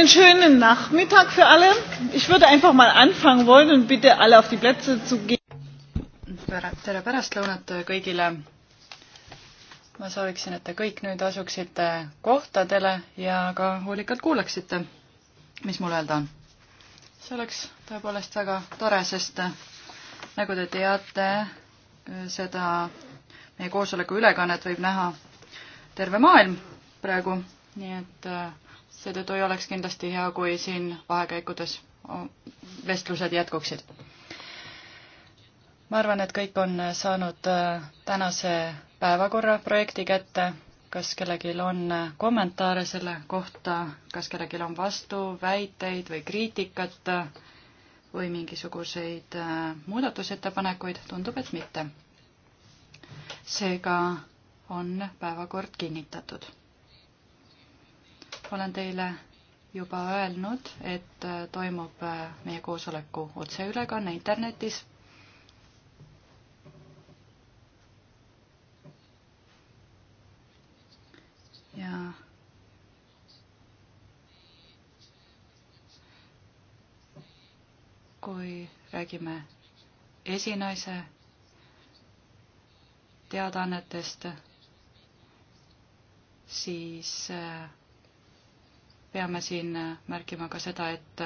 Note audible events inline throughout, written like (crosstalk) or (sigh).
Einen schönen Nachmittag für alle. Ich würde einfach mal anfangen wollen und bitte alle auf die Plätze zu gehen. tere pärastlõunat kõigile. ma sooviksin, et te kõik nüüd asuksite kohtadele ja ka hoolikalt kuulaksite, mis mul öelda on. see oleks tõepoolest väga tore, sest nagu te teate, seda meie koosoleku ülekannet võib näha terve maailm praegu, nii et äh, seetõttu ei oleks kindlasti hea, kui siin vahekäikudes vestlused jätkuksid. ma arvan, et kõik on saanud äh, tänase päevakorra projekti kätte. kas kellelgi on äh, kommentaare selle kohta, kas kellelgi on vastuväiteid või kriitikat äh, või mingisuguseid muudatusettepanekuid, tundub, et mitte. seega on päevakord kinnitatud olen teile juba öelnud, et äh, toimub äh, meie koosoleku otseülekanne internetis. ja kui räägime esinaise teadaannetest, siis äh, peame siin märkima ka seda, et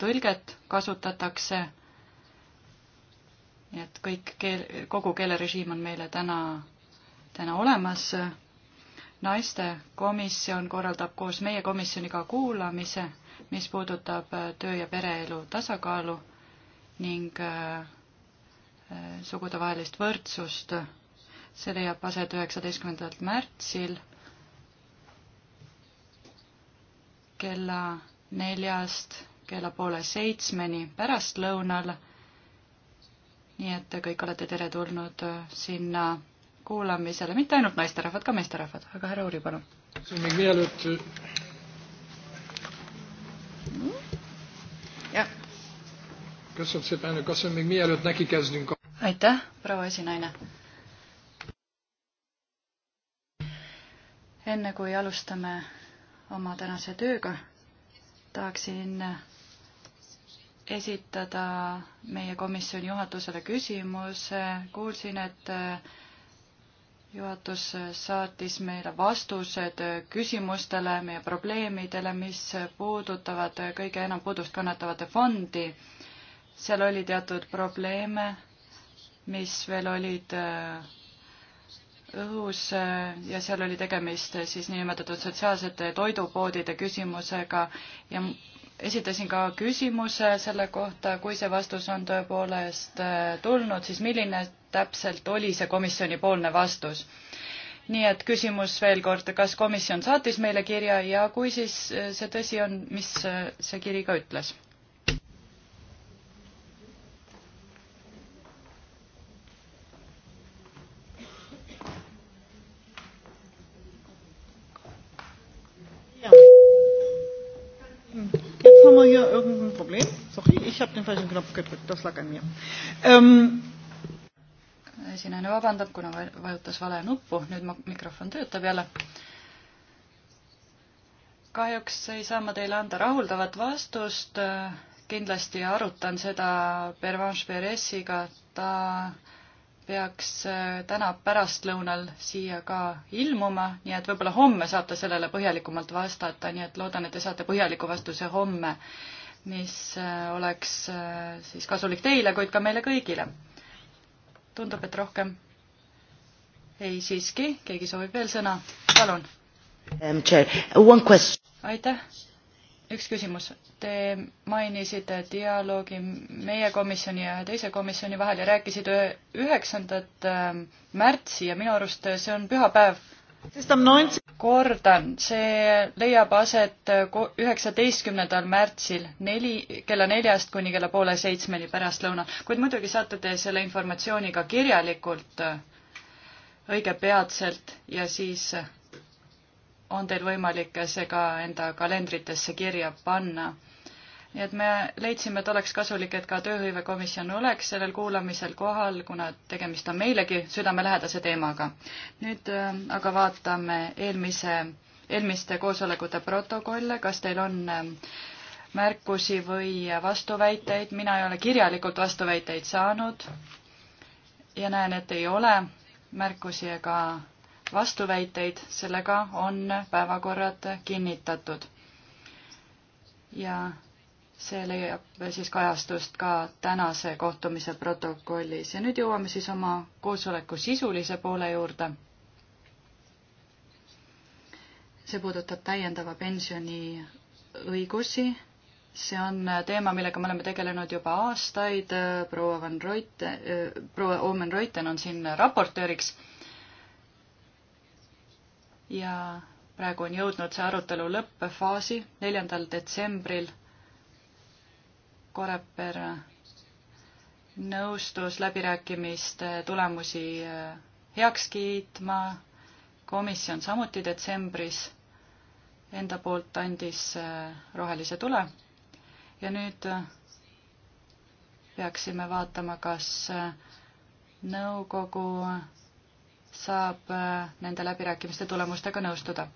tõlget kasutatakse. nii et kõik keel, kogu keelerežiim on meile täna, täna olemas. naistekomisjon korraldab koos meie komisjoniga kuulamise, mis puudutab äh, töö ja pereelu tasakaalu ning äh, äh, sugudevahelist võrdsust. see leiab aset üheksateistkümnendal märtsil kella neljast kella poole seitsmeni pärastlõunal. nii et kõik olete teretulnud äh, sinna kuulamisele, mitte ainult naisterahvad, ka meesterahvad, aga härra Uuri, palun. Äh, mm-hmm. aitäh, proua esinaine. enne kui alustame oma tänase tööga. tahaksin esitada meie komisjoni juhatusele küsimuse. kuulsin, et juhatus saatis meile vastused küsimustele, meie probleemidele, mis puudutavad kõige enam puudust kannatavate fondi. seal oli teatud probleeme, mis veel olid õhus äh, ja seal oli tegemist äh, siis niinimetatud sotsiaalsete toidupoodide küsimusega ja esitasin ka küsimuse selle kohta, kui see vastus on tõepoolest äh, tulnud, siis milline täpselt oli see komisjonipoolne vastus. nii et küsimus veel kord, kas komisjon saatis meile kirja ja kui siis see tõsi on, mis see kiri ka ütles? haben wir hier irgendein Problem? Sorry, ich habe den falschen Knopf gedrückt, das lag an mir ähm,. esinejana vabandab, kuna vajutas vale nuppu, nüüd mikrofon töötab jälle. kahjuks ei saa ma teile anda rahuldavat vastust. kindlasti arutan seda Pervanche Peresiga, ta peaks äh, täna pärastlõunal siia ka ilmuma, nii et võib-olla homme saate sellele põhjalikumalt vastata, nii et loodan, et te saate põhjaliku vastuse homme, mis äh, oleks äh, siis kasulik teile, kuid ka meile kõigile. tundub, et rohkem ei siiski, keegi soovib veel sõna, palun. Um, aitäh üks küsimus. Te mainisite dialoogi meie komisjoni ja teise komisjoni vahel ja rääkisite üheksandat ähm, märtsi ja minu arust see on pühapäev. kordan, see leiab aset äh, üheksateistkümnendal märtsil neli, kella neljast kuni kella poole seitsmeni pärastlõunal, kuid muidugi saate te selle informatsiooni ka kirjalikult äh, õige peatselt ja siis äh, on teil võimalik see ka enda kalendritesse kirja panna. nii et me leidsime, et oleks kasulik, et ka tööhõivekomisjon oleks sellel kuulamisel kohal, kuna tegemist on meilegi südamelähedase teemaga. nüüd äh, aga vaatame eelmise, eelmiste koosolekute protokolle, kas teil on äh, märkusi või vastuväiteid, mina ei ole kirjalikult vastuväiteid saanud ja näen, et ei ole märkusi ega vastuväiteid, sellega on päevakorrad kinnitatud. ja see leiab siis kajastust ka tänase kohtumise protokollis ja nüüd jõuame siis oma koosoleku sisulise poole juurde. see puudutab täiendava pensioni õigusi. see on teema, millega me oleme tegelenud juba aastaid, proua Van Reuten, proua Omen Reuten on siin raportööriks ja praegu on jõudnud see arutelu lõppefaasi, neljandal detsembril Koreper nõustus läbirääkimiste tulemusi eh, heaks kiitma, komisjon samuti detsembris enda poolt andis eh, rohelise tule ja nüüd eh, peaksime vaatama, kas nõukogu saab äh, nende läbirääkimiste tulemustega nõustuda.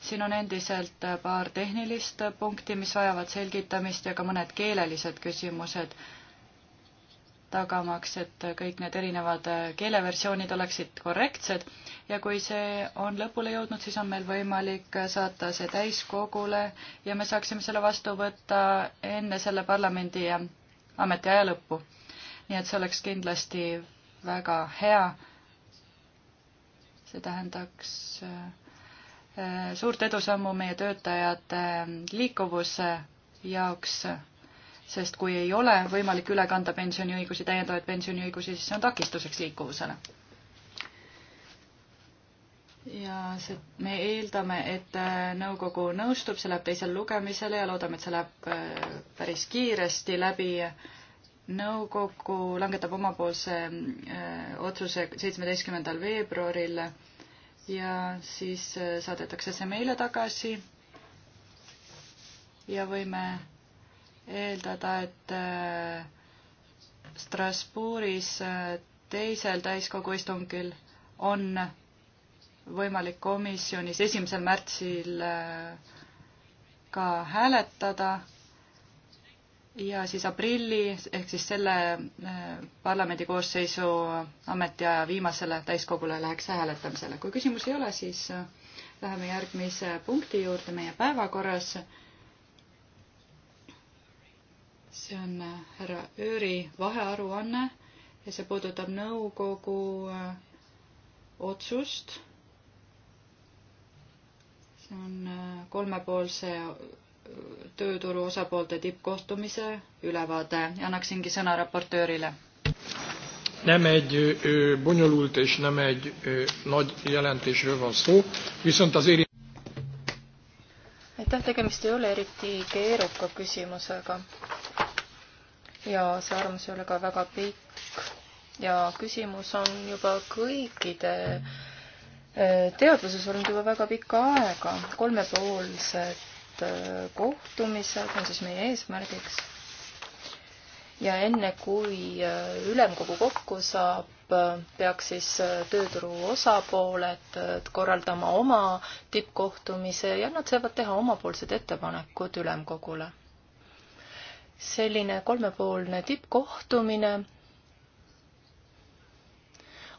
siin on endiselt äh, paar tehnilist äh, punkti, mis vajavad selgitamist ja ka mõned keelelised küsimused, tagamaks, et kõik need erinevad keeleversioonid oleksid korrektsed ja kui see on lõpule jõudnud, siis on meil võimalik saata see täiskogule ja me saaksime selle vastu võtta enne selle parlamendi ametiaja lõppu. nii et see oleks kindlasti väga hea see tähendaks äh, äh, suurt edusammu meie töötajate äh, liikuvuse jaoks, sest kui ei ole võimalik üle kanda pensioniõigusi, täiendavaid pensioniõigusi, siis see on takistuseks liikuvusele. ja see, me eeldame, et nõukogu nõustub, see läheb teisele lugemisele ja loodame, et see läheb päris kiiresti läbi äh, nõukogu langetab omapoolse äh, otsuse seitsmeteistkümnendal veebruaril ja siis äh, saadetakse see meile tagasi ja võime eeldada, et äh, Strasbourgis teisel täiskogu istungil on võimalik komisjonis esimesel märtsil ka hääletada ja siis aprilli ehk siis selle äh, parlamendikoosseisu ametiaja viimasele täiskogule läheks hääletamisele. kui küsimusi ei ole, siis äh, läheme järgmise punkti juurde meie päevakorras. see on äh, härra Ööri vahearuanne ja see puudutab nõukogu otsust. see on kolmepoolse tööturu osapoolte tippkohtumise ülevaade ja annaksingi sõna raportöörile. Nem egy ö, bonyolult és nem egy ö, nagy jelentésről van szó, viszont az éri... Aitäh, tegemist ei ole eriti keeruka küsimusega. Ja see arvamus ei ole ka väga pikk. Ja küsimus on juba kõikide teadvuses olnud juba väga pikka aega. Kolmepoolsed Äh, kohtumised on siis meie eesmärgiks. ja enne, kui äh, ülemkogu kokku saab, äh, peaks siis tööturu osapooled korraldama oma tippkohtumise ja nad saavad teha omapoolsed ettepanekud ülemkogule. selline kolmepoolne tippkohtumine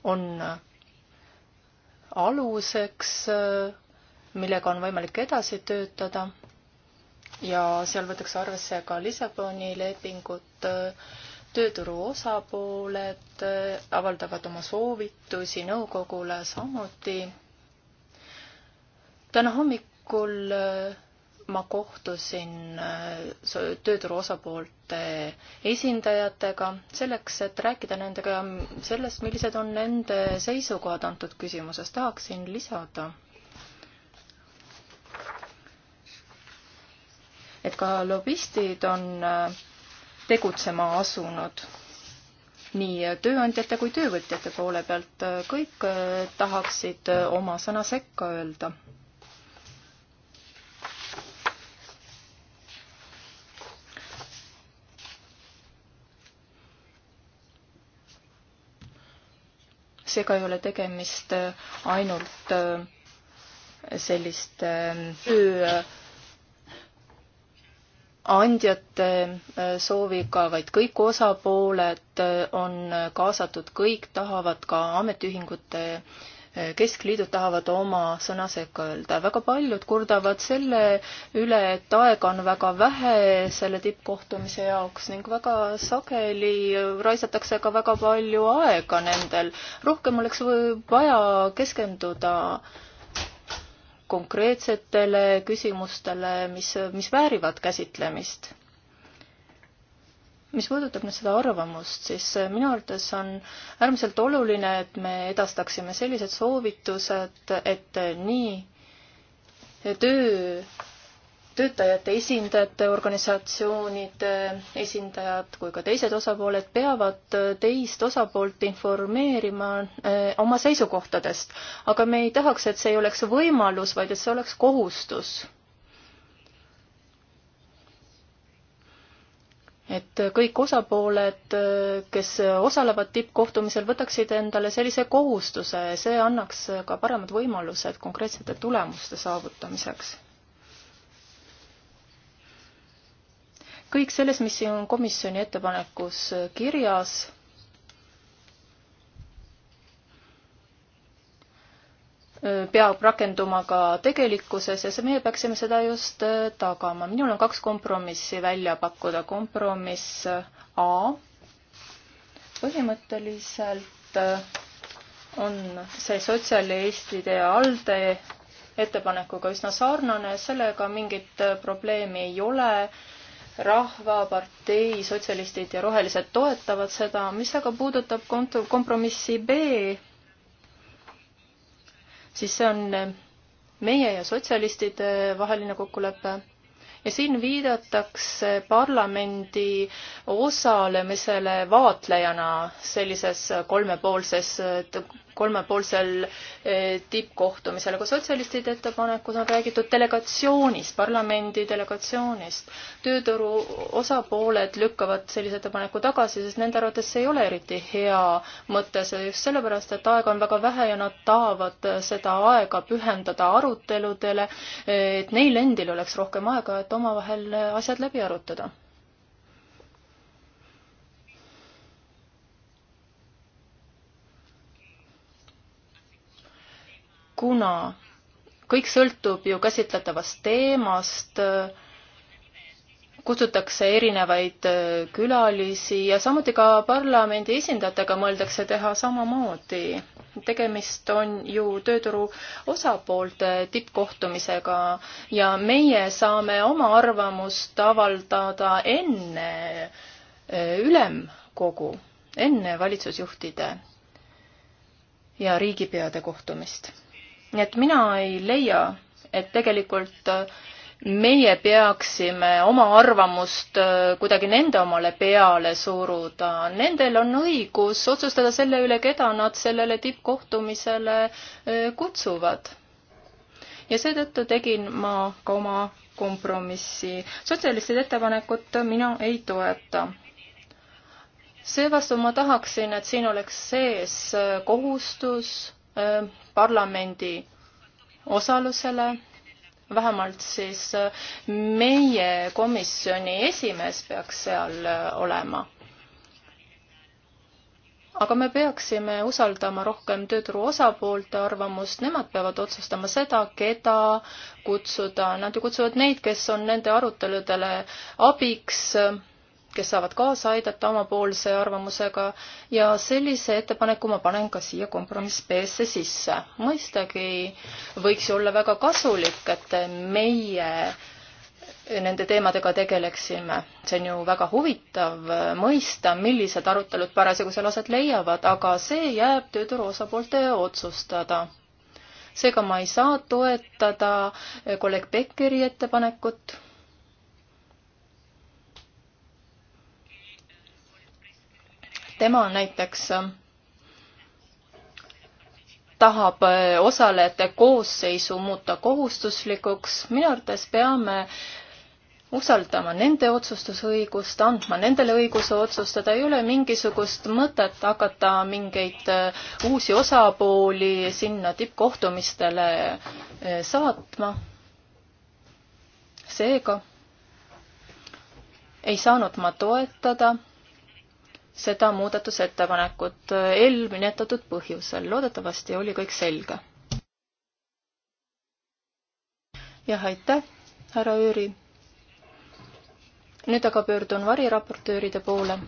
on aluseks, millega on võimalik edasi töötada ja seal võetakse arvesse ka Lissaboni lepingut, tööturu osapooled eh, avaldavad oma soovitusi nõukogule samuti. täna hommikul eh, ma kohtusin eh, tööturu osapoolte esindajatega selleks, et rääkida nendega sellest, millised on nende seisukohad antud küsimuses. tahaksin lisada et ka lobistid on äh, tegutsema asunud nii tööandjate kui töövõtjate poole pealt. kõik äh, tahaksid äh, oma sõna sekka öelda. seega ei ole tegemist ainult selliste öö andjate äh, sooviga, vaid kõik osapooled äh, on kaasatud, kõik tahavad, ka ametiühingute äh, keskliidud tahavad oma sõna sekka öelda. väga paljud kurdavad selle üle, et aega on väga vähe selle tippkohtumise jaoks ning väga sageli raisatakse ka väga palju aega nendel. rohkem oleks vaja keskenduda äh, konkreetsetele küsimustele, mis, mis väärivad käsitlemist. mis puudutab nüüd seda arvamust, siis minu arvates on äärmiselt oluline, et me edastaksime sellised soovitused, et nii töö töötajate esindajate, organisatsioonide esindajad kui ka teised osapooled peavad teist osapoolt informeerima eh, oma seisukohtadest. aga me ei tahaks, et see ei oleks võimalus, vaid et see oleks kohustus. et kõik osapooled, kes osalevad tippkohtumisel, võtaksid endale sellise kohustuse, see annaks ka paremad võimalused konkreetsete tulemuste saavutamiseks kõik selles, mis siin on komisjoni ettepanekus kirjas, peab rakenduma ka tegelikkuses ja see, meie peaksime seda just äh, tagama. minul on kaks kompromissi välja pakkuda. kompromiss äh, A põhimõtteliselt äh, on see sotsialistide ja ALDE ettepanekuga üsna sarnane, sellega mingit probleemi ei ole rahvapartei, sotsialistid ja rohelised toetavad seda, mis aga puudutab kont-, kompromissi B, siis see on meie ja sotsialistide vaheline kokkulepe ja siin viidatakse parlamendi osalemisele vaatlejana sellises kolmepoolses kolmepoolsel eh, tippkohtumisel, aga sotsialistide ettepanekus on räägitud delegatsioonist, parlamendi delegatsioonist. tööturu osapooled lükkavad sellise ettepaneku tagasi, sest nende arvates see ei ole eriti hea mõte, see just sellepärast, et aega on väga vähe ja nad tahavad seda aega pühendada aruteludele, eh, et neil endil oleks rohkem aega, et omavahel eh, asjad läbi arutada kuna kõik sõltub ju käsitletavast teemast, kutsutakse erinevaid äh, külalisi ja samuti ka parlamendi esindajatega mõeldakse teha samamoodi. tegemist on ju tööturu osapoolte tippkohtumisega ja meie saame oma arvamust avaldada enne äh, ülemkogu, enne valitsusjuhtide ja riigipeade kohtumist nii et mina ei leia, et tegelikult äh, meie peaksime oma arvamust äh, kuidagi nende omale peale suruda. Nendel on õigus otsustada selle üle, keda nad sellele tippkohtumisele äh, kutsuvad. ja seetõttu tegin ma ka oma kompromissi. sotsialistide ettepanekut mina ei toeta. seevastu ma tahaksin, et siin oleks sees kohustus parlamendi osalusele, vähemalt siis meie komisjoni esimees peaks seal olema. aga me peaksime usaldama rohkem tööturu osapoolte arvamust, nemad peavad otsustama seda, keda kutsuda, nad ju kutsuvad neid, kes on nende aruteludele abiks kes saavad kaasa aidata omapoolse arvamusega ja sellise ettepaneku ma panen ka siia kompromiss B-sse sisse. mõistagi võiks ju olla väga kasulik, et meie nende teemadega tegeleksime. see on ju väga huvitav mõista, millised arutelud parasjagu seal aset leiavad, aga see jääb tööturu osapoolte otsustada. seega ma ei saa toetada kolleeg Beckeri ettepanekut tema näiteks äh, tahab äh, osalejate koosseisu muuta kohustuslikuks. minu arvates peame usaldama nende otsustusõigust, andma nendele õiguse otsustada, ei ole mingisugust mõtet hakata mingeid äh, uusi osapooli sinna tippkohtumistele saatma. seega ei saanud ma toetada seda muudatusettepanekut äh, eelminetatud põhjusel. loodetavasti oli kõik selge. jah, aitäh, härra Jüri. nüüd aga pöördun variraportööride poole.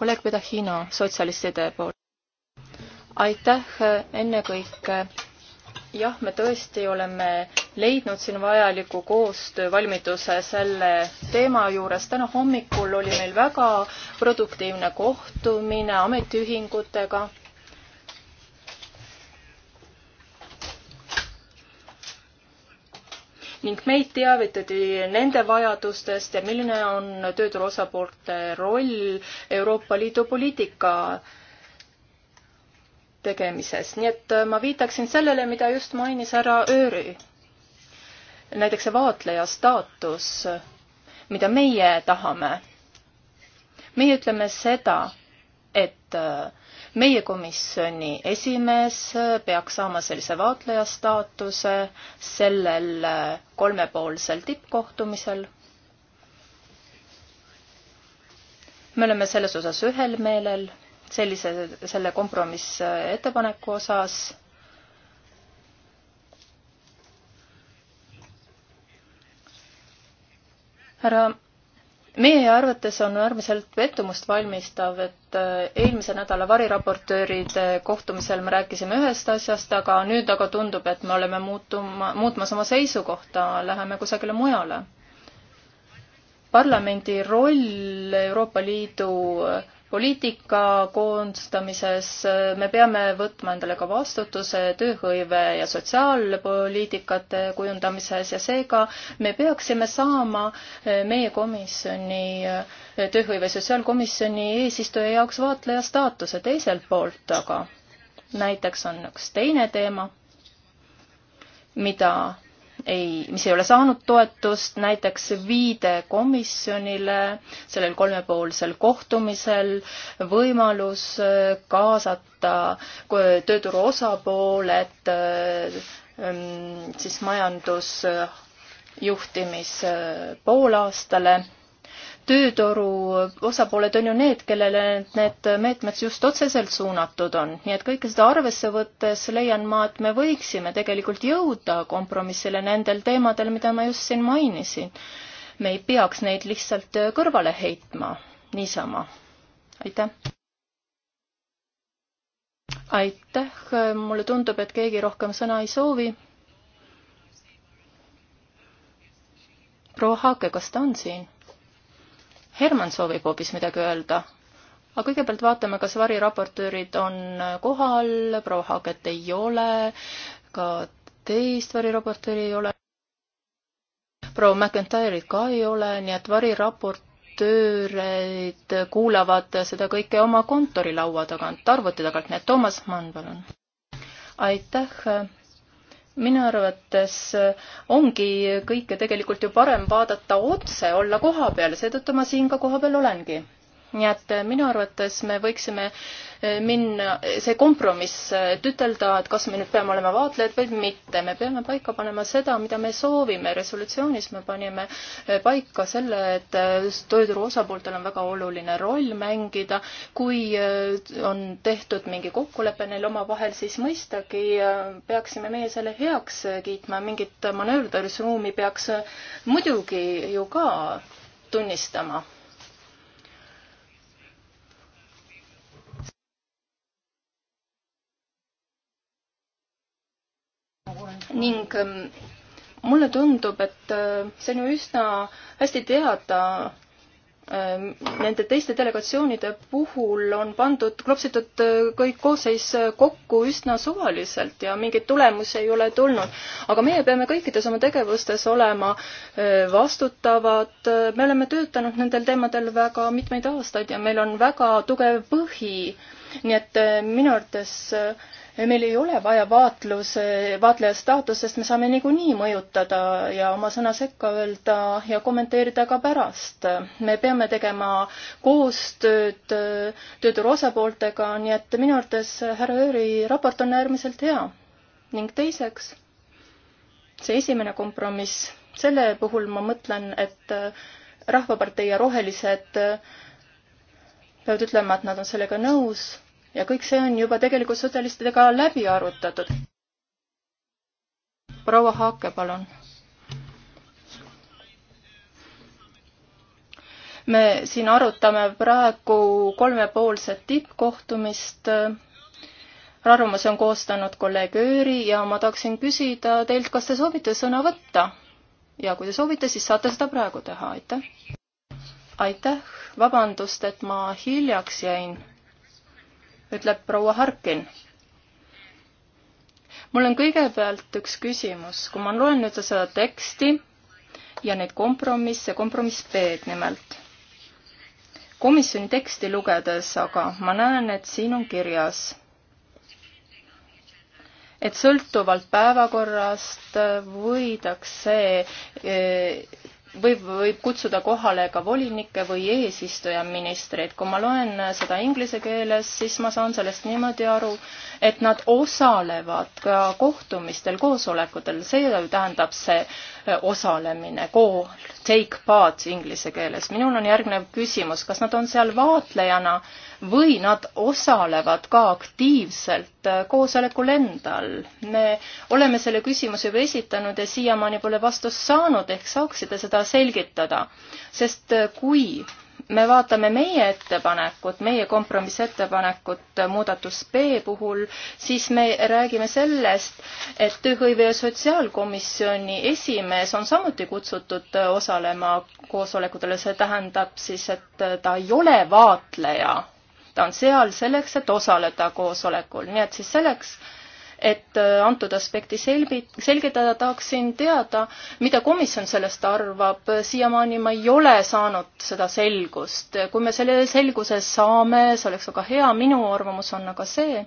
kolleeg Pedahino sotsialistide poolt. aitäh äh, ennekõike jah, me tõesti oleme leidnud siin vajaliku koostöövalmiduse selle teema juures. täna hommikul oli meil väga produktiivne kohtumine ametiühingutega. ning meid teavitati nende vajadustest ja milline on tööturu osapoolte roll Euroopa Liidu poliitika tegemises. nii et ma viitaksin sellele, mida just mainis härra Ööri näiteks see vaatleja staatus, mida meie tahame. meie ütleme seda, et äh, meie komisjoni esimees äh, peaks saama sellise vaatleja staatuse sellel äh, kolmepoolsel tippkohtumisel. me oleme selles osas ühel meelel, sellise, selle kompromissettepaneku osas härra, meie arvates on äärmiselt pettumust valmistav, et äh, eelmise nädala variraportööride kohtumisel me rääkisime ühest asjast, aga nüüd aga tundub, et me oleme muutuma, muutmas oma seisukohta, läheme kusagile mujale. parlamendi roll Euroopa Liidu äh, poliitika koondamises me peame võtma endale ka vastutuse tööhõive ja sotsiaalpoliitikate kujundamises ja seega me peaksime saama eh, meie komisjoni, eh, tööhõive sotsiaalkomisjoni eesistuja jaoks vaatleja staatuse teiselt poolt, aga näiteks on üks teine teema, mida ei, mis ei ole saanud toetust, näiteks viide komisjonile sellel kolmepoolsel kohtumisel, võimalus äh, kaasata äh, tööturu osapooled äh, ähm, siis majandusjuhtimis poolaastale tööturu osapooled on ju need, kellele need meetmed just otseselt suunatud on. nii et kõike seda arvesse võttes leian ma, et me võiksime tegelikult jõuda kompromissile nendel teemadel, mida ma just siin mainisin. me ei peaks neid lihtsalt kõrvale heitma niisama. aitäh! aitäh, mulle tundub, et keegi rohkem sõna ei soovi proua Haake, kas ta on siin? Herman soovib hoopis midagi öelda. aga kõigepealt vaatame, kas variraportöörid on kohal, proua Haget ei ole, ka teist variraportööri ei ole. proua McIntyre'it ka ei ole, nii et variraportöörid kuulavad seda kõike oma kontorilaua tagant, arvuti tagant, nii et Toomas Mann, palun. aitäh minu arvates ongi kõike tegelikult ju parem vaadata otse, olla kohapeal, seetõttu ma siin ka kohapeal olengi nii et äh, minu arvates me võiksime äh, minna, see kompromiss, et äh, ütelda, et kas me nüüd peame olema vaatlejad või mitte, me peame paika panema seda, mida me soovime, resolutsioonis me panime paika selle, et tööturu osapooltel on väga oluline roll mängida, kui on tehtud mingi kokkulepe neil omavahel, siis mõistagi peaksime meie selle heaks kiitma, mingit manööverdamisruumi peaks muidugi ju ka tunnistama ning ähm, mulle tundub, et äh, see on ju üsna hästi teada ähm, nende teiste delegatsioonide puhul on pandud, klopsitud äh, kõik koosseis äh, kokku üsna suvaliselt ja mingeid tulemusi ei ole tulnud. aga meie peame kõikides oma tegevustes olema vastutavad, me oleme töötanud nendel teemadel väga mitmeid aastaid ja meil on väga tugev põhi, nii et minu arvates äh, meil ei ole vaja vaatlus, vaatleja staatust, sest me saame niikuinii mõjutada ja oma sõna sekka öelda ja kommenteerida ka pärast. me peame tegema koostööd tööturu osapooltega, nii et minu arvates härra Ööri raport on äärmiselt hea. ning teiseks, see esimene kompromiss, selle puhul ma mõtlen, et Rahvapartei ja Rohelised peavad ütlema, et nad on sellega nõus ja kõik see on juba tegelikult sotsialistidega läbi arutatud. proua Haake, palun. me siin arutame praegu kolmepoolset tippkohtumist. arvamuse on koostanud kolleeg Ööri ja ma tahaksin küsida teilt, kas te soovite sõna võtta? ja kui te soovite, siis saate seda praegu teha, aitäh. aitäh, vabandust, et ma hiljaks jäin ütleb proua Harkin. mul on kõigepealt üks küsimus, kui ma loen nüüd seda teksti ja neid kompromisse, kompromiss B-d nimelt. komisjoni teksti lugedes aga ma näen, et siin on kirjas, et sõltuvalt päevakorrast võidakse eh, võib, võib kutsuda kohale ka volinikke või eesistuja ministreid. kui ma loen seda inglise keeles, siis ma saan sellest niimoodi aru, et nad osalevad ka kohtumistel, koosolekutel, see ju tähendab see osalemine, call, take part inglise keeles. minul on järgnev küsimus, kas nad on seal vaatlejana või nad osalevad ka aktiivselt äh, koosolekul endal? me oleme selle küsimuse juba esitanud ja siiamaani pole vastust saanud, ehk saaksite seda selgitada. sest äh, kui me vaatame meie ettepanekut, meie kompromissettepanekut muudatus B puhul, siis me räägime sellest, et tööhõive ja sotsiaalkomisjoni esimees on samuti kutsutud osalema koosolekutele, see tähendab siis, et ta ei ole vaatleja. ta on seal selleks, et osaleda koosolekul, nii et siis selleks et äh, antud aspekti selgi-, selgitada, tahaksin teada, mida komisjon sellest arvab, siiamaani ma ei ole saanud seda selgust. kui me selle selguse saame, see oleks väga hea, minu arvamus on aga see,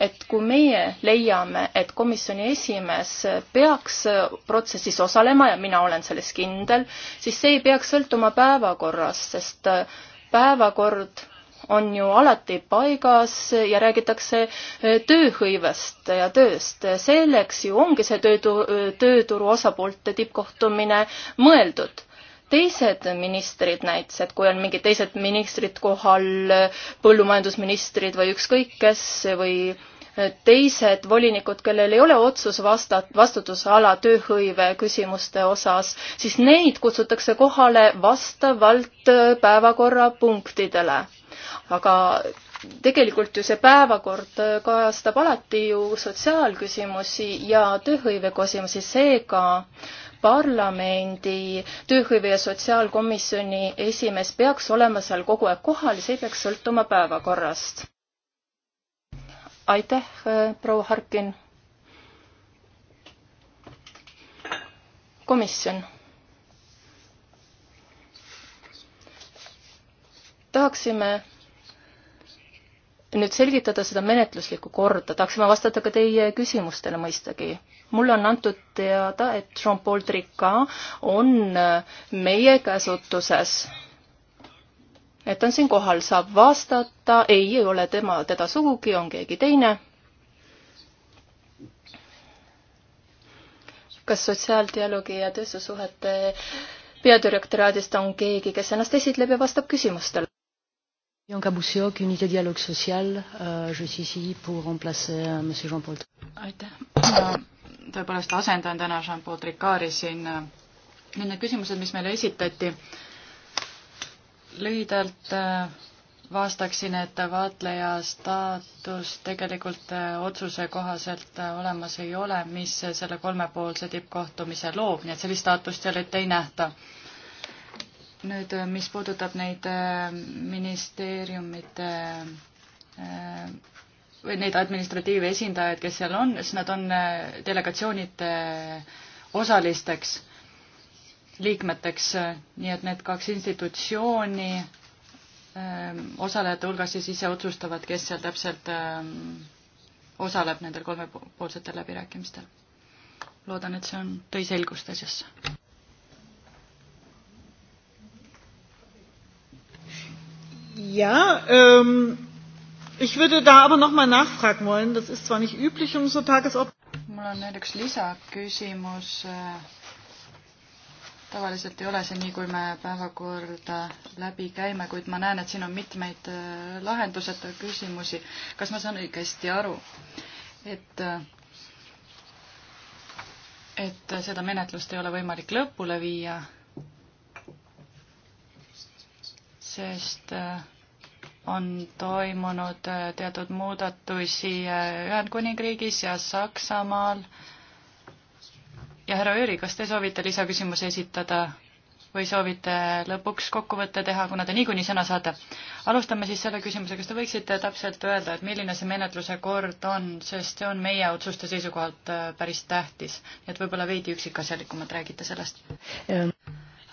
et kui meie leiame, et komisjoni esimees peaks protsessis osalema ja mina olen selles kindel, siis see ei peaks sõltuma päevakorrast, sest äh, päevakord on ju alati paigas ja räägitakse e, tööhõivest ja tööst. selleks ju ongi see töötu-, e, tööturu osapoolte tippkohtumine mõeldud teised ministrid näiteks, et kui on mingid teised ministrid kohal, e, põllumajandusministrid või ükskõik kes või teised volinikud, kellel ei ole otsus vasta-, vastutusala tööhõive küsimuste osas, siis neid kutsutakse kohale vastavalt päevakorrapunktidele aga tegelikult ju see päevakord äh, kajastab alati ju sotsiaalküsimusi ja tööhõive küsimusi, seega parlamendi tööhõive ja sotsiaalkomisjoni esimees peaks olema seal kogu aeg kohal ja see ei peaks sõltuma päevakorrast. aitäh, äh, proua Harkin. komisjon. tahaksime nüüd selgitada seda menetluslikku korda, tahaksin ma vastata ka teie küsimustele mõistagi. mulle on antud teada, et Jean-Paul Tricot on äh, meie käsutuses. et on siin kohal, saab vastata, ei, ei ole tema, teda sugugi, on keegi teine. kas sotsiaaldialoogi ja tööstussuhete peadirektoraadist on keegi, kes ennast esitleb ja vastab küsimustele? Bianca Bussiok, Unité Dialogue Social uh,, je suis ici pour remplacer uh, monsieur Jean-Paul. aitäh, ma tõepoolest asendan täna Jean-Paul Tricari siin. nüüd need küsimused, mis meile esitati, lühidalt äh, vastaksin, et vaatleja staatus tegelikult äh, otsuse kohaselt äh, olemas ei ole, mis selle kolmepoolse tippkohtumise loob, nii et sellist staatust seal ette ei nähta nüüd, äh, mis puudutab neid äh, ministeeriumite äh, või neid administratiivesindajaid, kes seal on, siis nad on delegatsioonide osalisteks, liikmeteks, nii et need kaks institutsiooni ähm, osalejate hulgas siis ise otsustavad, kes seal täpselt ähm, osaleb nendel kolmepoolsetel läbirääkimistel. loodan, et see on, tõi selgust asjasse. Ja, ähm, ich würde da aber nochmal nachfragen wollen. Das ist zwar nicht üblich um so Tagesordnung. mul on nüüd üks lisaküsimus. Äh, tavaliselt ei ole see nii, kui me päevakorda läbi käime, kuid ma näen, et siin on mitmeid äh, lahenduseta küsimusi. kas ma saan õigesti aru, et äh, et seda menetlust ei ole võimalik lõpule viia sest äh, on toimunud äh, teatud muudatusi äh, Ühendkuningriigis ja Saksamaal. ja härra Jüri, kas te soovite lisaküsimusi esitada või soovite lõpuks kokkuvõtte teha, kuna te niikuinii sõna saate? alustame siis selle küsimusega, kas te võiksite täpselt öelda, et milline see menetluse kord on, sest see on meie otsuste seisukohalt päris tähtis, et võib-olla veidi üksikasjalikumalt räägite sellest?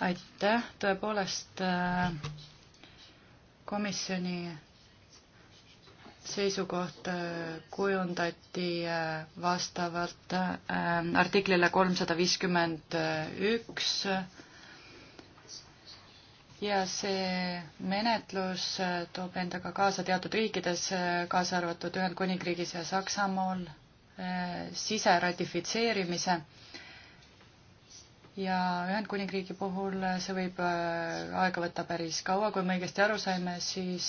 aitäh, tõepoolest äh, komisjoni seisukoht äh, kujundati äh, vastavalt äh, artiklile kolmsada viiskümmend üks ja see menetlus toob endaga kaasa teatud riikides, kaasa arvatud Ühendkuningriigis ja Saksamaal, siseratifitseerimise ja Ühendkuningriigi puhul äh, see võib äh, aega võtta päris kaua, kui me õigesti aru saime, siis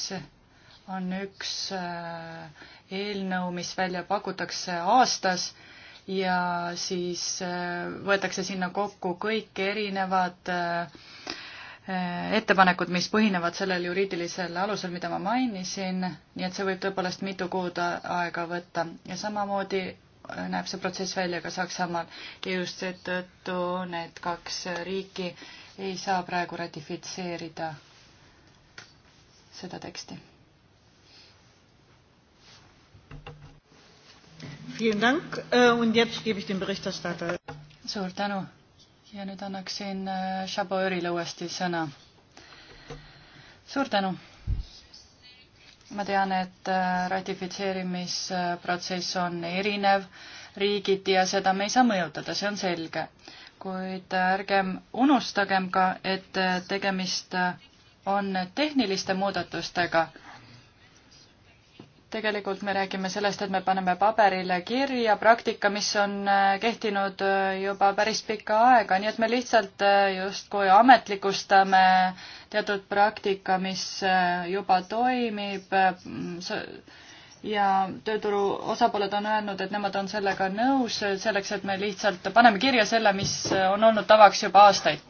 on üks äh, eelnõu, mis välja pakutakse aastas ja siis võetakse sinna kokku kõik erinevad ettepanekud, mis põhinevad sellel juriidilisel alusel, mida ma mainisin, nii et see võib tõepoolest mitu kuud aega võtta ja samamoodi näeb see protsess välja ka Saksamaal ja just seetõttu need kaks riiki ei saa praegu ratifitseerida seda teksti. Äh, suur tänu ja nüüd annaksin Šaboörile äh, uuesti sõna. suur tänu ma tean, et äh, ratifitseerimisprotsess on erinev riigiti ja seda me ei saa mõjutada, see on selge. kuid äh, ärgem unustagem ka, et äh, tegemist on tehniliste muudatustega tegelikult me räägime sellest, et me paneme paberile kirja praktika, mis on äh, kehtinud äh, juba päris pikka aega, nii et me lihtsalt äh, justkui ametlikustame teatud praktika, mis juba toimib ja tööturu osapooled on öelnud, et nemad on sellega nõus, selleks et me lihtsalt paneme kirja selle, mis on olnud tavaks juba aastaid.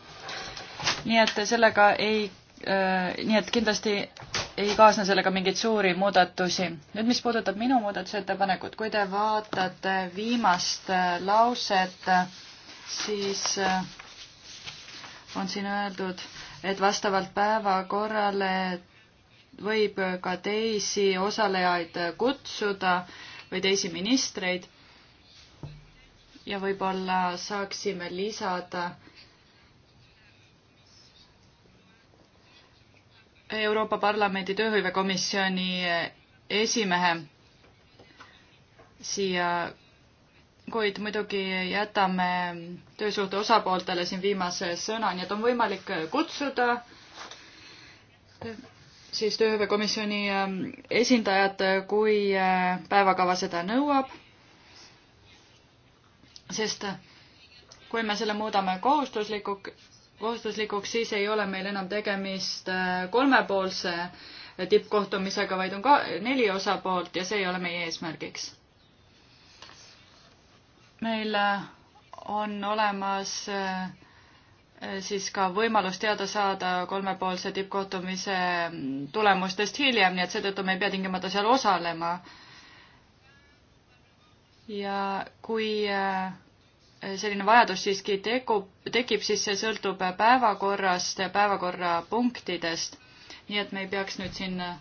nii et sellega ei, nii et kindlasti ei kaasne sellega mingeid suuri muudatusi. nüüd, mis puudutab minu muudatusettepanekut, kui te vaatate viimast äh, lauset, siis äh, on siin öeldud, et vastavalt päevakorrale võib ka teisi osalejaid kutsuda või teisi ministreid ja võib-olla saaksime lisada Euroopa Parlamendi tööhõivekomisjoni esimehe siia, kuid muidugi jätame töösuhte osapooltele siin viimase sõna, nii et on võimalik kutsuda siis tööhõivekomisjoni ähm, esindajad, kui äh, päevakava seda nõuab. sest kui me selle muudame kohustuslikuks, kohustuslikuks, siis ei ole meil enam tegemist äh, kolmepoolse äh, tippkohtumisega, vaid on ka neli osapoolt ja see ei ole meie eesmärgiks. meil äh, on olemas siis ka võimalus teada saada kolmepoolse tippkohtumise mm, tulemustest hiljem, nii et seetõttu me ei pea tingimata seal osalema. ja kui selline vajadus siiski tekub, tekib, siis see sõltub päevakorrast, päevakorrapunktidest. nii et me ei peaks nüüd siin äh,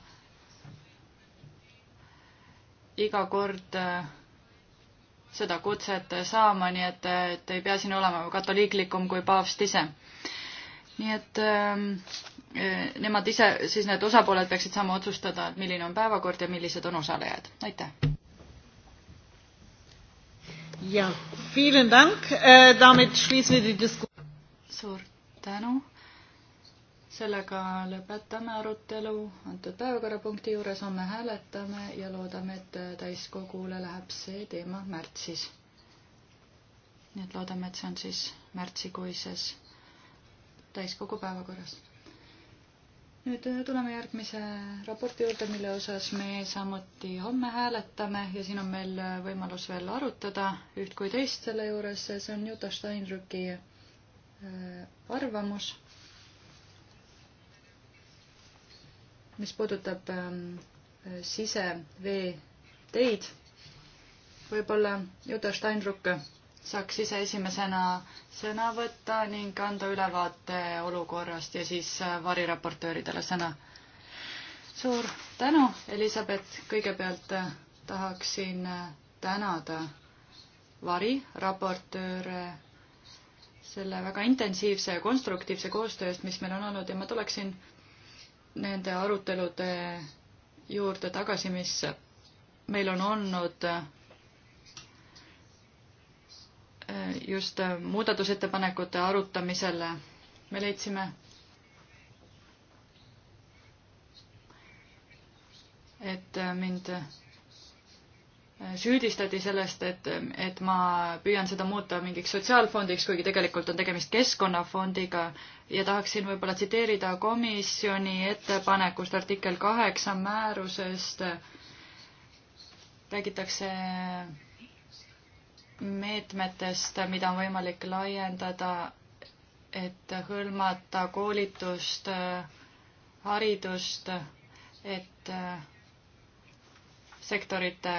iga kord äh, seda kutset saama, nii et, äh, et ei pea siin olema katoliiklikum kui paavst ise. nii et ähm, nemad ise, siis need osapooled peaksid saama otsustada, et milline on päevakord ja millised on osalejad. aitäh! jah, vielen Dank äh,, damit schließen wir die Diskussion. suur tänu. sellega lõpetame arutelu antud päevakorrapunkti juures, homme hääletame ja loodame, et täiskogule läheb see teema märtsis. nii et loodame, et see on siis märtsikuises täiskogu päevakorras nüüd äh, tuleme järgmise raporti juurde, mille osas me samuti homme hääletame ja siin on meil äh, võimalus veel arutada üht kui teist selle juures, see on Juta Steinrücki äh, arvamus, mis puudutab ähm, siseveeteid. võib-olla Juta Steinrück saaks ise esimesena sõna võtta ning anda ülevaate olukorrast ja siis äh, variraportööridele sõna. suur tänu, Elizabeth, kõigepealt äh, tahaksin äh, tänada variraportööre selle väga intensiivse ja konstruktiivse koostöö eest, mis meil on olnud ja ma tuleksin nende arutelude juurde tagasi, mis meil on olnud just äh, muudatusettepanekute arutamisel me leidsime, et äh, mind äh, süüdistati sellest, et, et ma püüan seda muuta mingiks sotsiaalfondiks, kuigi tegelikult on tegemist keskkonnafondiga ja tahaksin võib-olla tsiteerida komisjoni ettepanekust artikkel kaheksa määrusest räägitakse meetmetest, mida on võimalik laiendada, et hõlmata koolitust, haridust, et sektorite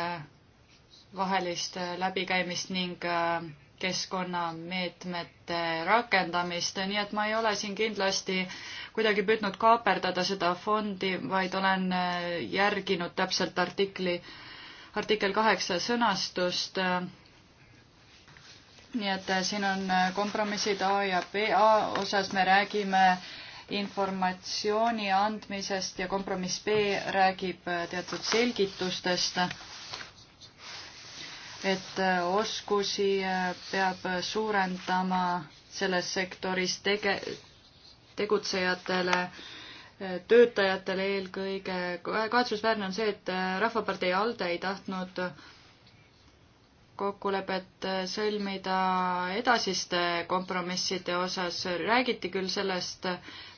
vahelist läbikäimist ning keskkonnameetmete rakendamist, nii et ma ei ole siin kindlasti kuidagi püüdnud kaaperdada seda fondi, vaid olen järginud täpselt artikli, artikkel kaheksa sõnastust nii et äh, siin on äh, kompromissid A ja B. A osas me räägime informatsiooni andmisest ja kompromiss B räägib äh, teatud selgitustest, et oskusi peab suurendama selles sektoris tege-, tegutsejatele, töötajatele eelkõige. kahetsusväärne on see, et Rahvapartei ALDE ei tahtnud äh, kokkulepet äh, sõlmida edasiste kompromisside osas. räägiti küll sellest,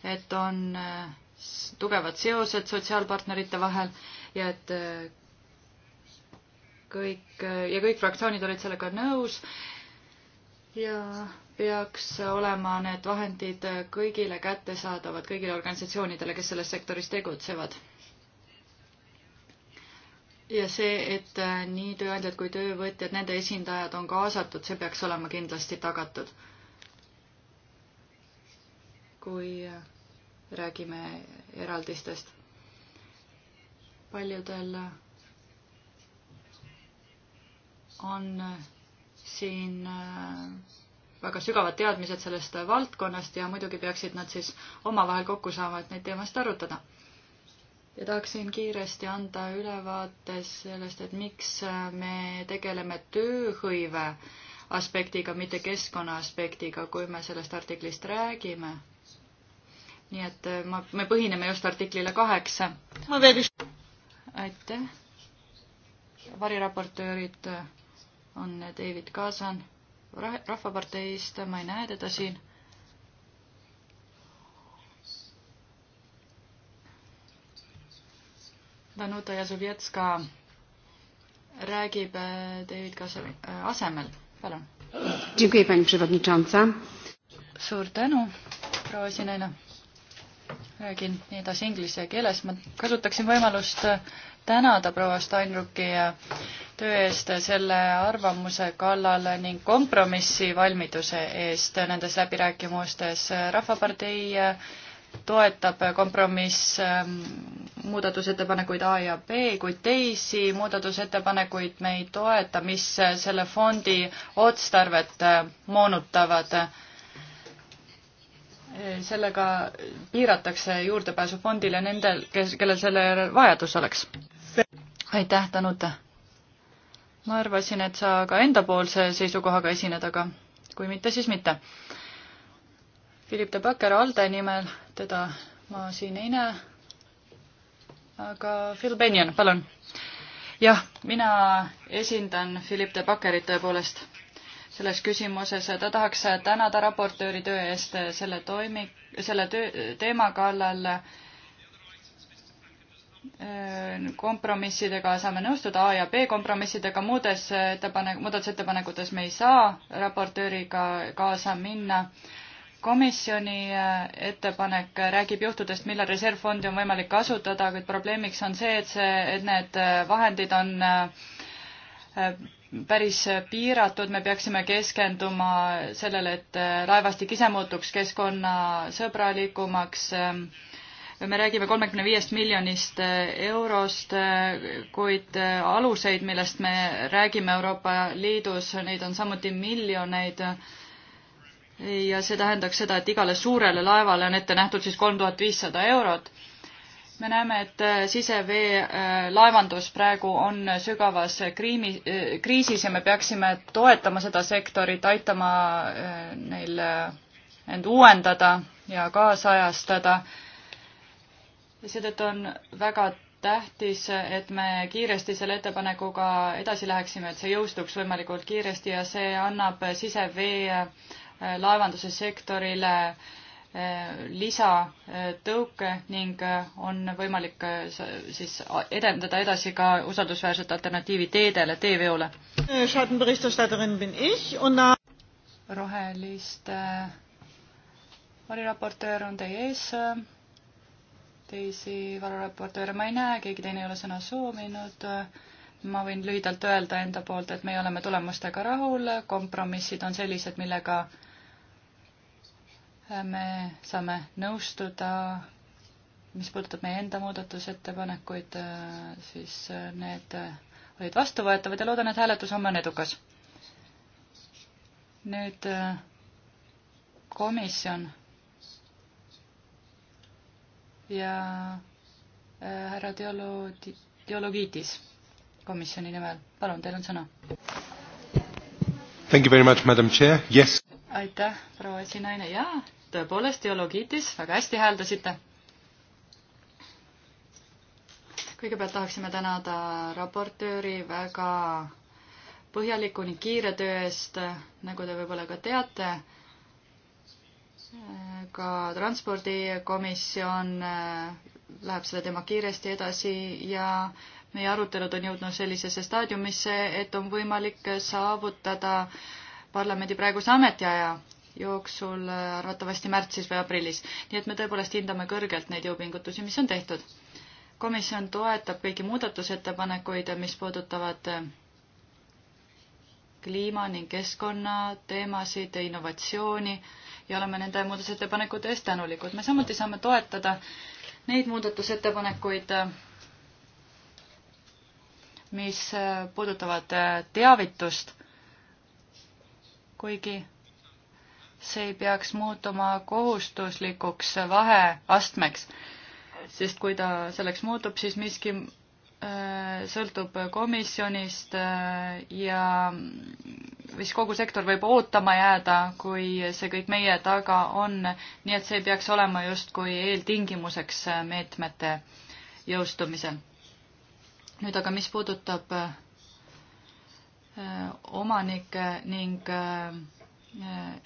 et on äh, tugevad seosed sotsiaalpartnerite vahel ja et äh, kõik ja kõik fraktsioonid olid sellega nõus ja peaks olema need vahendid kõigile kättesaadavad, kõigile organisatsioonidele, kes selles sektoris tegutsevad ja see, et äh, nii tööandjad kui töövõtjad, nende esindajad on kaasatud, see peaks olema kindlasti tagatud. kui äh, räägime eraldistest. paljudel äh, on siin väga sügavad teadmised sellest valdkonnast ja muidugi peaksid nad siis omavahel kokku saama, et neid teemasid arutada ja tahaksin kiiresti anda ülevaate sellest, et miks me tegeleme tööhõive aspektiga, mitte keskkonna aspektiga, kui me sellest artiklist räägime. nii et eh, ma, me põhineme just artiklile kaheksa. aitäh. variraportöörid on David Kaasan Rahvaparteist, ma ei näe teda siin Danuta Jazovetska räägib eh, David Kase eh, asemel, palun. suur tänu, proua esinaine. räägin edasi inglise keeles, ma kasutaksin võimalust eh, tänada proua Steinrucki töö eest selle arvamuse kallal ning kompromissi valmiduse eest nendes läbirääkimustes Rahvapartei toetab kompromiss ähm, muudatusettepanekuid A ja B, kuid teisi muudatusettepanekuid me ei toeta, mis äh, selle fondi otstarvet äh, moonutavad. Äh, sellega piiratakse juurdepääsu fondile nendel, kes, kellel selle vajadus oleks. aitäh, Tanuta! ma arvasin, et sa ka endapoolse seisukohaga esined, aga kui mitte, siis mitte Philip de Backer Alde nimel, teda ma siin ei näe. aga Phil Benjon, palun. jah, mina esindan Philip de Backerit tõepoolest selles küsimuses. ta tahaks tänada raportööri töö eest selle toimi-, selle töö, teema kallal. kompromissidega saame nõustuda, A ja B kompromissidega, muudes ettepanek, muudatusettepanekutes me ei saa raportööriga kaasa minna komisjoni eh, ettepanek eh, räägib juhtudest, millal reservfondi on võimalik kasutada, kuid probleemiks on see, et see, et need eh, vahendid on päris piiratud, me peaksime keskenduma sellele, et laevastik ise muutuks keskkonnasõbralikumaks. me räägime kolmekümne viiest miljonist eurost, kuid aluseid, millest me räägime Euroopa Liidus, neid on samuti miljoneid ja see tähendaks seda, et igale suurele laevale on ette nähtud siis kolm tuhat viissada eurot. me näeme, et äh, siseveelaevandus äh, praegu on sügavas äh, kriimi, kriisis ja me peaksime toetama seda sektorit, aitama neil end uuendada ja kaasajastada. seetõttu on väga tähtis, et me kiiresti selle ettepanekuga edasi läheksime, et see jõustuks võimalikult kiiresti ja see annab sisevee Äh, laevanduse sektorile äh, lisatõuke ning äh, on võimalik siis edendada edasi ka usaldusväärset alternatiivi teedele, teeveole. roheliste variraportöör on teie ees. teisi vararaportööre ma ei näe, keegi teine ei ole sõna soovinud ma võin lühidalt öelda enda poolt, et meie oleme tulemustega rahul, kompromissid on sellised, millega me saame nõustuda, mis puudutab meie enda muudatusettepanekuid, siis need olid vastuvõetavad ja loodan, et hääletus homme on edukas. nüüd komisjon ja äh, härra Diolo-, Diologiidis komisjoni nimel, palun, teil on sõna. Thank you very much, madam chair, yes. aitäh, proua esinaine, jaa tõepoolest, Eologitis, väga hästi hääldasite. kõigepealt tahaksime tänada raportööri väga põhjaliku ning kiire töö eest, nagu te võib-olla ka teate ka transpordikomisjon äh, läheb selle teema kiiresti edasi ja meie arutelud on jõudnud sellisesse staadiumisse, et on võimalik saavutada parlamendi praeguse ametiaja jooksul, äh, arvatavasti märtsis või aprillis. nii et me tõepoolest hindame kõrgelt neid jõupingutusi, mis on tehtud. komisjon toetab kõiki muudatusettepanekuid, mis puudutavad äh, kliima ning keskkonnateemasid, innovatsiooni ja oleme nende muudatusettepanekute eest tänulikud. me samuti saame toetada neid muudatusettepanekuid, äh, mis puudutavad teavitust, kuigi see ei peaks muutuma kohustuslikuks vaheastmeks, sest kui ta selleks muutub, siis miski äh, sõltub komisjonist äh, ja siis kogu sektor võib ootama jääda, kui see kõik meie taga on, nii et see peaks olema justkui eeltingimuseks meetmete jõustumisel. nüüd aga, mis puudutab äh, omanikke ning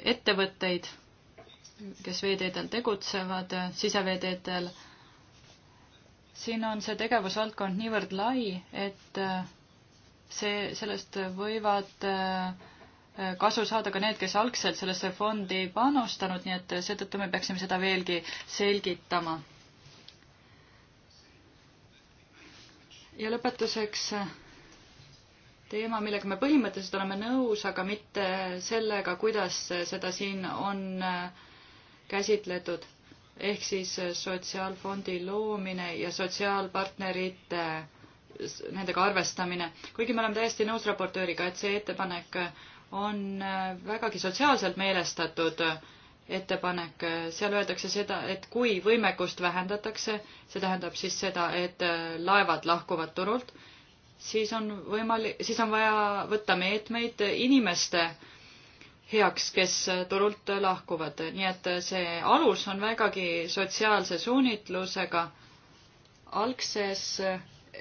ettevõtteid, kes veeteedel tegutsevad, siseveeteedel. siin on see tegevusvaldkond niivõrd lai, et äh, see, sellest võivad äh, kasu saada ka need, kes algselt sellesse fondi ei panustanud, nii et seetõttu me peaksime seda veelgi selgitama. ja lõpetuseks äh, teema, millega me põhimõtteliselt oleme nõus, aga mitte sellega, kuidas seda siin on äh, käsitletud. ehk siis äh, sotsiaalfondi loomine ja sotsiaalpartnerite, äh, nendega arvestamine. kuigi me oleme täiesti nõus raportööriga, et see ettepanek on vägagi sotsiaalselt meelestatud ettepanek, seal öeldakse seda, et kui võimekust vähendatakse, see tähendab siis seda, et laevad lahkuvad turult siis on võimalik, siis on vaja võtta meetmeid inimeste heaks, kes turult lahkuvad, nii et see alus on vägagi sotsiaalse suunitlusega. algses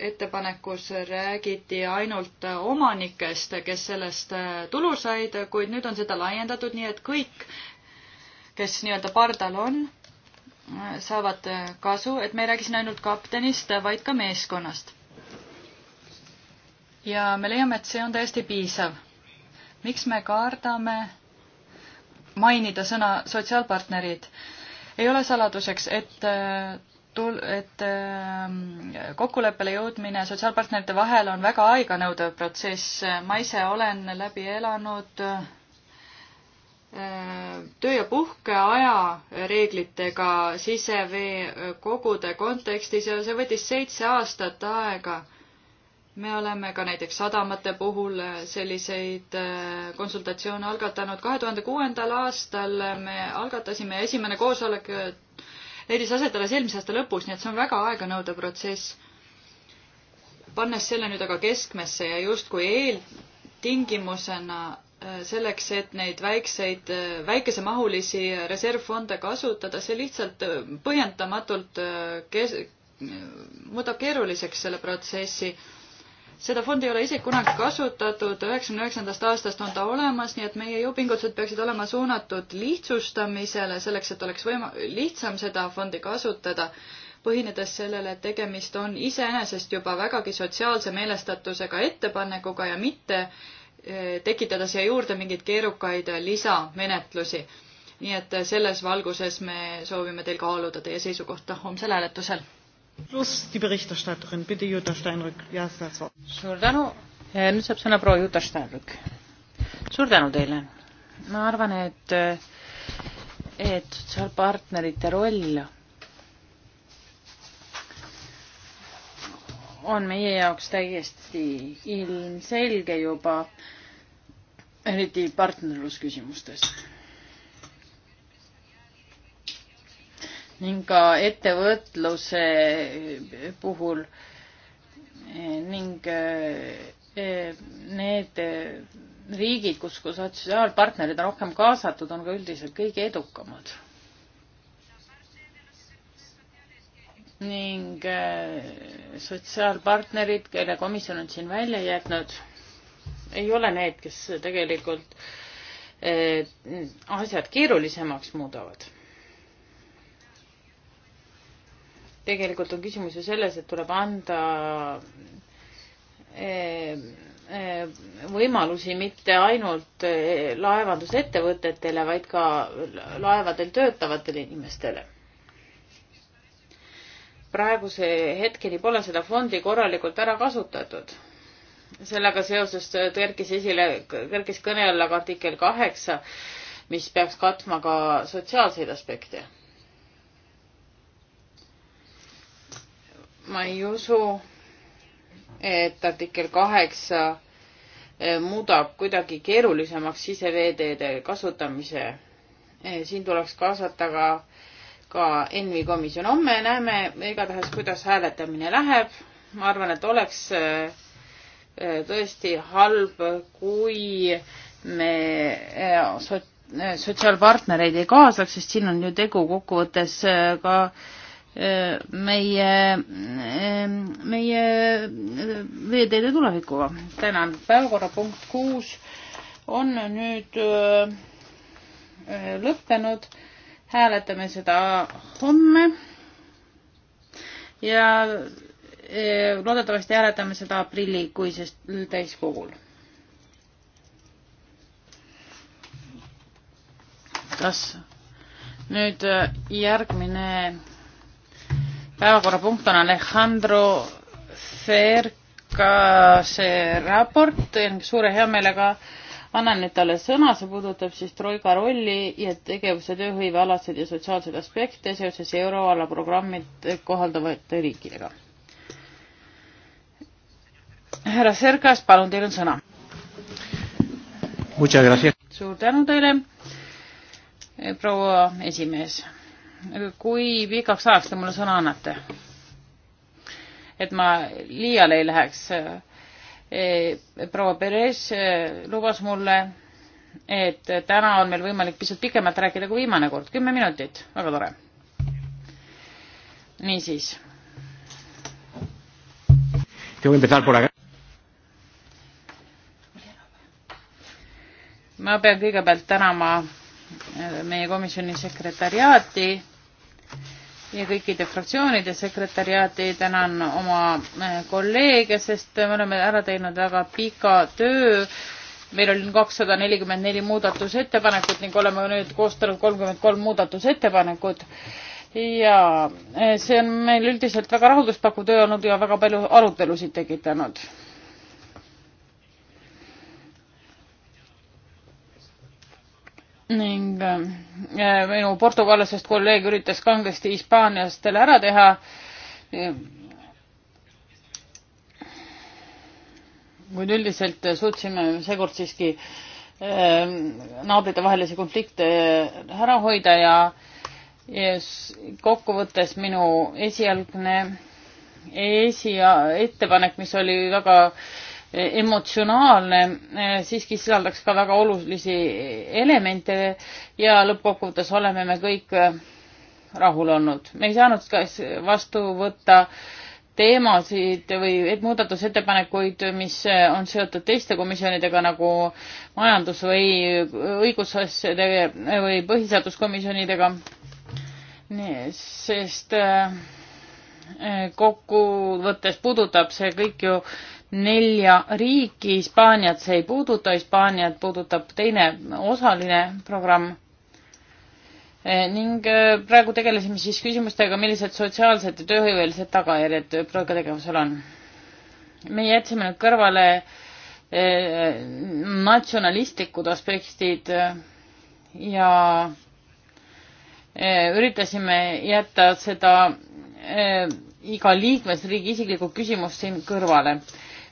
ettepanekus räägiti ainult omanikest, kes sellest tulu said, kuid nüüd on seda laiendatud, nii et kõik, kes nii-öelda pardal on, saavad kasu, et me ei räägi siin ainult kaptenist, vaid ka meeskonnast ja me leiame, et see on täiesti piisav. miks me kardame mainida sõna sotsiaalpartnerid? ei ole saladuseks, et äh, tul-, et äh, kokkuleppele jõudmine sotsiaalpartnerite vahel on väga aeganõudev protsess. ma ise olen läbi elanud äh, töö- ja puhkeaja reeglitega siseveekogude kontekstis ja see võttis seitse aastat aega me oleme ka näiteks sadamate puhul äh, selliseid äh, konsultatsioone algatanud. kahe tuhande kuuendal aastal me algatasime esimene koosolek äh, leidis aset alles eelmise aasta lõpus, nii et see on väga aeganõudev protsess. pannes selle nüüd aga keskmesse ja justkui eeltingimusena selleks, et neid väikseid, väikesemahulisi reservfonde kasutada, see lihtsalt põhjendamatult kes-, muudab keeruliseks selle protsessi seda fondi ei ole isegi kunagi kasutatud, üheksakümne üheksandast aastast on ta olemas, nii et meie jõupingutused peaksid olema suunatud lihtsustamisele, selleks et oleks võima-, lihtsam seda fondi kasutada, põhinedes sellele, et tegemist on iseenesest juba vägagi sotsiaalse meelestatusega ettepanekuga ja mitte eh, tekitada siia juurde mingeid keerukaid lisamenetlusi. nii et selles valguses me soovime teil kaaluda teie seisukohta homsel hääletusel pluss die Berichterstatterin, bitte Jutta Steinrück, ja seda saab. suur tänu, nüüd saab sõna proua Jutta Steinrück. suur tänu teile. ma arvan, et, et sotsiaalpartnerite roll on meie jaoks täiesti ilmselge juba, eriti partnerlusküsimustes ning ka ettevõtluse puhul ning eh, need riigid, kus, kus sotsiaalpartnerid on rohkem kaasatud, on ka üldiselt kõige edukamad. ning eh, sotsiaalpartnerid, kelle komisjon on siin välja jätnud, ei ole need, kes tegelikult eh, asjad keerulisemaks muudavad tegelikult on küsimus ju selles, et tuleb anda eh, eh, võimalusi mitte ainult eh, laevandusettevõtetele, vaid ka laevadel töötavatele inimestele. praeguse hetkeni pole seda fondi korralikult ära kasutatud. sellega seoses kerkis esile, kerkis kõne alla ka artikkel kaheksa, mis peaks katma ka sotsiaalseid aspekte ma ei usu, et artikkel kaheksa eh, muudab kuidagi keerulisemaks siseveeteede kasutamise. Eh, siin tuleks kaasata ka, ka ENVI komisjon. homme näeme igatahes, kuidas hääletamine läheb. ma arvan, et oleks eh, tõesti halb, kui me sotsiaalpartnereid ei kaasaks, sest siin on ju tegu kokkuvõttes ka äh, meie, meie veeteede tulevikuga. tänan, päevakorrapunkt kuus on nüüd äh, lõppenud, hääletame seda homme ja äh, loodetavasti hääletame seda aprillikuises täiskogul. kas nüüd äh, järgmine päevakorrapunkt on Alejandro Cercase raport, suure heameelega annan nüüd talle sõna, see puudutab siis Troika rolli ja tegevuse tööhõivealaseid ja sotsiaalseid aspekte seoses euroala programmid kohaldavate riikidega. härra Sergas, palun, teil on sõna. suur tänu teile, proua esimees kui pikaks ajaks te mulle sõna annate? et ma liiale ei läheks. E, proua Perez e, lubas mulle, et täna on meil võimalik pisut pikemalt rääkida kui viimane kord, kümme minutit, väga tore. niisiis. ma pean kõigepealt tänama e, meie komisjoni sekretariaati ja kõikide fraktsioonide sekretäriaati tänan oma äh, kolleege, sest me oleme ära teinud väga pika töö. meil on kakssada nelikümmend neli muudatusettepanekut ning oleme nüüd koostanud kolmkümmend kolm muudatusettepanekut. ja äh, see on meil üldiselt väga rahulduspakkuv töö olnud ja väga palju arutelusid tekitanud ning äh, minu portugallasest kolleeg üritas kangesti hispaaniastele ära teha. kuid üldiselt suutsime seekord siiski ähm, naabritevahelisi konflikte äh, ära hoida ja, ja kokkuvõttes minu esialgne esi- ettepanek, mis oli väga äh, emotsionaalne, eh, siiski sisaldaks ka väga olulisi elemente ja lõppkokkuvõttes oleme me kõik eh, rahul olnud. me ei saanud kas vastu võtta teemasid või muudatusettepanekuid, mis eh, on seotud teiste komisjonidega nagu majandus või õigusasjade või põhiseaduskomisjonidega. sest kokkuvõttes puudutab see kõik ju nelja riiki, Hispaaniat see ei puuduta, Hispaaniat puudutab teine osaline programm. Eh, ning eh, praegu tegelesime siis küsimustega, millised sotsiaalsed ja tööhõivelised tagajärjed palgategevusel on. me jätsime nüüd kõrvale eh, natsionalistlikud aspektid ja üritasime jätta seda iga liikmesriigi isiklikku küsimust siin kõrvale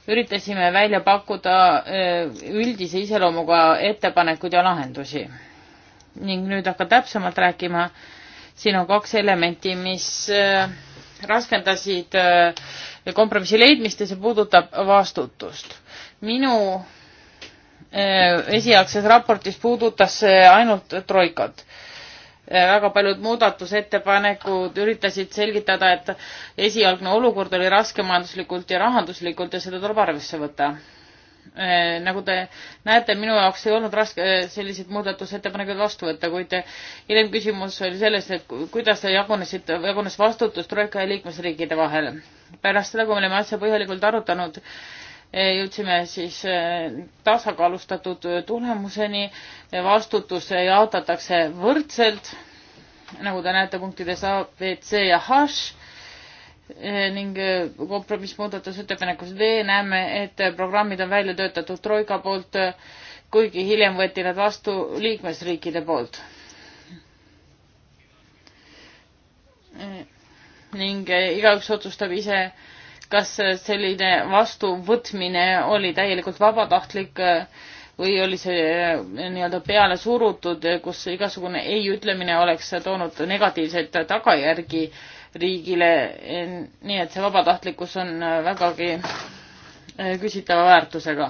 üritasime välja pakkuda äh, üldise iseloomuga ettepanekuid ja lahendusi. ning nüüd hakkan täpsemalt rääkima. siin on kaks elementi, mis äh, raskendasid äh, kompromissi leidmist ja see puudutab vastutust. minu esialgses raportis puudutas see ainult troikat Eh, väga paljud muudatusettepanekud üritasid selgitada, et esialgne olukord oli raske majanduslikult ja rahanduslikult ja seda tuleb arvesse võtta. Eh, nagu te näete, minu jaoks ei olnud raske eh, selliseid muudatusettepanekuid vastu võtta, kuid hiljem küsimus oli selles, et kuidas te jagunesite, jagunes vastutus Troika ja liikmesriikide vahel. pärast seda, kui me olime asja põhjalikult arutanud, Eh, jõudsime siis eh, tasakaalustatud eh, tulemuseni, vastutus jaotatakse võrdselt, nagu te näete punktides A, B, C ja H ning kompromissmuudatusettepanekus D näeme, et programmid on välja töötatud Troika poolt, kuigi hiljem võeti nad vastu liikmesriikide poolt ning igaüks otsustab ise, kas selline vastuvõtmine oli täielikult vabatahtlik äh, või oli see äh, nii-öelda peale surutud, äh, kus igasugune ei ütlemine oleks toonud negatiivseid tagajärgi riigile, nii et see vabatahtlikkus on vägagi küsitava väärtusega.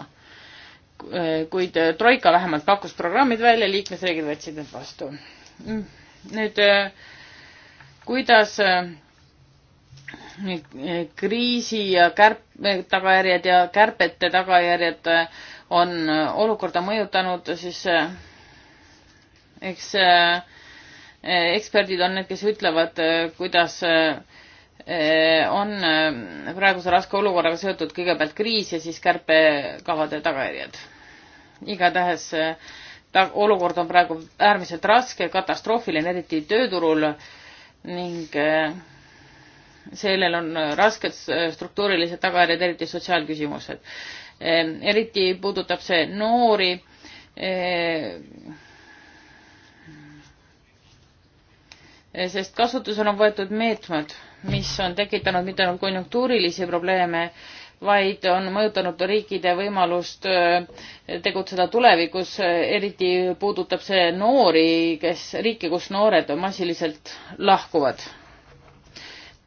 kuid Troika vähemalt pakkus programmid välja, liikmesriigid võtsid need vastu. Mm. nüüd kuidas kriisi ja kärp-, tagajärjed ja kärbete tagajärjed on olukorda mõjutanud, siis eh, eks eh, eksperdid on need, kes ütlevad, eh, kuidas on praeguse raske olukorraga seotud kõigepealt kriis ja siis kärpekavade tagajärjed. igatahes ta-, olukord on praegu äärmiselt raske, katastroofiline, eriti tööturul ning äh, sellel on äh, rasked äh, struktuurilised tagajärjed, eriti sotsiaalküsimused. Äh, eriti puudutab see noori. sest kasutusele on võetud meetmed, mis on tekitanud mitte ainult konjunktuurilisi probleeme, vaid on mõjutanud riikide võimalust tegutseda tulevikus, eriti puudutab see noori, kes, riike, kus noored massiliselt lahkuvad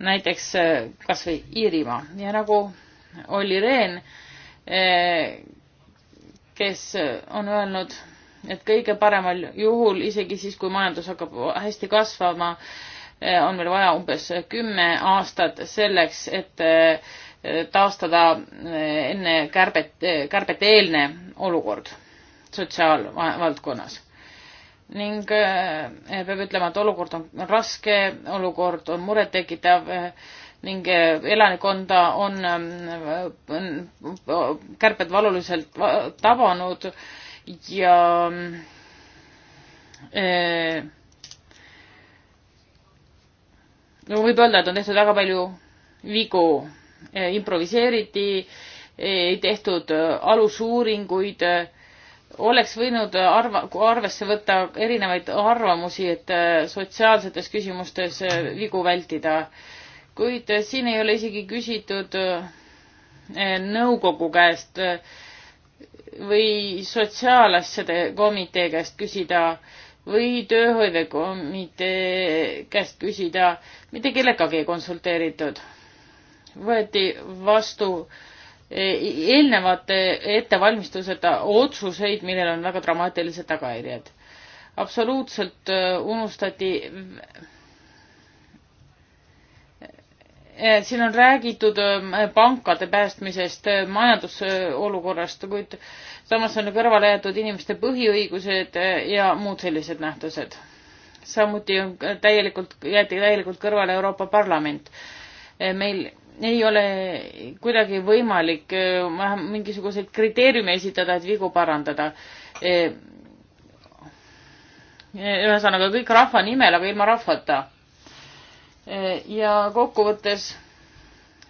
näiteks eh, kas või Iirimaa ja nagu Olli Rehn, eh, kes on öelnud, et kõige paremal juhul, isegi siis, kui majandus hakkab hästi kasvama, eh, on meil vaja umbes kümme aastat selleks, et taastada enne kärbet, kärbete eelne olukord sotsiaalvaldkonnas ning eh, peab ütlema, et olukord on raske, olukord on murettekitav eh, ning eh, elanikkonda on kärped valuliselt tabanud ja no võib öelda, et on tehtud väga palju vigu, improviseeriti, ei tehtud alusuuringuid oleks võinud arva, arvesse võtta erinevaid arvamusi, et äh, sotsiaalsetes küsimustes äh, vigu vältida. kuid äh, siin ei ole isegi küsitud nõukogu käest või sotsiaalasjade komitee käest küsida või tööhõivekomitee käest küsida, mitte kellegagi ei konsulteeritud. võeti vastu äh, eelnevad ettevalmistused, otsuseid, millel on väga dramaatilised tagajärjed. absoluutselt äh, unustati äh, siin on räägitud äh, pankade päästmisest, majandusolukorrast, kuid samas on kõrvale jäetud inimeste põhiõigused ja muud sellised nähtused. samuti on täielikult, jäeti täielikult kõrvale Euroopa Parlament. meil ei ole kuidagi võimalik äh, mingisuguseid kriteeriume esitada, et vigu parandada. Äh, ühesõnaga kõik rahva nimel, aga ilma rahvata. Äh, ja kokkuvõttes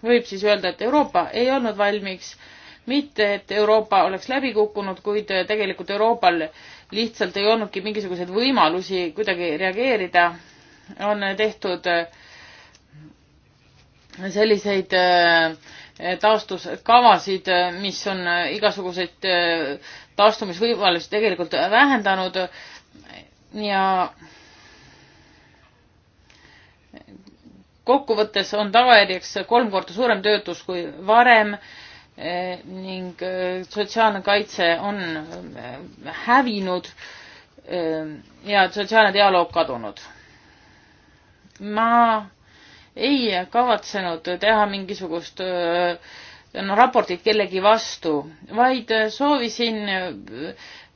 võib siis öelda, et Euroopa ei olnud valmiks, mitte et Euroopa oleks läbi kukkunud, kuid tegelikult Euroopal lihtsalt ei olnudki mingisuguseid võimalusi kuidagi reageerida. on tehtud äh, selliseid äh, taastuskavasid, äh, mis on äh, igasuguseid taastumisvõimalusi tegelikult vähendanud ja kokkuvõttes on tagajärjeks kolm korda suurem töötus kui varem ning sotsiaalne kaitse on hävinud ja sotsiaalne dialoog kadunud. ma ei kavatsenud teha mingisugust no, raportit kellegi vastu, vaid soovisin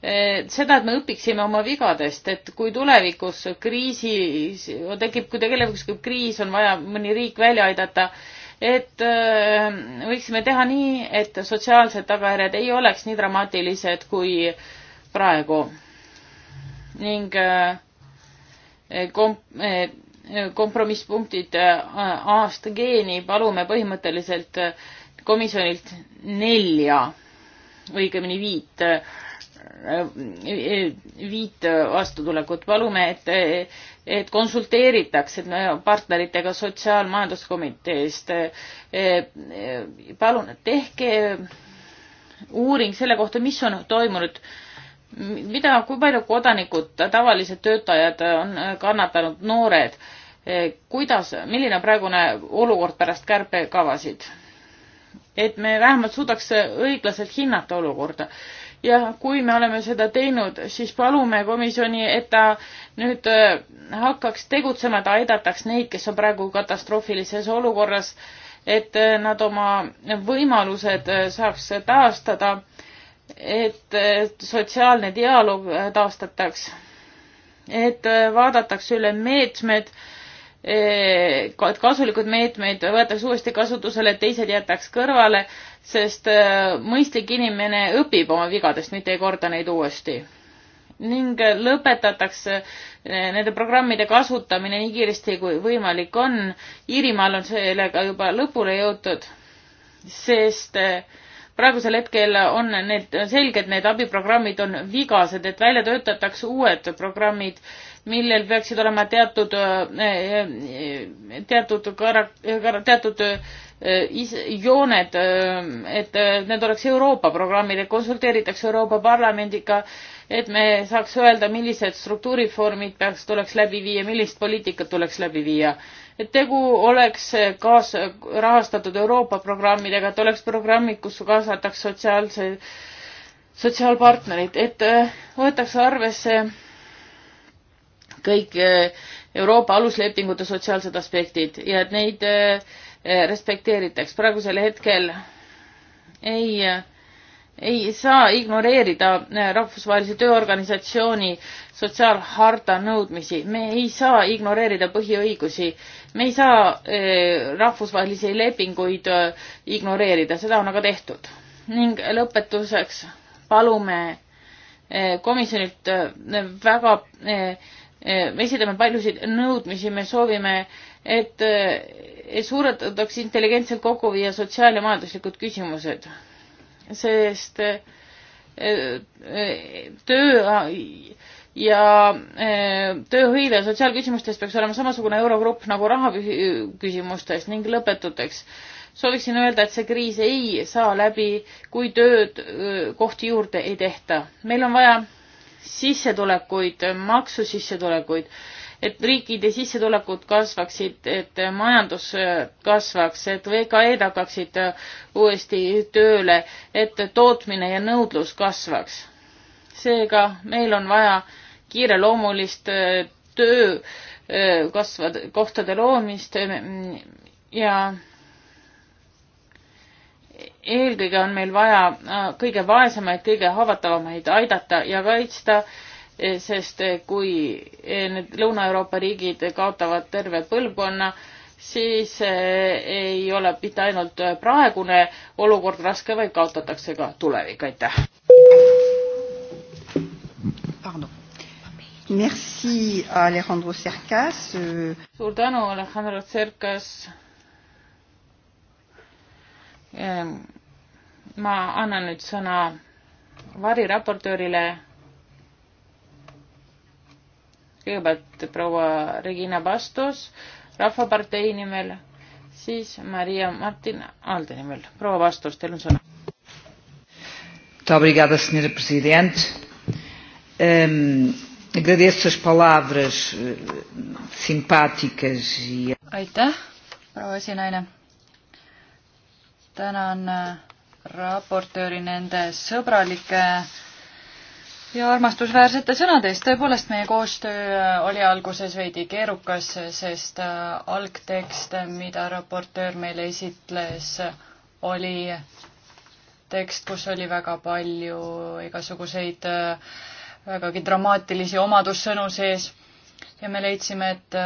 seda, et me õpiksime oma vigadest, et kui tulevikus kriisis tekib, kui tulevikus kriis on vaja mõni riik välja aidata, et võiksime teha nii, et sotsiaalsed tagajärjed ei oleks nii dramaatilised kui praegu. ning komp-, kompromisspunktid äh, A-st G-ni palume põhimõtteliselt äh, komisjonilt nelja, õigemini viit, äh, viit vastutulekut. palume, et, et konsulteeritakse partneritega sotsiaalmajanduskomiteest. palun tehke uuring selle kohta, mis on toimunud mida, kui palju kodanikud, tavalised töötajad on kannatanud, noored, kuidas, milline on praegune olukord pärast kärpekavasid? et me vähemalt suudaks õiglaselt hinnata olukorda ja kui me oleme seda teinud, siis palume komisjoni, et ta nüüd äh, hakkaks tegutsema, et aidataks neid, kes on praegu katastroofilises olukorras, et äh, nad oma võimalused äh, saaks taastada et sotsiaalne dialoog taastataks, et vaadatakse üle meetmed, et kasulikud meetmed võetakse uuesti kasutusele, et teised jätaks kõrvale, sest mõistlik inimene õpib oma vigadest, mitte ei korda neid uuesti. ning lõpetatakse nende programmide kasutamine nii kiiresti kui võimalik on. Iirimaal on sellega juba lõpule jõutud, sest äh, praegusel hetkel on need selged, need abiprogrammid on vigased, et välja töötatakse uued programmid, millel peaksid olema teatud, teatud, teatud eh, jooned, eh, et eh, need oleks Euroopa programmid, et konsulteeritakse Euroopa Parlamendiga, et me saaks öelda, millised struktuuriformid peaks, tuleks läbi viia, millist poliitikat tuleks läbi viia et tegu oleks kaasrahastatud Euroopa programmidega, et oleks programmid, kus kaasataks sotsiaalse, sotsiaalpartnerid, et äh, võetakse arvesse kõik äh, Euroopa aluslepingute sotsiaalsed aspektid ja et neid äh, respekteeritaks. praegusel hetkel ei ei saa ignoreerida äh, Rahvusvahelise Tööorganisatsiooni sotsiaalharta nõudmisi, me ei saa ignoreerida põhiõigusi, me ei saa äh, rahvusvahelisi lepinguid äh, ignoreerida, seda on aga tehtud. ning lõpetuseks palume komisjonilt väga, me esitame paljusid nõudmisi, me soovime, et suurendataks intelligentselt kokku viia sotsiaal- ja majanduslikud küsimused sest eh, eh, töö ja eh, tööhõive sotsiaalküsimustes peaks olema samasugune eurogrupp nagu rahaküsimustes ning lõpetuseks sooviksin öelda, et see kriis ei saa läbi, kui tööd, kohti juurde ei tehta. meil on vaja sissetulekuid, maksusissetulekuid et riikide sissetulekud kasvaksid, et majandus kasvaks, et VKE-d hakkaksid uuesti tööle, et tootmine ja nõudlus kasvaks. seega meil on vaja kiireloomulist töö kasvad, kohtade loomist ja eelkõige on meil vaja kõige vaesemaid, kõige haavatavamaid aidata ja kaitsta Eh, sest eh, kui eh, need Lõuna-Euroopa riigid kaotavad terve põlvkonna, siis ei ole mitte ainult praegune olukord raske, vaid kaotatakse ka tulevik, aitäh. Merci Alejandro Cercas. suur tänu, Alejandro Cercas. ma annan nüüd sõna variraportöörile kõigepealt proua Regina Bastos Rahvapartei nimel, siis Maria Martin Alde nimel. proua Bastos, teil on sõna. Obrigada, senhora presidente. Um, agradeço as palavras eh, simpáticas e. Aitäh, proua esinaine. tänan eh, raportööri nende sõbralike ja armastusväärsete sõnade eest, tõepoolest meie koostöö äh, oli alguses veidi keerukas, sest äh, algtekst, mida raportöör meile esitles, oli tekst, kus oli väga palju igasuguseid äh, vägagi dramaatilisi omadussõnu sees ja me leidsime, et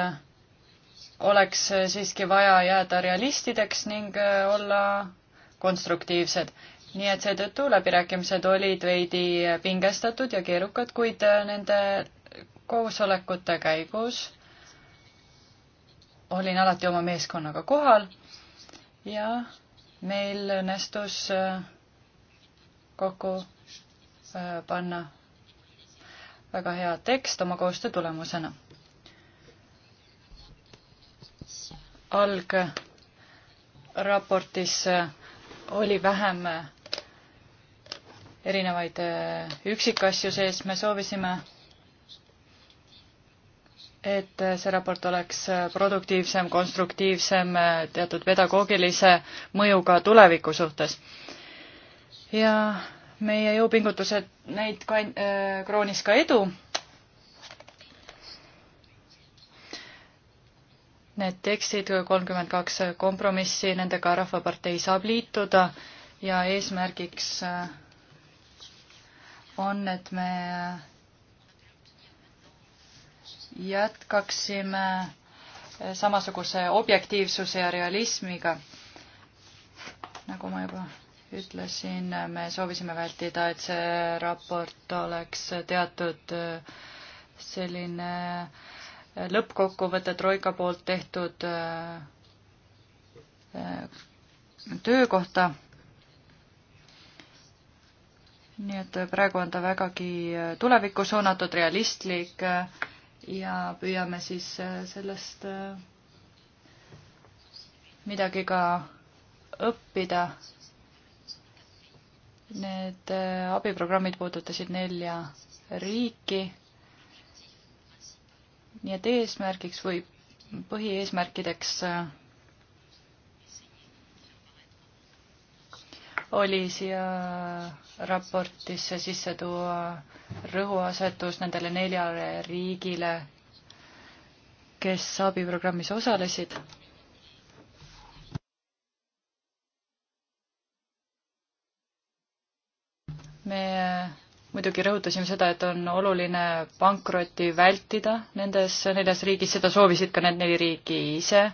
oleks siiski vaja jääda realistideks ning olla konstruktiivsed nii et seetõttu läbirääkimised olid veidi pingestatud ja keerukad, kuid äh, nende koosolekute käigus olin alati oma meeskonnaga kohal ja meil õnnestus äh, kokku äh, panna väga hea tekst oma koostöö tulemusena. algraportis oli vähem erinevaid äh, üksikasju sees, me soovisime, et see raport oleks äh, produktiivsem, konstruktiivsem, äh, teatud pedagoogilise mõjuga tuleviku suhtes. ja meie jõupingutused, neid kan-, kroonis ka edu. Need tekstid, kolmkümmend kaks kompromissi, nendega Rahvapartei saab liituda ja eesmärgiks äh, on, et me jätkaksime samasuguse objektiivsuse ja realismiga. nagu ma juba ütlesin, me soovisime vältida, et see raport oleks teatud selline lõppkokkuvõte Troika poolt tehtud äh, töö kohta nii et praegu on ta vägagi äh, tulevikku suunatud, realistlik äh, ja püüame siis äh, sellest midagi ka õppida. Need abiprogrammid puudutasid nelja riiki. nii et eesmärgiks või põhieesmärkideks oli siia raportisse sisse tuua rõhuasetus nendele neljale riigile, kes abiprogrammis osalesid. me muidugi rõhutasime seda, et on oluline pankrotti vältida nendes neljas riigis, seda soovisid ka need neli riiki ise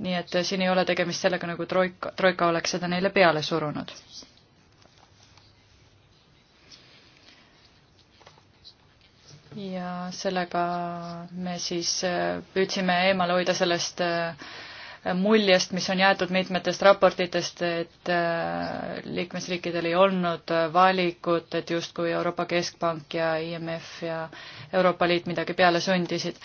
nii et äh, siin ei ole tegemist sellega, nagu troika, troika oleks seda neile peale surunud. ja sellega me siis äh, püüdsime eemale hoida sellest äh, muljest, mis on jäetud mitmetest raportitest, et liikmesriikidel ei olnud valikut, et justkui Euroopa Keskpank ja IMF ja Euroopa Liit midagi peale sundisid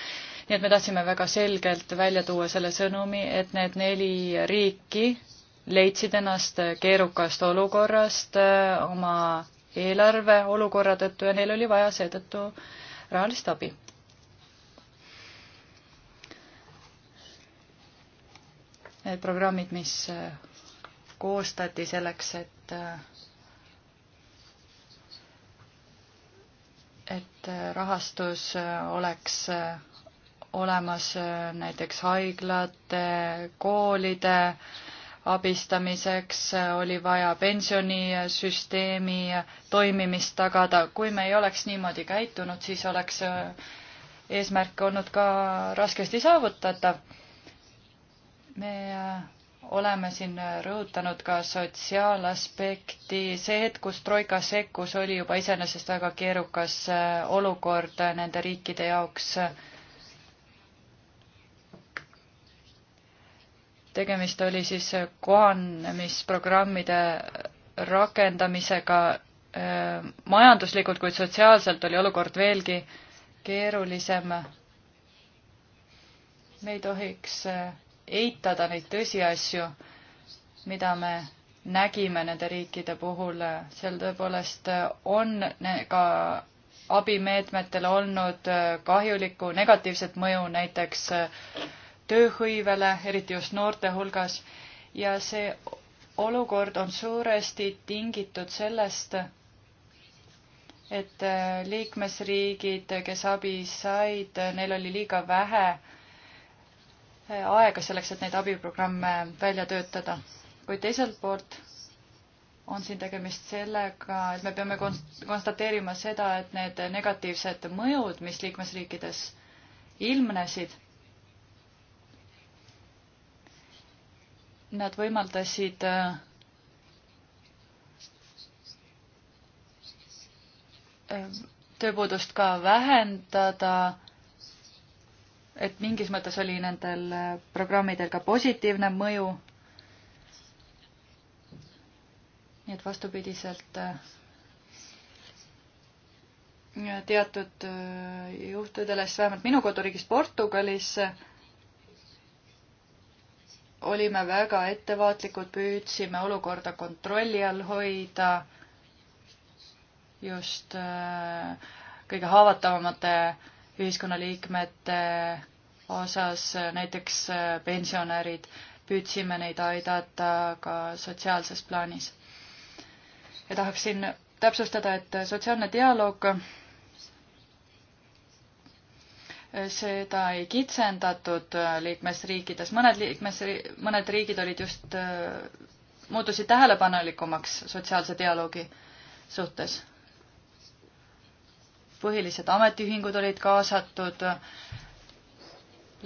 nii et me tahtsime väga selgelt välja tuua selle sõnumi, et need neli riiki leidsid ennast keerukast olukorrast eh, oma eelarve olukorra tõttu ja neil oli vaja seetõttu rahalist abi. Need programmid, mis eh, koostati selleks, et eh, et rahastus oleks olemas äh, näiteks haiglate, koolide abistamiseks, äh, oli vaja pensionisüsteemi toimimist tagada. kui me ei oleks niimoodi käitunud, siis oleks äh, eesmärk olnud ka raskesti saavutatav. me oleme siin rõhutanud ka sotsiaalaspekti. see hetk, kus Troika sekkus, oli juba iseenesest väga keerukas olukord nende riikide jaoks tegemist oli siis kohanemisprogrammide rakendamisega äh, majanduslikult, kuid sotsiaalselt oli olukord veelgi keerulisem. me ei tohiks äh, eitada neid tõsiasju, mida me nägime nende riikide puhul, seal tõepoolest äh, on ka abimeetmetel olnud kahjulikku negatiivset mõju näiteks äh, tööhõivele, eriti just noorte hulgas ja see olukord on suuresti tingitud sellest, et äh, liikmesriigid, kes abi said, neil oli liiga vähe äh, aega selleks, et neid abiprogramme äh, välja töötada. kuid teiselt poolt on siin tegemist sellega, et me peame konstateerima seda, et need negatiivsed mõjud, mis liikmesriikides ilmnesid Nad võimaldasid äh, tööpuudust ka vähendada, et mingis mõttes oli nendel äh, programmidel ka positiivne mõju. nii et vastupidiselt äh, teatud juhtudele, siis vähemalt minu koduriigis Portugalis olime väga ettevaatlikud, püüdsime olukorda kontrolli all hoida just äh, kõige haavatavamate ühiskonnaliikmete osas, äh, näiteks äh, pensionärid, püüdsime neid aidata ka sotsiaalses plaanis. ja tahaksin täpsustada, et sotsiaalne dialoog seda ei kitsendatud äh, liikmesriikides, mõned liikmesri-, mõned riigid olid just, äh, muutusid tähelepanelikumaks sotsiaalse dialoogi suhtes. põhilised ametiühingud olid kaasatud äh,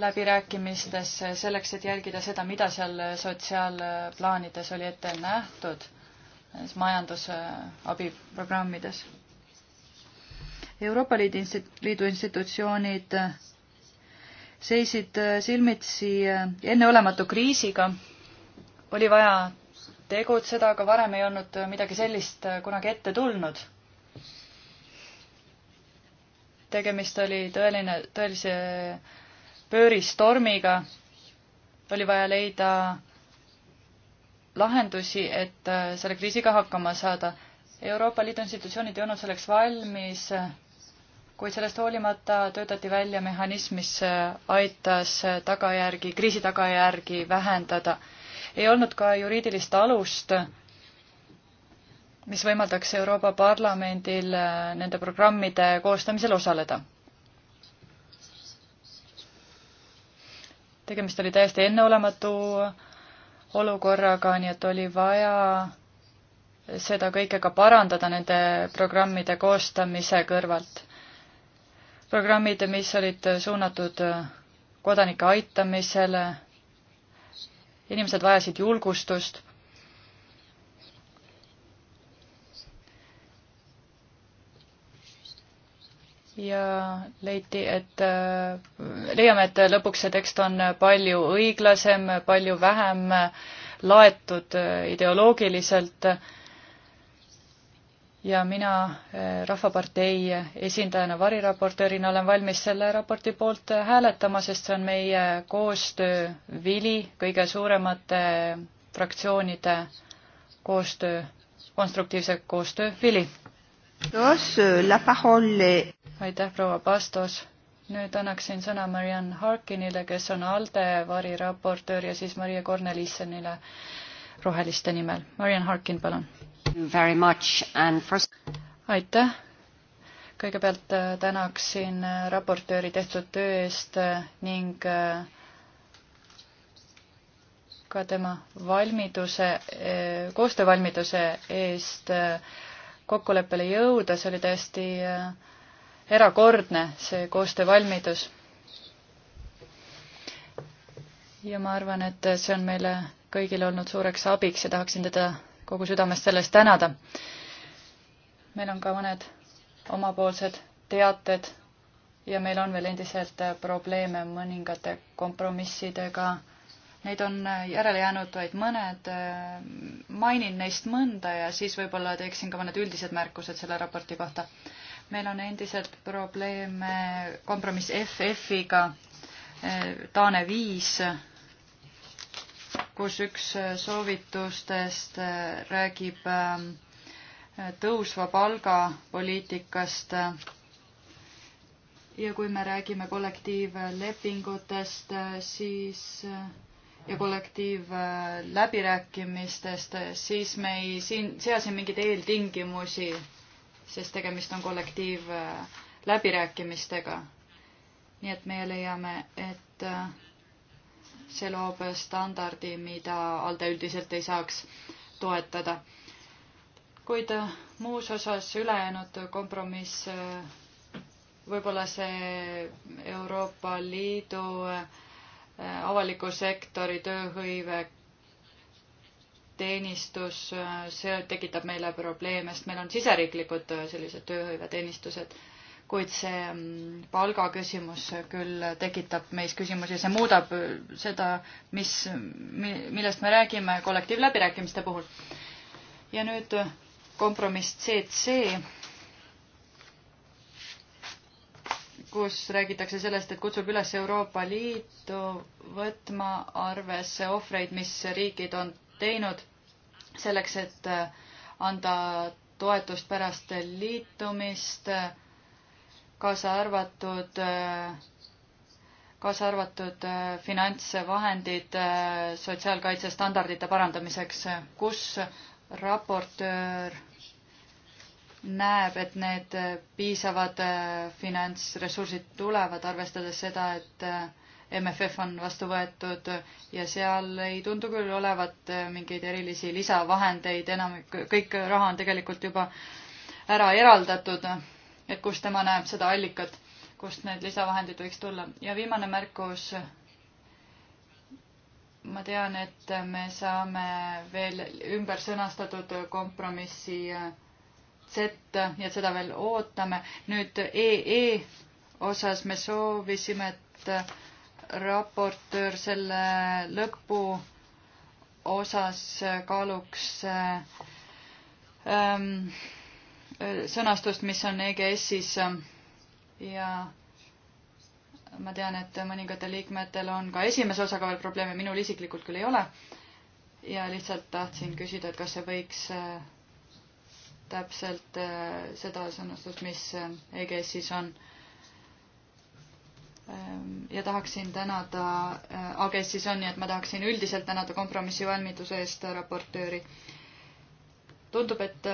läbirääkimistesse selleks, et jälgida seda, mida seal sotsiaalplaanides oli ette nähtud, majanduse abiprogrammides Euroopa Liidu institutsioonid seisid silmitsi enneolematu kriisiga, oli vaja tegutseda, aga varem ei olnud midagi sellist kunagi ette tulnud. tegemist oli tõeline, tõelise pööristormiga, oli vaja leida lahendusi, et selle kriisiga hakkama saada. Euroopa Liidu institutsioonid ei olnud selleks valmis kuid sellest hoolimata töötati välja mehhanism, mis aitas tagajärgi, kriisi tagajärgi vähendada. ei olnud ka juriidilist alust, mis võimaldaks Euroopa Parlamendil nende programmide koostamisel osaleda tegemist oli täiesti enneolematu olukorraga, nii et oli vaja seda kõike ka parandada nende programmide koostamise kõrvalt programmid, mis olid suunatud kodanike aitamisele, inimesed vajasid julgustust. ja leiti, et äh, leiame, et lõpuks see tekst on palju õiglasem, palju vähem laetud äh, ideoloogiliselt äh, ja mina eh, Rahvapartei esindajana, variraportöörina olen valmis selle raporti poolt eh, hääletama, sest see on meie koostöö vili, kõige suuremate fraktsioonide koostöö, konstruktiivse koostöö vili. Eh, aitäh, proua Pastos. nüüd annaksin sõna Marianne Harkinile, kes on ALDE variraportöör ja siis Maria Kornelissonile roheliste nimel. Marian Harkin, palun. First... aitäh. kõigepealt äh, tänaksin äh, raportööri tehtud töö eest äh, ning ka tema valmiduse, koostöövalmiduse eest kokkuleppele jõuda, see oli täiesti erakordne, see koostöövalmidus. ja ma arvan, et see on meile kõigile olnud suureks abiks ja tahaksin teda kogu südamest selle eest tänada. meil on ka mõned omapoolsed teated ja meil on veel endiselt äh, probleeme mõningate kompromissidega. Neid on äh, järele jäänud vaid mõned, äh, mainin neist mõnda ja siis võib-olla teeksin ka mõned üldised märkused selle raporti kohta. meil on endiselt probleeme kompromiss FF-iga, Taane viis kus üks äh, soovitustest äh, räägib ähm, tõusva palga poliitikast. ja kui me räägime kollektiivlepingutest, äh, siis ja kollektiivläbirääkimistest, siis me ei siin, sea siin mingeid eeltingimusi, sest tegemist on kollektiivläbirääkimistega. nii et meie leiame, et äh, see loob standardi, mida ALDE üldiselt ei saaks toetada. kuid äh, muus osas ülejäänud kompromiss, äh, võib-olla see Euroopa Liidu äh, avaliku sektori tööhõive teenistus, see tekitab meile probleeme, sest meil on siseriiklikud sellised tööhõiveteenistused kuid see mm, palgaküsimus küll tekitab meis küsimusi, see muudab äh, seda, mis, millest me räägime kollektiivläbirääkimiste puhul. ja nüüd äh, kompromiss CC, kus räägitakse sellest, et kutsub üles Euroopa Liitu võtma arvesse ohvreid, mis riigid on teinud selleks, et äh, anda toetust pärast liitumist äh, kaasa arvatud, kaasa arvatud äh, finantsvahendid äh, sotsiaalkaitsestandardite parandamiseks, kus raportöör näeb, et need äh, piisavad finantsressursid tulevad, arvestades seda, et MFF on vastu võetud ja seal ei tundu küll olevat mingeid erilisi lisavahendeid enam, kõik raha on tegelikult juba ära eraldatud et kus tema näeb seda allikat, kust need lisavahendid võiks tulla. ja viimane märkus. ma tean, et me saame veel ümber sõnastatud kompromissi Z, nii et seda veel ootame. nüüd EE e osas me soovisime, et raportöör selle lõpu osas kaaluks ähm, sõnastust, mis on EGS-is ja ma tean, et mõningatel liikmetel on ka esimese osaga veel probleeme, minul isiklikult küll ei ole. ja lihtsalt tahtsin küsida, et kas see võiks äh, täpselt äh, seda sõnastust, mis äh, EGS-is on. Ähm, ja tahaksin tänada, AGS-is on, nii et ma tahaksin üldiselt tänada kompromissivalmiduse eest raportööri. tundub, et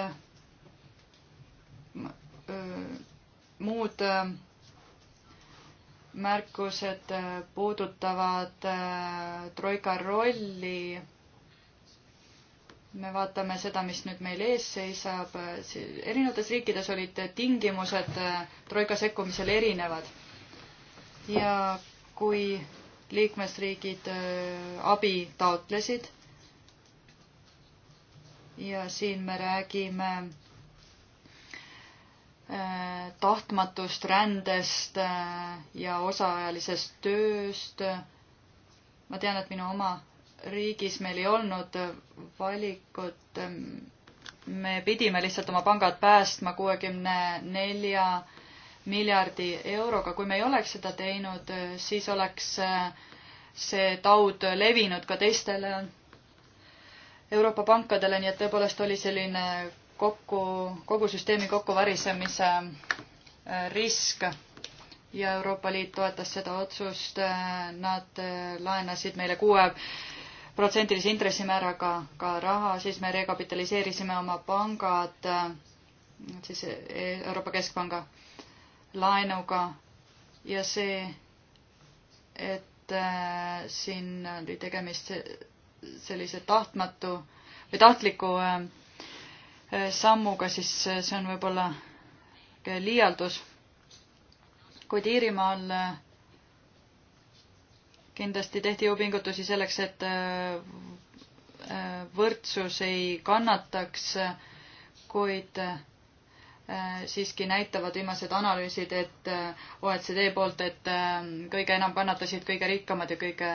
muud märkused puudutavad troika rolli. me vaatame seda, mis nüüd meil ees seisab. erinevates riikides olid tingimused troika sekkumisel erinevad. ja kui liikmesriigid abi taotlesid ja siin me räägime Äh, tahtmatust rändest äh, ja osaajalisest tööst. ma tean, et minu oma riigis meil ei olnud valikut. me pidime lihtsalt oma pangad päästma kuuekümne nelja miljardi euroga. kui me ei oleks seda teinud, siis oleks äh, see taud levinud ka teistele Euroopa pankadele, nii et tõepoolest oli selline kokku, kogu süsteemi kokkuvarisemise äh, risk ja Euroopa Liit toetas seda otsust, äh, nad äh, laenasid meile kuue protsendilise intressimääraga ka, ka raha, siis me rekapitaliseerisime oma pangad siis Euroopa Keskpanga laenuga ja see, et siin oli tegemist sellise tahtmatu või tahtliku Äh, sammuga, siis äh, see on võib-olla liialdus. kuid Iirimaal äh, kindlasti tehti jõupingutusi selleks, et võrdsus ei kannataks, kuid siiski näitavad viimased analüüsid, et OECD poolt, et kõige enam kannatasid kõige rikkamad ja kõige,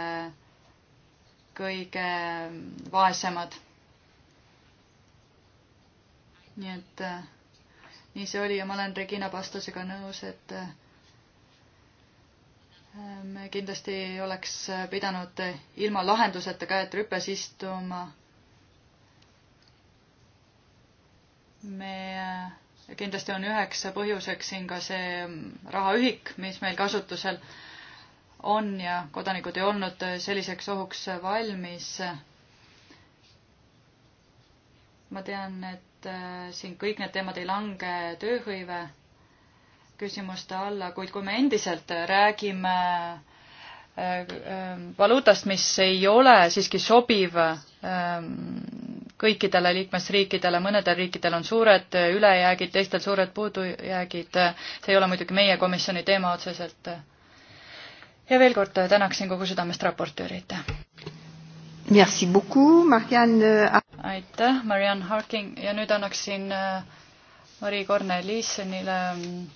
kõige vaesemad nii et äh, nii see oli ja ma olen Regina Pastasega nõus, et äh, me kindlasti ei oleks äh, pidanud ilma lahenduseta käed rüpes istuma. me äh, kindlasti on üheks põhjuseks siin ka see mm, rahaühik, mis meil kasutusel on ja kodanikud ei olnud äh, selliseks ohuks valmis. ma tean, et et äh, siin kõik need teemad ei lange tööhõive küsimuste alla, kuid kui me endiselt räägime äh, äh, valuutast, mis ei ole siiski sobiv ähm, kõikidele liikmesriikidele, mõnedel riikidel on suured ülejäägid, teistel suured puudujäägid, see ei ole muidugi meie komisjoni teema otseselt. ja veel kord tänaksin kogu südamest raportööri, aitäh! Merci beaucoup, Marianne. Euh, aitäh, Marianne Harking ja nüüd annaksin äh, Mari Korneliisenile, mm,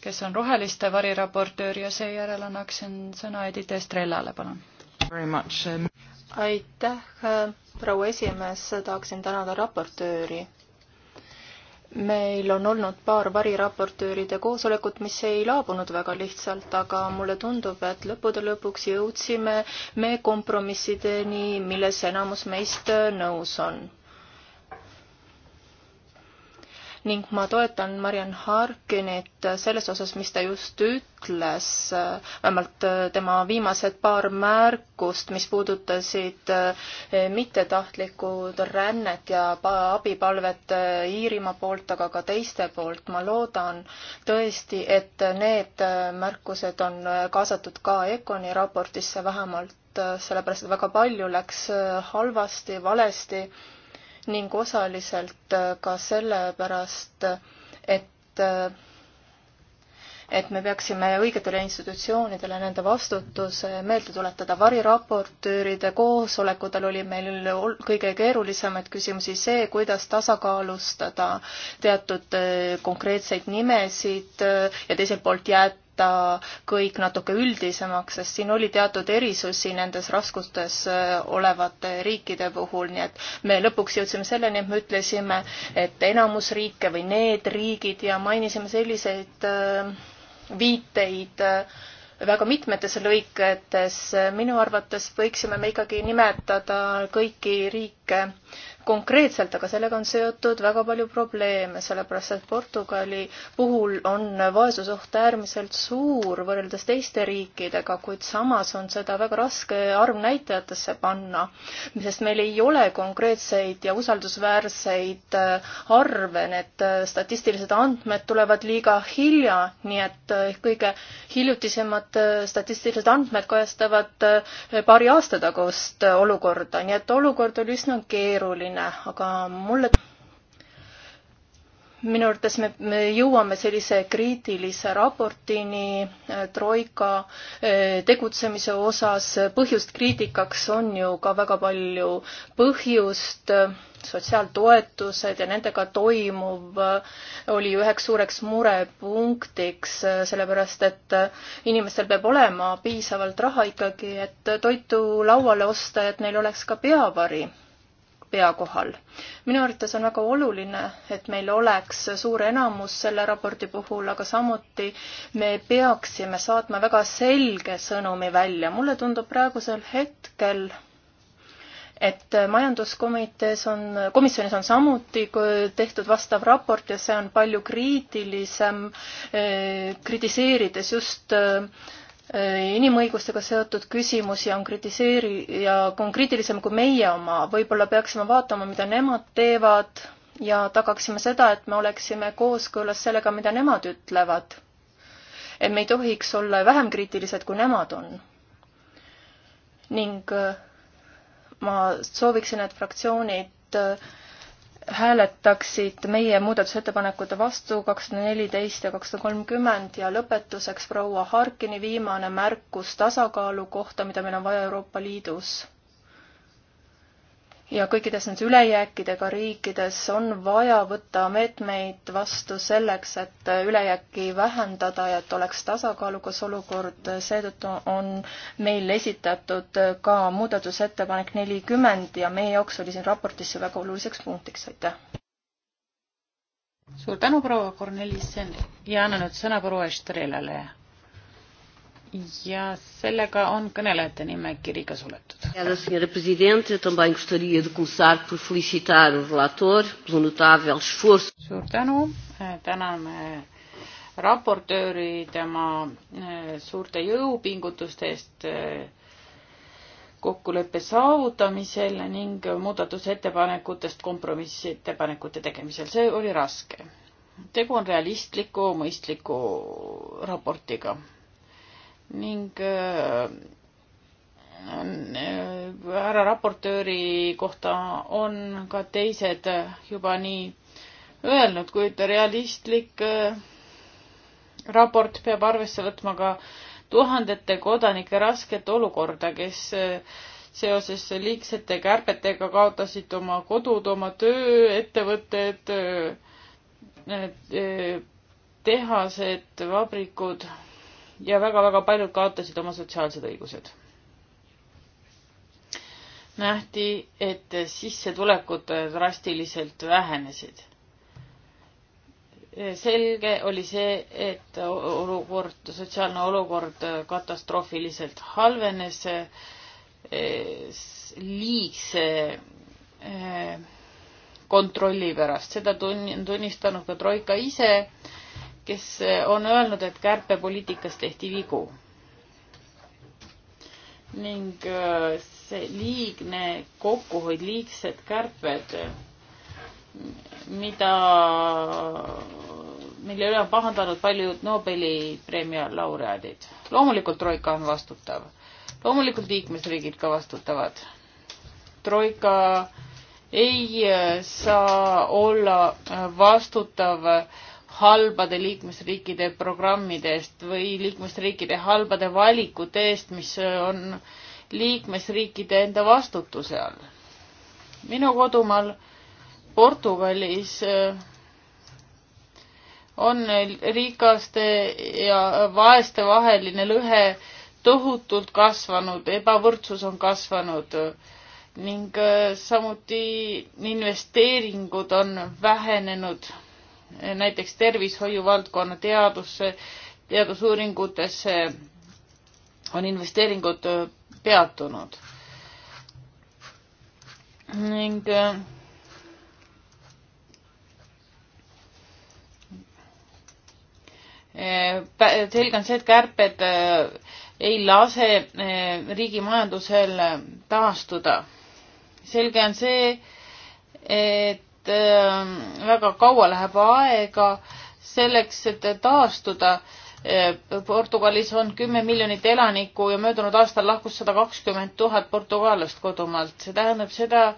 kes on Roheliste variraportöör ja seejärel annaksin sõna Edith Estrellale, palun. Um, aitäh, äh, proua esimees, tahaksin tänada raportööri meil on olnud paar variraportööride koosolekut, mis ei laabunud väga lihtsalt, aga mulle tundub, et lõppude lõpuks jõudsime me kompromissideni, milles enamus meist nõus on ning ma toetan Mariann Harkinit selles osas, mis ta just ütles, vähemalt äh, tema viimased paar märkust, mis puudutasid äh, mittetahtlikku rännet ja abipalvet äh, Iirimaa poolt, aga ka teiste poolt. ma loodan tõesti, et need märkused on kaasatud ka ECONi raportisse vähemalt, sellepärast et väga palju läks halvasti, valesti ning osaliselt äh, ka sellepärast, et äh, et me peaksime õigetele institutsioonidele nende vastutuse meelde tuletada. variraportööride koosolekutel oli meil kõige keerulisemaid küsimusi see, kuidas tasakaalustada teatud äh, konkreetseid nimesid ja teiselt poolt jääd-, võtta kõik natuke üldisemaks, sest siin oli teatud erisusi nendes raskustes äh, olevate riikide puhul, nii et me lõpuks jõudsime selleni, et me ütlesime, et enamus riike või need riigid ja mainisime selliseid äh, viiteid äh, väga mitmetes lõiketes, minu arvates võiksime me ikkagi nimetada kõiki riike konkreetselt, aga sellega on seotud väga palju probleeme, sellepärast et Portugali puhul on vaesusoht äärmiselt suur võrreldes teiste riikidega, kuid samas on seda väga raske arvnäitajatesse panna, sest meil ei ole konkreetseid ja usaldusväärseid äh, arve, need äh, statistilised andmed tulevad liiga hilja, nii et äh, kõige hiljutisemad statistilised andmed kajastavad paari aasta tagust olukorda, nii et olukord oli üsna keeruline minna, aga mulle minu arvates me, me jõuame sellise kriitilise raportini äh, troika äh, tegutsemise osas. põhjust kriitikaks on ju ka väga palju põhjust. Äh, sotsiaaltoetused ja nendega toimuv oli üheks suureks murepunktiks, sellepärast et inimestel peab olema piisavalt raha ikkagi, et toitu lauale osta, et neil oleks ka peavari pea kohal. minu arvates on väga oluline, et meil oleks suur enamus selle raporti puhul, aga samuti me peaksime saatma väga selge sõnumi välja. mulle tundub praegusel hetkel, et majanduskomitees on, komisjonis on samuti tehtud vastav raport ja see on palju kriitilisem, eh, kritiseerides just eh, Äh, inimõigustega seotud küsimusi on kritiseeri- ja on kriitilisem kui meie oma. võib-olla peaksime vaatama, mida nemad teevad ja tagaksime seda, et me oleksime kooskõlas sellega, mida nemad ütlevad. et me ei tohiks olla vähem kriitilised, kui nemad on. ning äh, ma sooviksin, et fraktsioonid äh, hääletaksid meie muudatusettepanekute vastu kakssada neliteist ja kakssada kolmkümmend ja lõpetuseks proua Harkini viimane märkus tasakaalu kohta, mida meil on vaja Euroopa Liidus ja kõikides nendes ülejääkidega riikides on vaja võtta meetmeid vastu selleks, et ülejääki vähendada ja et oleks tasakaalukas olukord, seetõttu on meil esitatud ka muudatusettepanek nelikümmend ja meie jaoks oli siin raportis see väga oluliseks punktiks, aitäh! suur tänu, proua Kornelis ja annan nüüd sõna proua Estrelale ja sellega on kõnelejate nimekiri ka suletud. Senhora Presidente, também gostaria de começar por felicitar o relator pelo notável esforço. suur tänu, eh, täname raportööri tema eh, suurte jõupingutuste eest eh, kokkuleppe saavutamisel ning muudatusettepanekutest kompromissettepanekute tegemisel. see oli raske. tegu on realistliku, mõistliku raportiga ning äh, härra raportööri kohta on ka teised juba nii öelnud, kuid realistlik äh, raport peab arvesse võtma ka tuhandete kodanike rasket olukorda, kes äh, seoses liigsete kärbetega kaotasid oma kodud, oma töö, ettevõtted, tehased, vabrikud ja väga-väga paljud kaotasid oma sotsiaalsed õigused. nähti, et sissetulekud drastiliselt vähenesid. selge oli see, et olukord, sotsiaalne olukord katastroofiliselt halvenes liigse eh, kontrolli pärast, seda tunnistanud ka Troika ise kes eh, on öelnud, et kärpepoliitikas tehti vigu. ning eh, see liigne kokkuhoid, liigsed kärped, mida, mille üle on pahandanud paljud Nobeli preemia laureaadid. loomulikult Troika on vastutav, loomulikult liikmesriigid ka vastutavad. Troika ei eh, saa olla vastutav äh, halbade liikmesriikide programmide eest või liikmesriikide halbade valikute eest, mis on liikmesriikide enda vastutuse all. minu kodumaal Portugalis eh, on rikaste ja vaeste vaheline lõhe tohutult kasvanud, ebavõrdsus on kasvanud ning eh, samuti investeeringud on vähenenud näiteks tervishoiuvaldkonna teadusse, teadusuuringutesse on investeeringud äh, peatunud. ning äh, äh, selge on see, et kärped ei lase riigi majandusel taastuda. selge on see, et et ähm, väga kaua läheb aega selleks, et taastuda. Äh, Portugalis on kümme miljonit elanikku ja möödunud aastal lahkus sada kakskümmend tuhat portugaallast kodumaalt. see tähendab seda,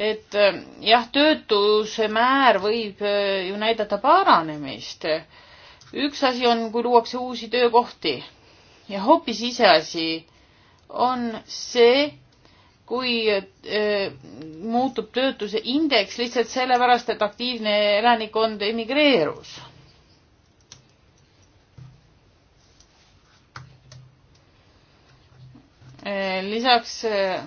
et äh, jah, töötuse määr võib äh, ju näidata paranemist. üks asi on, kui luuakse uusi töökohti ja hoopis iseasi on see, kui eh, muutub töötuse indeks lihtsalt sellepärast, et aktiivne elanikkond emigreerus. Eh, lisaks eh,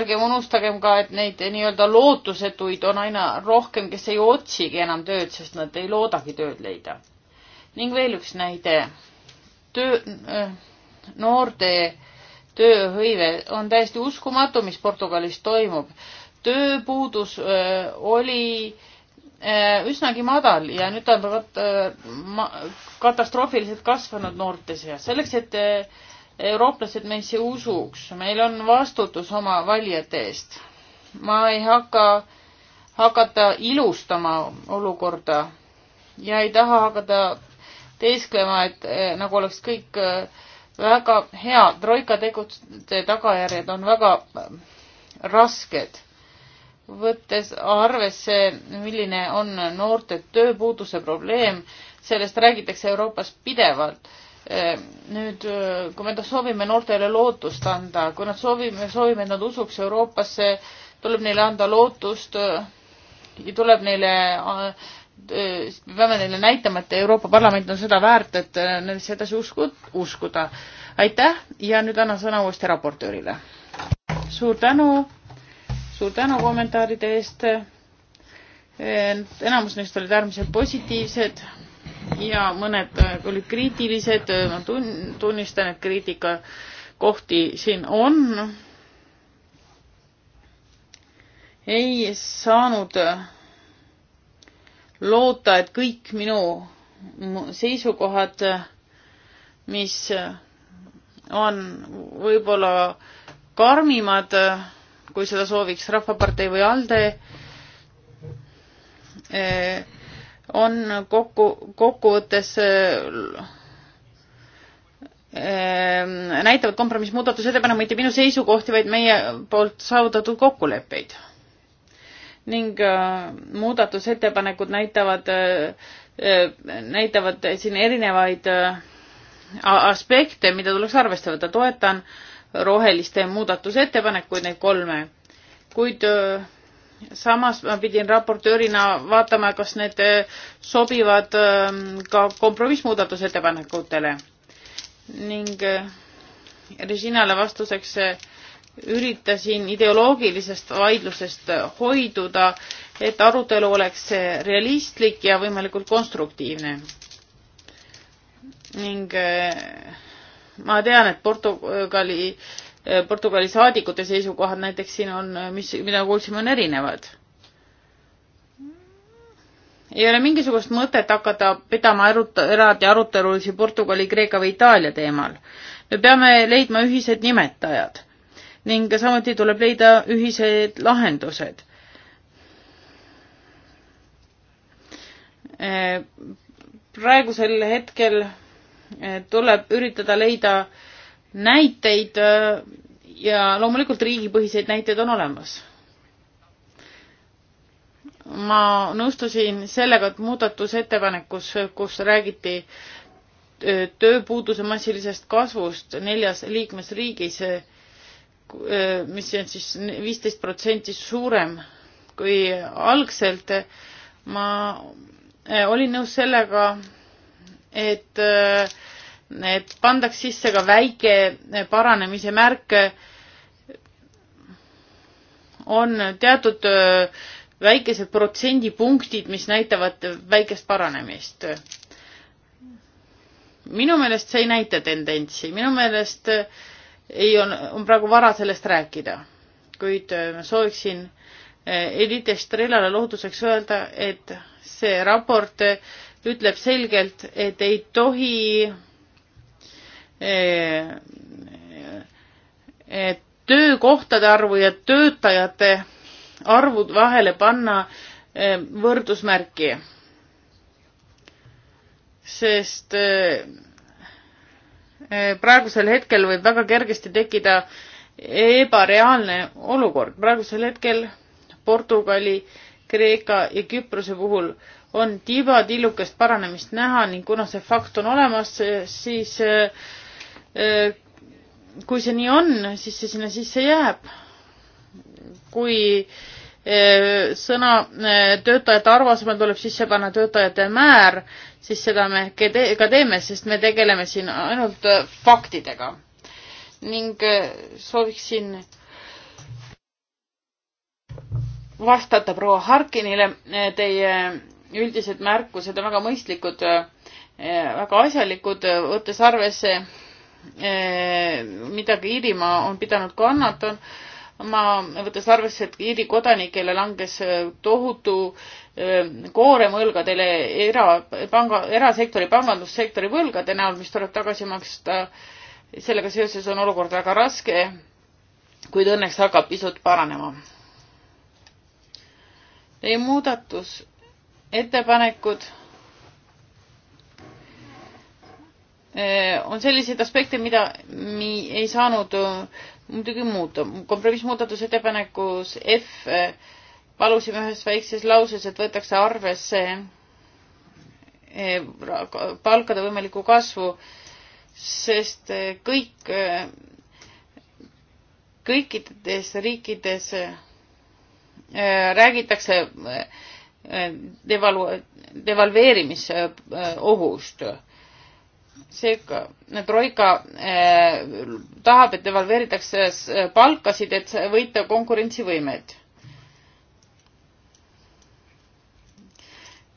ärgem unustagem ka, et neid nii-öelda lootusetuid on aina rohkem, kes ei otsigi enam tööd, sest nad ei loodagi tööd leida. ning veel üks näide. töö, noorte öö, tööhõive on täiesti uskumatu, mis Portugalis toimub. tööpuudus öö, oli öö, üsnagi madal ja nüüd ta on kat, öö, katastroofiliselt kasvanud noorte seas. selleks, et öö, eurooplased meisse usuks, meil on vastutus oma valijate eest. ma ei hakka, hakata ilustama olukorda ja ei taha hakata teesklema, et nagu oleks kõik äh, väga hea, troika tegutsete tagajärjed on väga ähm, rasked. võttes arvesse, milline on noorte tööpuuduse probleem, sellest räägitakse Euroopas pidevalt ähm, nüüd, äh, kui me soovime noortele lootust anda, kui nad soovime, soovime, et nad usuks Euroopasse, tuleb neile anda lootust äh, ja tuleb neile äh, me peame neile näitama, et Euroopa Parlament on seda väärt, et äh, nendesse edasi usku-, uskuda. aitäh ja nüüd annan sõna uuesti raportöörile. suur tänu, suur tänu kommentaaride eest. enamus neist olid äärmiselt positiivsed ja mõned äh, olid kriitilised, ma tun-, tunnistan, et kriitika kohti siin on. ei saanud äh, loota, et kõik minu seisukohad, mis on võib-olla karmimad, kui seda sooviks Rahvapartei või ALDE, on kokku, kokkuvõttes ehm, näitavad kompromissmuudatusettepanek mitte minu seisukohti, vaid meie poolt saavutatud kokkuleppeid ning äh, muudatusettepanekud näitavad, äh, äh, näitavad siin erinevaid aspekte, mida tuleks arvesse võtta. toetan roheliste muudatusettepanekuid, neid kolme. kuid samas ma pidin raportöörina vaatama, kas need sobivad ähm, ka kompromissmuudatusettepanekutele. ning Reginale vastuseks üritasin ideoloogilisest vaidlusest hoiduda, et arutelu oleks realistlik ja võimalikult konstruktiivne. ning äh, ma tean, et Portugali, äh, Portugali saadikute seisukohad näiteks siin on, äh, mis, mida kuulsime, on erinevad. ei ole mingisugust mõtet hakata pidama aruta-, eraldi arutelusid Portugali, Kreeka või Itaalia teemal. me peame leidma ühised nimetajad ning samuti tuleb leida ühised lahendused. Eh, praegusel hetkel eh, tuleb üritada leida näiteid eh, ja loomulikult riigipõhiseid näiteid on olemas. ma nõustusin sellega, et muudatusettepanekus, kus räägiti tööpuuduse massilisest kasvust neljas liikmesriigis, Äh, mis on siis viisteist protsenti suurem kui algselt. ma äh, olin nõus sellega, et, äh, et pandaks sisse ka väike paranemise märk. on teatud väikesed protsendipunktid, mis näitavad väikest paranemist. minu meelest see ei näita tendentsi, minu meelest äh, ei, on, on praegu vara sellest rääkida, kuid äh, ma sooviksin äh, Edith Estrellale lohutuseks öelda, et see raport äh, ütleb selgelt, et ei tohi et töökohtade arvu ja töötajate arvu vahele panna võrdusmärki, sest Eh, praegusel hetkel võib väga kergesti tekkida ebareaalne olukord. praegusel hetkel Portugali, Kreeka ja Küprose puhul on tibatillukest paranemist näha ning kuna see fakt on olemas, siis eh, eh, kui see nii on, siis see sinna sisse jääb. kui äh, Eh, sõna eh, töötajate arvu asemel tuleb sisse panna töötajate määr, siis seda me ka teeme, sest me tegeleme siin ainult eh, faktidega. ning sooviksin vastata proua Harkinile, teie üldised märkused on väga mõistlikud, väga asjalikud, võttes arvesse, mida ka Iirimaa on pidanud kannatama ma, võttes arvesse, et Iiri kodanikele langes äh, tohutu äh, koorem õlgadele erapanga, erasektori, pangandussektori võlgade näol, mis tuleb tagasi maksta. sellega seoses on olukord väga raske, kuid õnneks hakkab pisut paranema. Teie muudatus, ettepanekud äh, on selliseid aspekte, mida me ei saanud muidugi muutub. kompromissmuudatusettepanekus F eh, palusime ühes väikses lauses, et võetakse arvesse eh, palkade võimalikku kasvu, sest eh, kõik, kõikides riikides räägitakse devalu-, devalveerimisohust seega äh, Troika eh, tahab, et devalveeritakse äh, palkasid, et võita konkurentsivõimet.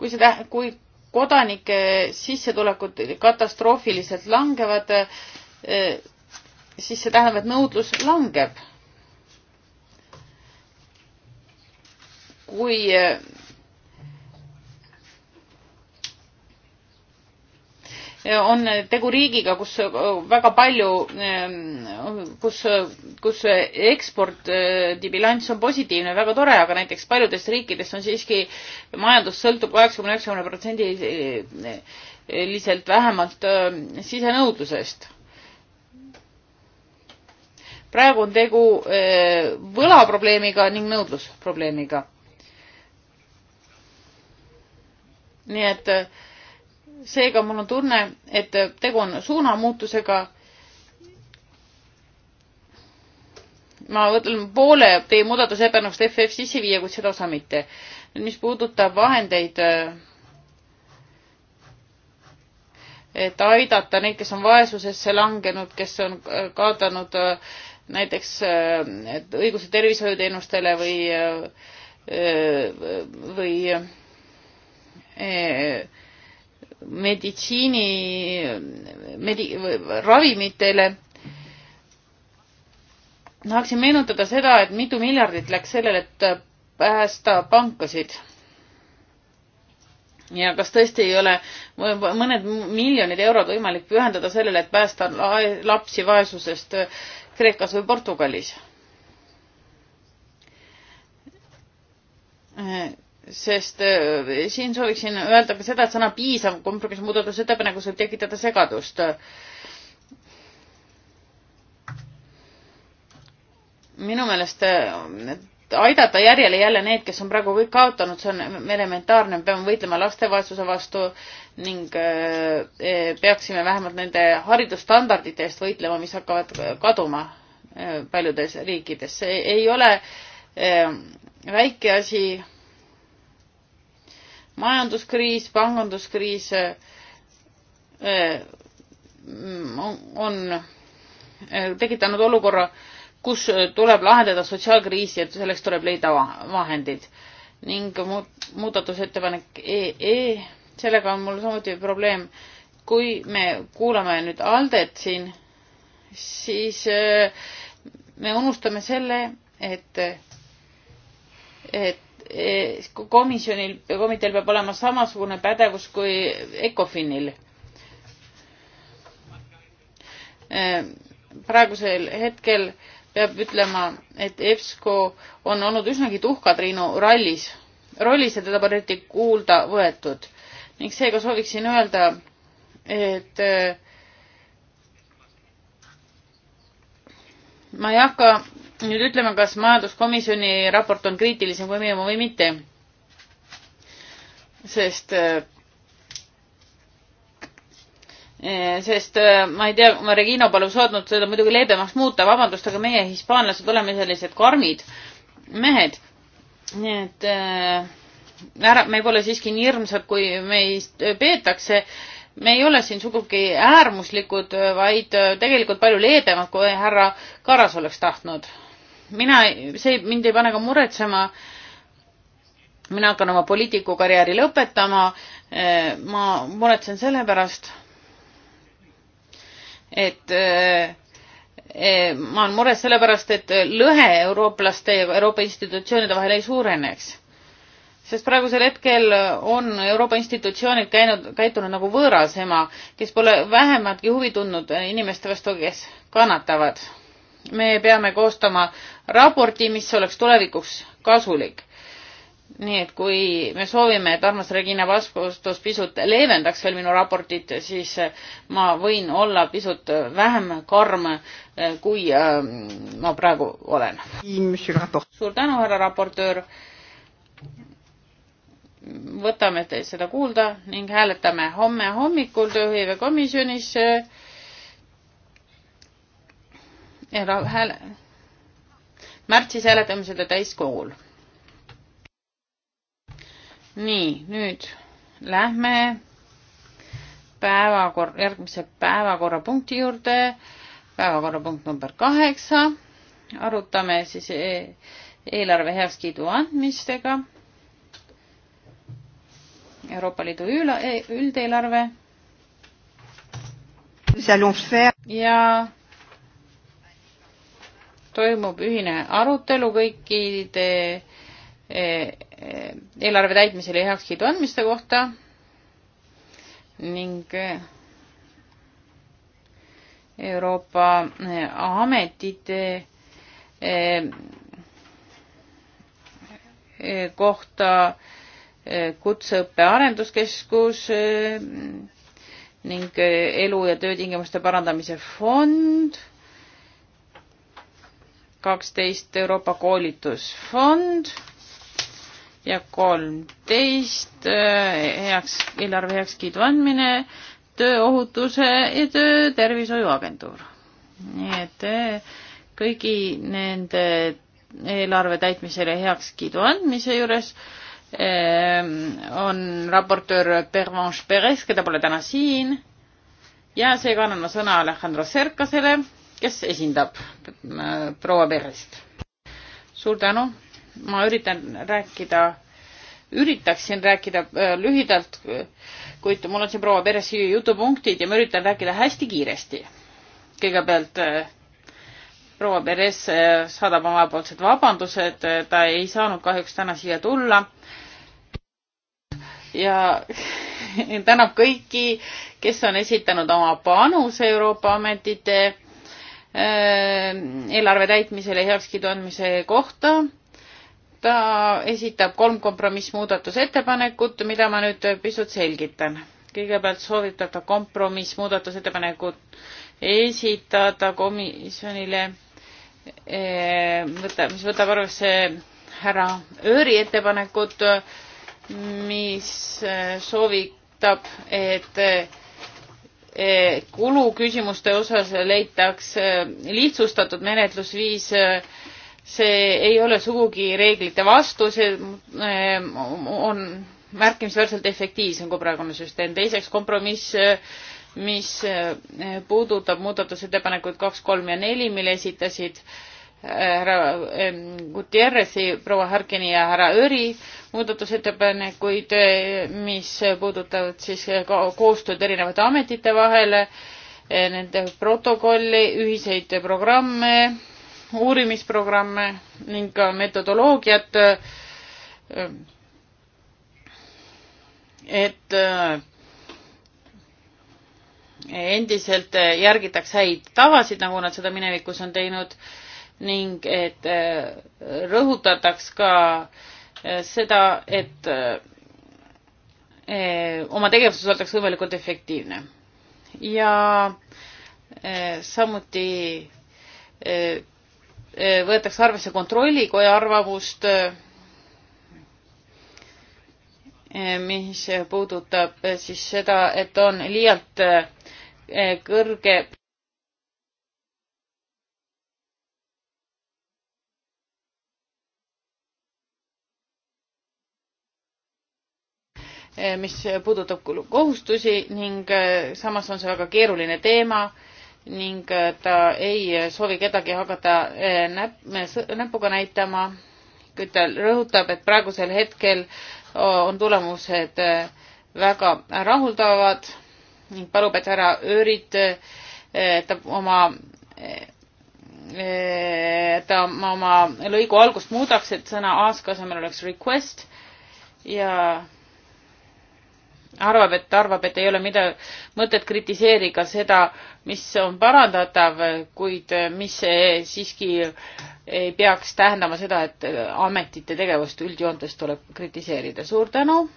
kui seda, kui kodanike sissetulekud katastroofiliselt langevad eh,, siis see tähendab, et nõudlus langeb. kui eh, on tegu riigiga, kus äh, väga palju, ähm, kus, kus ekspordi äh, bilanss on positiivne, väga tore, aga näiteks paljudes riikides on siiski majandus sõltub kaheksakümne, üheksakümne protsendiliselt äh, vähemalt sisenõudlusest. praegu on tegu võlaprobleemiga ning nõudlusprobleemiga. nii et äh, seega mul on tunne, et tegu on suunamuutusega. ma võtan poole teie muudatusepanust FF sisse viia, kuid seda osa mitte. mis puudutab vahendeid, et aidata neid, kes on vaesusesse langenud, kes on kaotanud äh, näiteks äh, õiguse tervishoiuteenustele või, äh, või, või meditsiini, medi-, ravimitele. tahaksin meenutada seda, et mitu miljardit läks sellele, et päästa pankasid. ja kas tõesti ei ole mõned miljonid eurod võimalik pühendada sellele, et päästa lapsi vaesusest Kreekas või Portugalis? sest äh, siin sooviksin öelda ka seda, et sõna piisav kompromissmuudatusettepanekus võib tekitada segadust. minu meelest äh, aidata järjele jälle need, kes on praegu kõik kaotanud, see on elementaarne, me peame võitlema laste vaesuse vastu ning äh, e, peaksime vähemalt nende haridusstandardite eest võitlema, mis hakkavad kaduma paljudes riikides. see ei ole väike asi majanduskriis, panganduskriis äh, äh, on äh, tekitanud olukorra, kus tuleb lahendada sotsiaalkriisi, et selleks tuleb leida vahendid ning muudatusettepanek EE, e, sellega on mul samuti probleem. kui me kuulame nüüd Aldet siin, siis me unustame selle, et, et Eh, komisjonil, komiteel peab olema samasugune pädevus kui ECOFINil. Eh, praegusel hetkel peab ütlema, et EBSCO on olnud üsnagi tuhkatriinu rallis, rollis ja teda pole eriti kuulda võetud ning seega sooviksin öelda, et eh, ma ei hakka nüüd ütlema, kas majanduskomisjoni raport on kriitilisem kui meie oma või mitte. sest, äh, eh, sest äh, ma ei tea, Regina palub saatnud seda muidugi leebemaks muuta, vabandust, aga meie, hispaanlased, oleme sellised karmid mehed. nii et äh, ära, me pole siiski nii hirmsad, kui meist peetakse me ei ole siin sugugi äärmuslikud, vaid tegelikult palju leebemad, kui härra Karas oleks tahtnud mina, see mind ei pane ka muretsema. mina hakkan oma poliitikukarjääri lõpetama. ma muretsen selle pärast, et ma olen mures sellepärast, et lõhe eurooplaste ja Euroopa institutsioonide vahel ei suureneks sest praegusel hetkel on Euroopa institutsioonid käinud, käitunud nagu võõras ema, kes pole vähematki huvi tundnud inimeste vastu, kes kannatavad. me peame koostama raporti, mis oleks tulevikuks kasulik. nii et kui me soovime, et armas Regina vastus pisut leevendaks veel minu raportit, siis äh, ma võin olla pisut äh, vähem karm, äh, kui ma praegu olen. suur tänu, härra raportöör. võtame seda kuulda ning hääletame homme hommikul tööhõivekomisjonis. hääle märtsis hääletame seda täiskogul. nii, nüüd lähme päevakorra, järgmise päevakorrapunkti juurde, päevakorrapunkt number kaheksa, arutame siis e eelarve heakskiidu andmistega. Euroopa Liidu üla, e-, üldeelarve. ja toimub ühine arutelu kõikide eh, eh, eelarve täitmisele heakskiidu andmiste kohta ning eh, Euroopa ametite kohta kutseõppe arenduskeskus ning elu ja töötingimuste parandamise fond kaksteist Euroopa koolitusfond ja kolmteist eh, heaks, eelarve heakskiidu andmine, tööohutuse ja töötervishoiuagentuur. nii et eh, kõigi nende eelarve täitmisele heakskiidu andmise juures eh, on raportöör Pervenche Perez, keda pole täna siin ja seega annan ma sõna Alejandro Serkasele kes esindab äh, proua Perrest. suur tänu, ma üritan rääkida, üritaksin rääkida äh, lühidalt, kuid mul on siin proua Perresi jutupunktid ja ma üritan rääkida hästi kiiresti. kõigepealt äh, proua Perez saadab omapoolsed vabandused, ta ei saanud kahjuks täna siia tulla. ja (laughs) tänab kõiki, kes on esitanud oma panuse Euroopa ametite Äh, eelarve täitmisele heakskiidu andmise kohta. ta esitab kolm kompromissmuudatusettepanekut, mida ma nüüd pisut selgitan. kõigepealt soovitab ta kompromissmuudatusettepanekut esitada komisjonile, äh, võta, mis võtab arvesse härra Ööri ettepanekut, mis äh, soovitab, et Eh, kuluküsimuste osas leitakse eh, lihtsustatud menetlusviis. Eh, see ei ole sugugi reeglite vastu, see on märkimisväärselt efektiivsem kui praegune süsteem. teiseks kompromiss, mis puudutab muudatusettepanekuid kaks, kolm ja neli, mille esitasid äh, härra ähm, Gutierrezi, proua Harkini ja härra Öri muudatusettepanekuid, äh, mis puudutavad siis koostööd erinevate ametite vahele, äh, nende protokolli, ühiseid programme, uurimisprogramme ning ka metodoloogiat. Äh, et endiselt järgitakse häid tavasid, nagu nad seda minevikus on teinud ning et äh, rõhutataks ka äh, seda, et äh, oma tegevuses oldaks võimalikult efektiivne. ja samuti võetakse arvesse kontrollikoja arvamust, mis puudutab siis seda, et on liialt kõrge Eh, mis puudutab kohustusi ning eh, samas on see väga keeruline teema ning eh, ta ei soovi kedagi hakata näp-, näpuga näitama. kuid ta rõhutab, et praegusel hetkel on tulemused väga rahuldavad ning palub, et härra Öörit ta oma ta oma lõigu algust muudaks, et sõna ask asemel oleks request ja arvab, et arvab, et ei ole mida, mõtet kritiseerida seda, mis on parandatav, kuid mis siiski ei peaks tähendama seda, et ametite tegevust üldjoontes tuleb kritiseerida. suur tänu,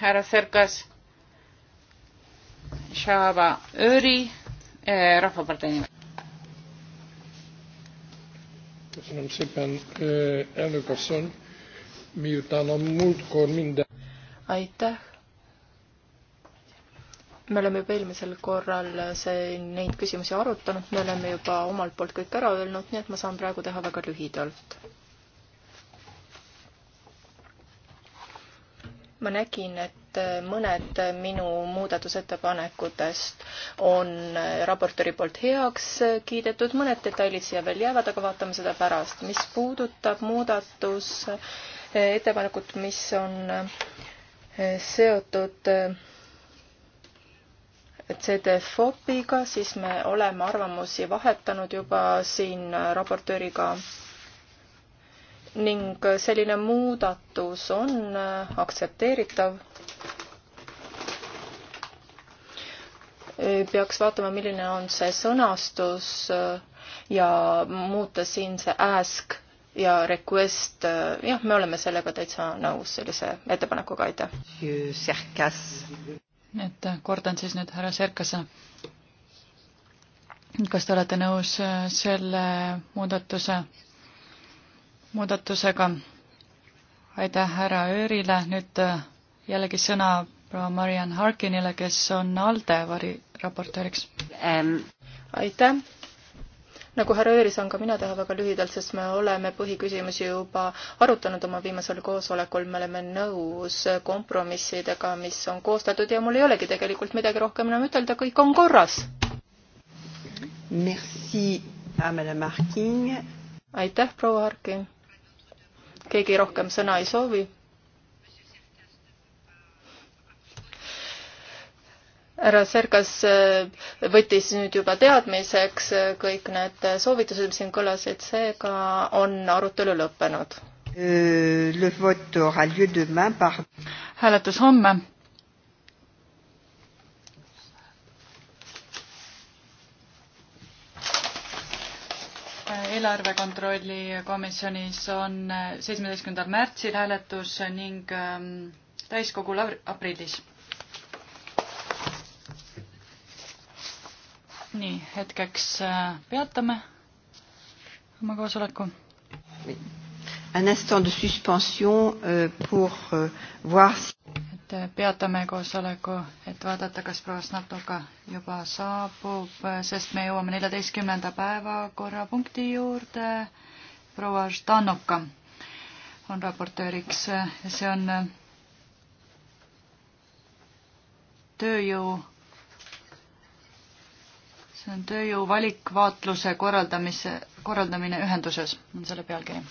härra Serkas. Shaba Öri eh, Rahvapartei nimel. Köszönöm szépen, eh, elnök asszony. Miután a múltkor minden... Aitäh, me oleme juba eelmisel korral siin neid küsimusi arutanud, me oleme juba omalt poolt kõik ära öelnud, nii et ma saan praegu teha väga lühidalt. ma nägin, et mõned minu muudatusettepanekutest on raportööri poolt heaks kiidetud, mõned detailid siia veel jäävad, aga vaatame seda pärast. mis puudutab muudatusettepanekut, mis on seotud CDFOP-iga, siis me oleme arvamusi vahetanud juba siin raportööriga ning selline muudatus on aktsepteeritav. peaks vaatama, milline on see sõnastus ja muuta siin see ask ja request, jah, me oleme sellega täitsa nõus, sellise ettepanekuga, aitäh et kordan siis nüüd härra Serkase. kas te olete nõus äh, selle muudatuse, muudatusega? aitäh härra Öörile, nüüd äh, jällegi sõna proua Mariann Harkinile, kes on ALDE variraportööriks ähm.. aitäh nagu härra Ööri, saan ka mina teha väga lühidalt, sest me oleme põhiküsimusi juba arutanud oma viimasel koosolekul, me oleme nõus kompromissidega, mis on koostatud ja mul ei olegi tegelikult midagi rohkem enam ütelda, kõik on korras. Merci, madame Harking. aitäh, proua Harking. keegi rohkem sõna ei soovi härra Serkas äh, võttis nüüd juba teadmiseks äh, kõik need äh, soovitused, mis siin kõlasid, seega on arutelu lõppenud. Euh, hääletus homme. eelarve kontrolli komisjonis on seitsmeteistkümnendal märtsil hääletus ning ähm, täiskogul aprillis nii, hetkeks äh, peatame oma koosoleku. Un instant de suspension euh, pour euh, voir si et äh, peatame koosoleku, et vaadata, kas proua Snatoka juba saabub, äh, sest me jõuame neljateistkümnenda päevakorrapunkti juurde. proua Ždanoka on raportööriks ja see on tööjõu see on tööjõu valikvaatluse korraldamise, korraldamine ühenduses, on selle pealkiri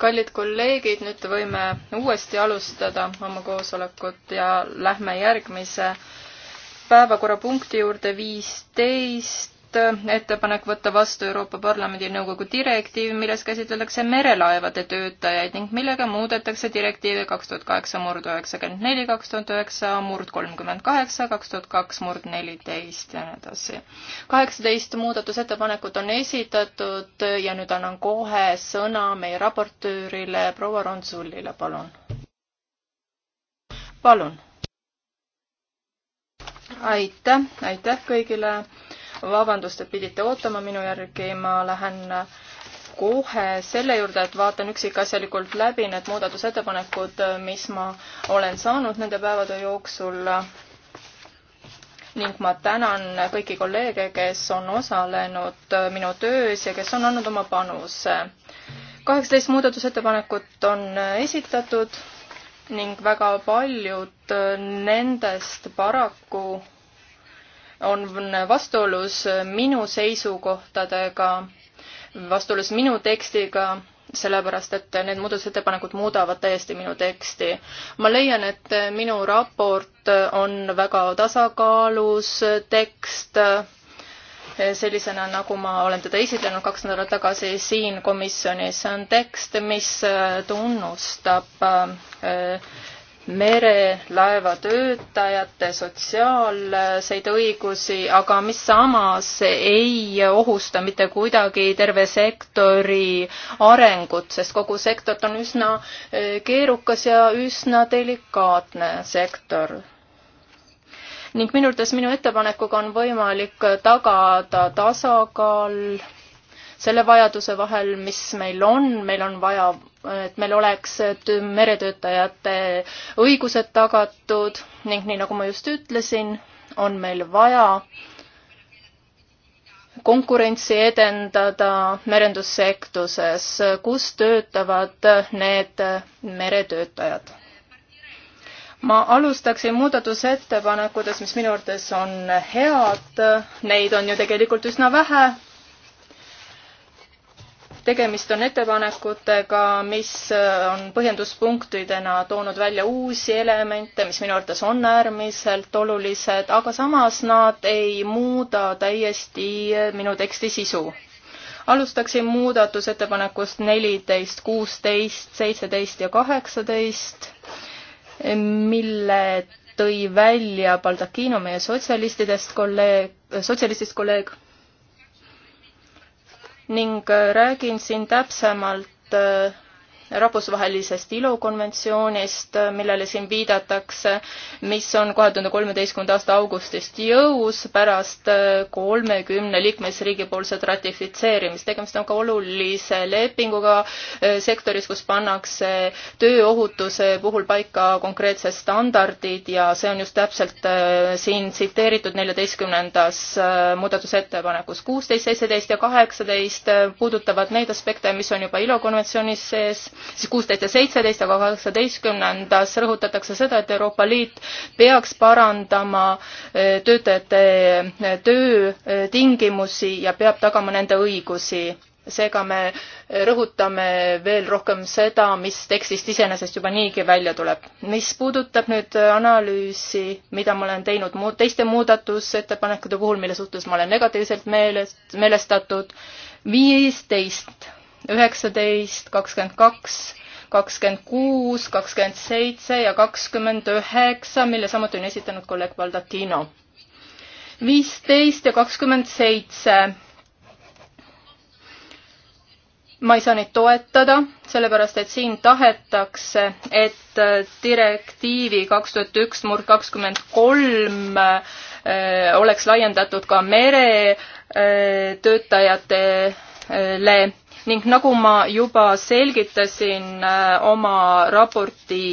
kallid kolleegid, nüüd võime uuesti alustada oma koosolekut ja lähme järgmise päevakorrapunkti juurde viisteist Äh, ettepanek võtta vastu Euroopa Parlamendi nõukogu direktiiv, milles käsitletakse merelaevade töötajaid ning millega muudetakse direktiive kaks tuhat kaheksa murd üheksakümmend neli, kaks tuhat üheksa murd kolmkümmend kaheksa, kaks tuhat kaks murd neliteist ja nii edasi. kaheksateist muudatusettepanekut on esitatud ja nüüd annan kohe sõna meie raportöörile proua Ronsullile, palun. palun aitäh, aitäh kõigile vabandust, et pidite ootama minu järgi, ma lähen kohe selle juurde, et vaatan üksikasjalikult läbi need muudatusettepanekud, mis ma olen saanud nende päevade jooksul. ning ma tänan kõiki kolleege, kes on osalenud minu töös ja kes on andnud oma panuse. kaheksateist muudatusettepanekut on esitatud ning väga paljud nendest paraku on vastuolus minu seisukohtadega, vastuolus minu tekstiga, sellepärast et need muudatusettepanekud muudavad täiesti minu teksti. ma leian, et minu raport on väga tasakaalus tekst, sellisena, nagu ma olen teda esitlenud kaks nädalat tagasi siin komisjonis, see on tekst, mis tunnustab merelaevatöötajate sotsiaalseid õigusi, aga mis samas ei ohusta mitte kuidagi terve sektori arengut, sest kogu sektor on üsna eh, keerukas ja üsna delikaatne sektor ning minu arvates minu ettepanekuga on võimalik tagada tasakaal selle vajaduse vahel, mis meil on, meil on vaja et meil oleks meretöötajate õigused tagatud ning nii nagu ma just ütlesin, on meil vaja konkurentsi edendada merendussektuses, kus töötavad need meretöötajad. ma alustaksin muudatusettepanekutes, mis minu arvates on head, neid on ju tegelikult üsna vähe tegemist on ettepanekutega, mis äh, on põhjenduspunktidena toonud välja uusi elemente, mis minu arvates on äärmiselt olulised, aga samas nad ei muuda täiesti äh, minu teksti sisu. alustaksin muudatusettepanekust neliteist, kuusteist, seitseteist ja kaheksateist, mille tõi välja Baldacchino, meie sotsialistidest kolleeg, sotsialistist kolleeg ning äh, räägin siin täpsemalt äh, rahvusvahelisest ILO konventsioonist, millele siin viidatakse, mis on kahe tuhande kolmeteistkümnenda aasta augustist jõus pärast äh, kolmekümne liikmesriigi poolset ratifitseerimist. tegemist on ka olulise lepinguga äh, sektoris, kus pannakse tööohutuse puhul paika konkreetsed standardid ja see on just täpselt äh, siin tsiteeritud neljateistkümnendas muudatusettepanekus. kuusteist, seitseteist ja kaheksateist puudutavad neid aspekte, mis on juba ILO konventsioonis sees siis kuusteist ja seitseteist, aga kaheksateistkümnendas rõhutatakse seda, et Euroopa Liit peaks parandama äh, töötajate äh, töötingimusi ja peab tagama nende õigusi seega me äh, rõhutame veel rohkem seda, mis tekstist iseenesest juba niigi välja tuleb. mis puudutab nüüd analüüsi, mida ma olen teinud muud, teiste muudatusettepanekute puhul, mille suhtes ma olen negatiivselt meelest, meelestatud, viisteist üheksateist, kakskümmend kaks, kakskümmend kuus, kakskümmend seitse ja kakskümmend üheksa, mille samuti on esitanud kolleeg Valdatino. viisteist ja kakskümmend seitse. ma ei saa neid toetada, sellepärast et siin tahetakse, et direktiivi kaks tuhat üks murd kakskümmend kolm äh, oleks laiendatud ka meretöötajatele ning nagu ma juba selgitasin äh, oma raporti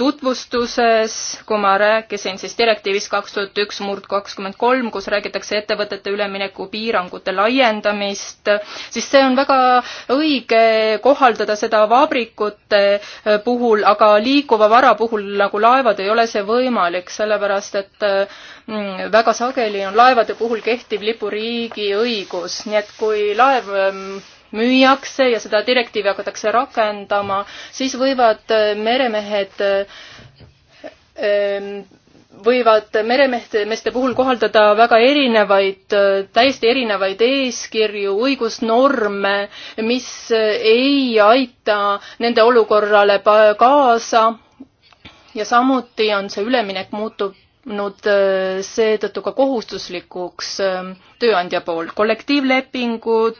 tutvustuses, kui ma rääkisin siis direktiivist kaks tuhat üks murd kakskümmend kolm, kus räägitakse ettevõtete üleminekupiirangute laiendamist, siis see on väga õige kohaldada seda vabrikute äh, puhul, aga liikuva vara puhul nagu laevad ei ole see võimalik, sellepärast et äh, mm, väga sageli on laevade puhul kehtiv lipuriigi õigus, nii et kui laev mm, müüakse ja seda direktiivi hakatakse rakendama, siis võivad äh, meremehed äh, ähm, võivad meremeeste puhul kohaldada väga erinevaid, äh, täiesti erinevaid eeskirju, õigusnorme, mis ei aita nende olukorrale kaasa. ja samuti on see üleminek muutunud seetõttu ka kohustuslikuks ähm, tööandja poolt. kollektiivlepingud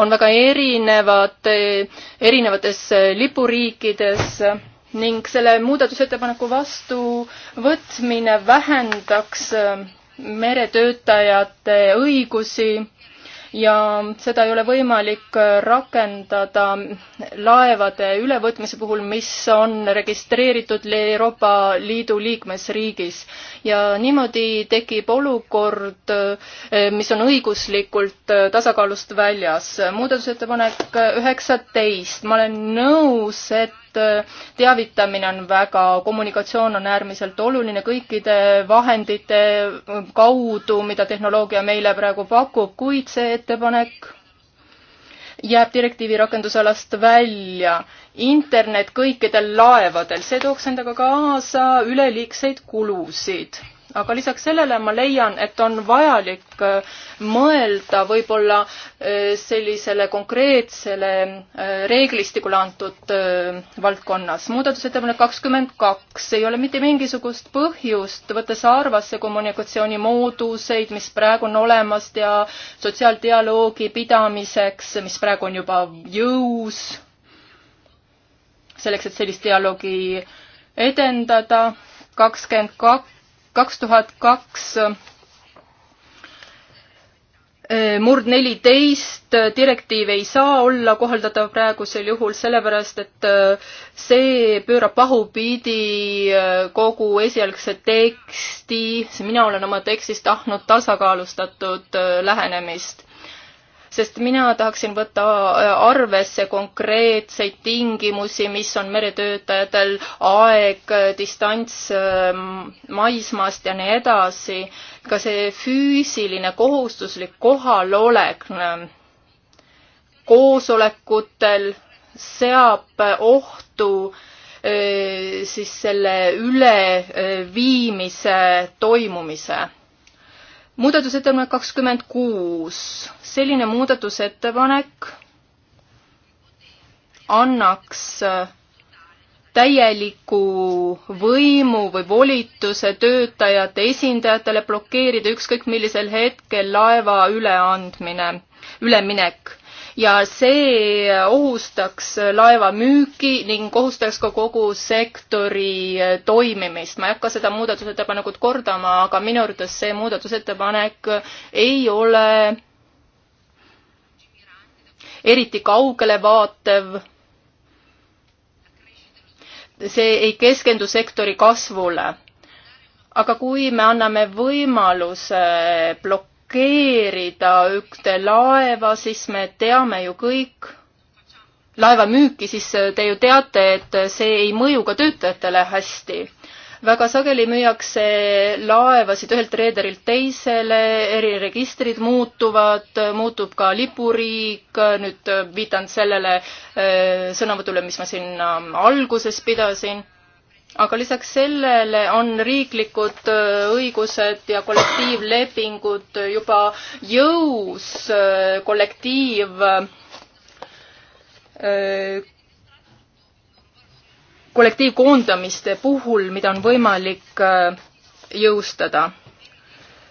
on väga erinevad erinevates lipuriikides ning selle muudatusettepaneku vastuvõtmine vähendaks meretöötajate õigusi ja seda ei ole võimalik rakendada laevade ülevõtmise puhul, mis on registreeritud Euroopa Liidu liikmesriigis. ja niimoodi tekib olukord, eh, mis on õiguslikult eh, tasakaalust väljas. muudatusettepanek eh, üheksateist, ma olen nõus, et et äh, teavitamine on väga, kommunikatsioon on äärmiselt oluline kõikide vahendite äh, kaudu, mida tehnoloogia meile praegu pakub, kuid see ettepanek jääb direktiivi rakendusalast välja. internet kõikidel laevadel, see tooks endaga kaasa üleliigseid kulusid aga lisaks sellele ma leian, et on vajalik äh, mõelda võib-olla äh, sellisele konkreetsele äh, reeglistikule antud valdkonnas. muudatusettepanek kakskümmend kaks, ei ole mitte mingisugust põhjust, võttes arvesse kommunikatsioonimooduseid, mis praegu on olemas ja sotsiaaldialoogi pidamiseks, mis praegu on juba jõus, selleks, et sellist dialoogi edendada, kakskümmend kaks kaks tuhat kaks eh, murd neliteist eh, direktiiv ei saa olla kohaldatav praegusel juhul, sellepärast et eh, see pöörab pahupidi kogu esialgse teksti, mina olen oma tekstis tahtnud tasakaalustatud lähenemist sest mina tahaksin võtta äh, arvesse konkreetseid tingimusi, mis on meretöötajatel, aeg, äh, distants ähm, maismaast ja nii edasi. ka see füüsiline kohustuslik kohalolek ähm, koosolekutel seab ohtu äh, siis selle üleviimise toimumise muudatusettepanek kakskümmend kuus, selline muudatusettepanek annaks täieliku võimu või volituse töötajate esindajatele blokeerida ükskõik millisel hetkel laeva üleandmine, üleminek ja see ohustaks laeva müüki ning ohustaks ka kogu sektori toimimist. ma ei hakka seda muudatusettepanekut kordama, aga minu arvates see muudatusettepanek ei ole eriti kaugele vaatev see ei keskendu sektori kasvule. aga kui me anname võimaluse blok-, blokeerida ühte laeva, siis me teame ju kõik, laeva müüki, siis te ju teate, et see ei mõju ka töötajatele hästi. väga sageli müüakse laevasid ühelt reederilt teisele, eriregistrid muutuvad, muutub ka lipuriik, nüüd viitan sellele äh, sõnavõtule, mis ma siin äh, alguses pidasin aga lisaks sellele on riiklikud äh, õigused ja kollektiivlepingud äh, juba jõus äh, kollektiiv kollektiivkoondamiste puhul, mida on võimalik jõustada.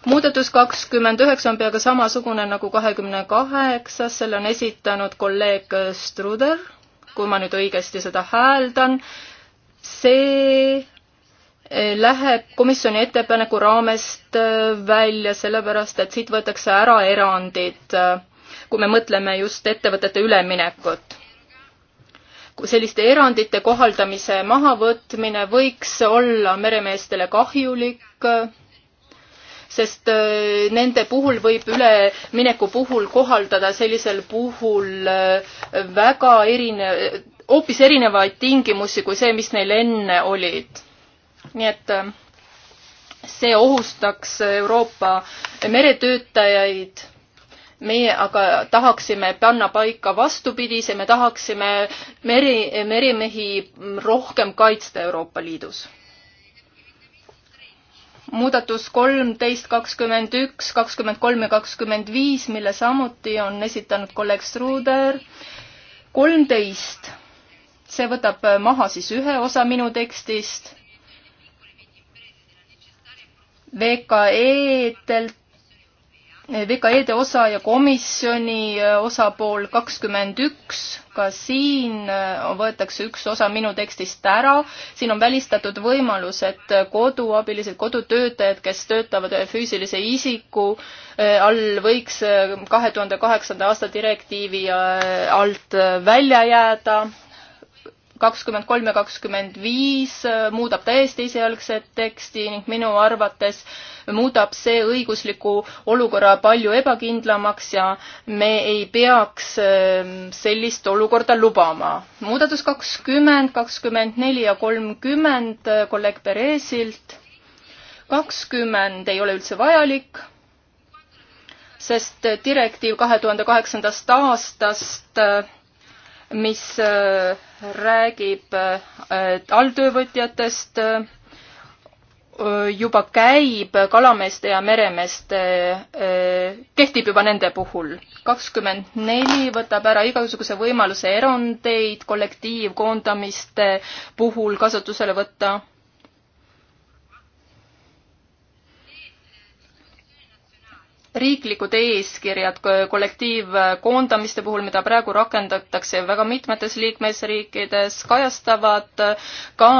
muudatus kakskümmend üheksa on peaaegu samasugune nagu kahekümne kaheksas, selle on esitanud kolleeg Struder, kui ma nüüd õigesti seda hääldan see eh, läheb komisjoni ettepaneku raamest eh, välja, sellepärast et siit võetakse ära erandid, eh, kui me mõtleme just ettevõtete üleminekut. selliste erandite kohaldamise mahavõtmine võiks olla meremeestele kahjulik, sest nende puhul võib ülemineku puhul kohaldada sellisel puhul väga erine-, hoopis erinevaid tingimusi kui see, mis neil enne olid. nii et äh, see ohustaks Euroopa meretöötajaid. meie aga tahaksime panna paika vastupidise, me tahaksime meri, meremehi rohkem kaitsta Euroopa Liidus muudatus kolmteist, kakskümmend üks, kakskümmend kolm ja kakskümmend viis, mille samuti on esitanud kolleeg Struuder. kolmteist see võtab maha siis ühe osa minu tekstist. VKE-delt, VKE-de osa ja komisjoni äh, osapool kakskümmend üks, ka siin äh, võetakse üks osa minu tekstist ära. siin on välistatud võimalus, et koduabilised, kodutöötajad, kes töötavad ühe füüsilise isiku äh, all, võiks kahe tuhande kaheksanda aasta direktiivi alt välja jääda kakskümmend kolm ja kakskümmend viis äh, muudab täiesti esialgset teksti ning minu arvates muudab see õigusliku olukorra palju ebakindlamaks ja me ei peaks ähm, sellist olukorda lubama. muudatus kakskümmend, kakskümmend neli ja kolmkümmend äh, kolleeg Peresilt. kakskümmend ei ole üldse vajalik sest direktiiv kahe tuhande kaheksandast aastast äh, mis äh, räägib äh, alltöövõtjatest, äh, juba käib kalameeste ja meremeeste, kehtib juba nende puhul. kakskümmend neli võtab ära igasuguse võimaluse erandeid kollektiivkoondamiste puhul kasutusele võtta riiklikud eeskirjad kollektiivkoondamiste puhul, mida praegu rakendatakse väga mitmetes liikmesriikides, kajastavad ka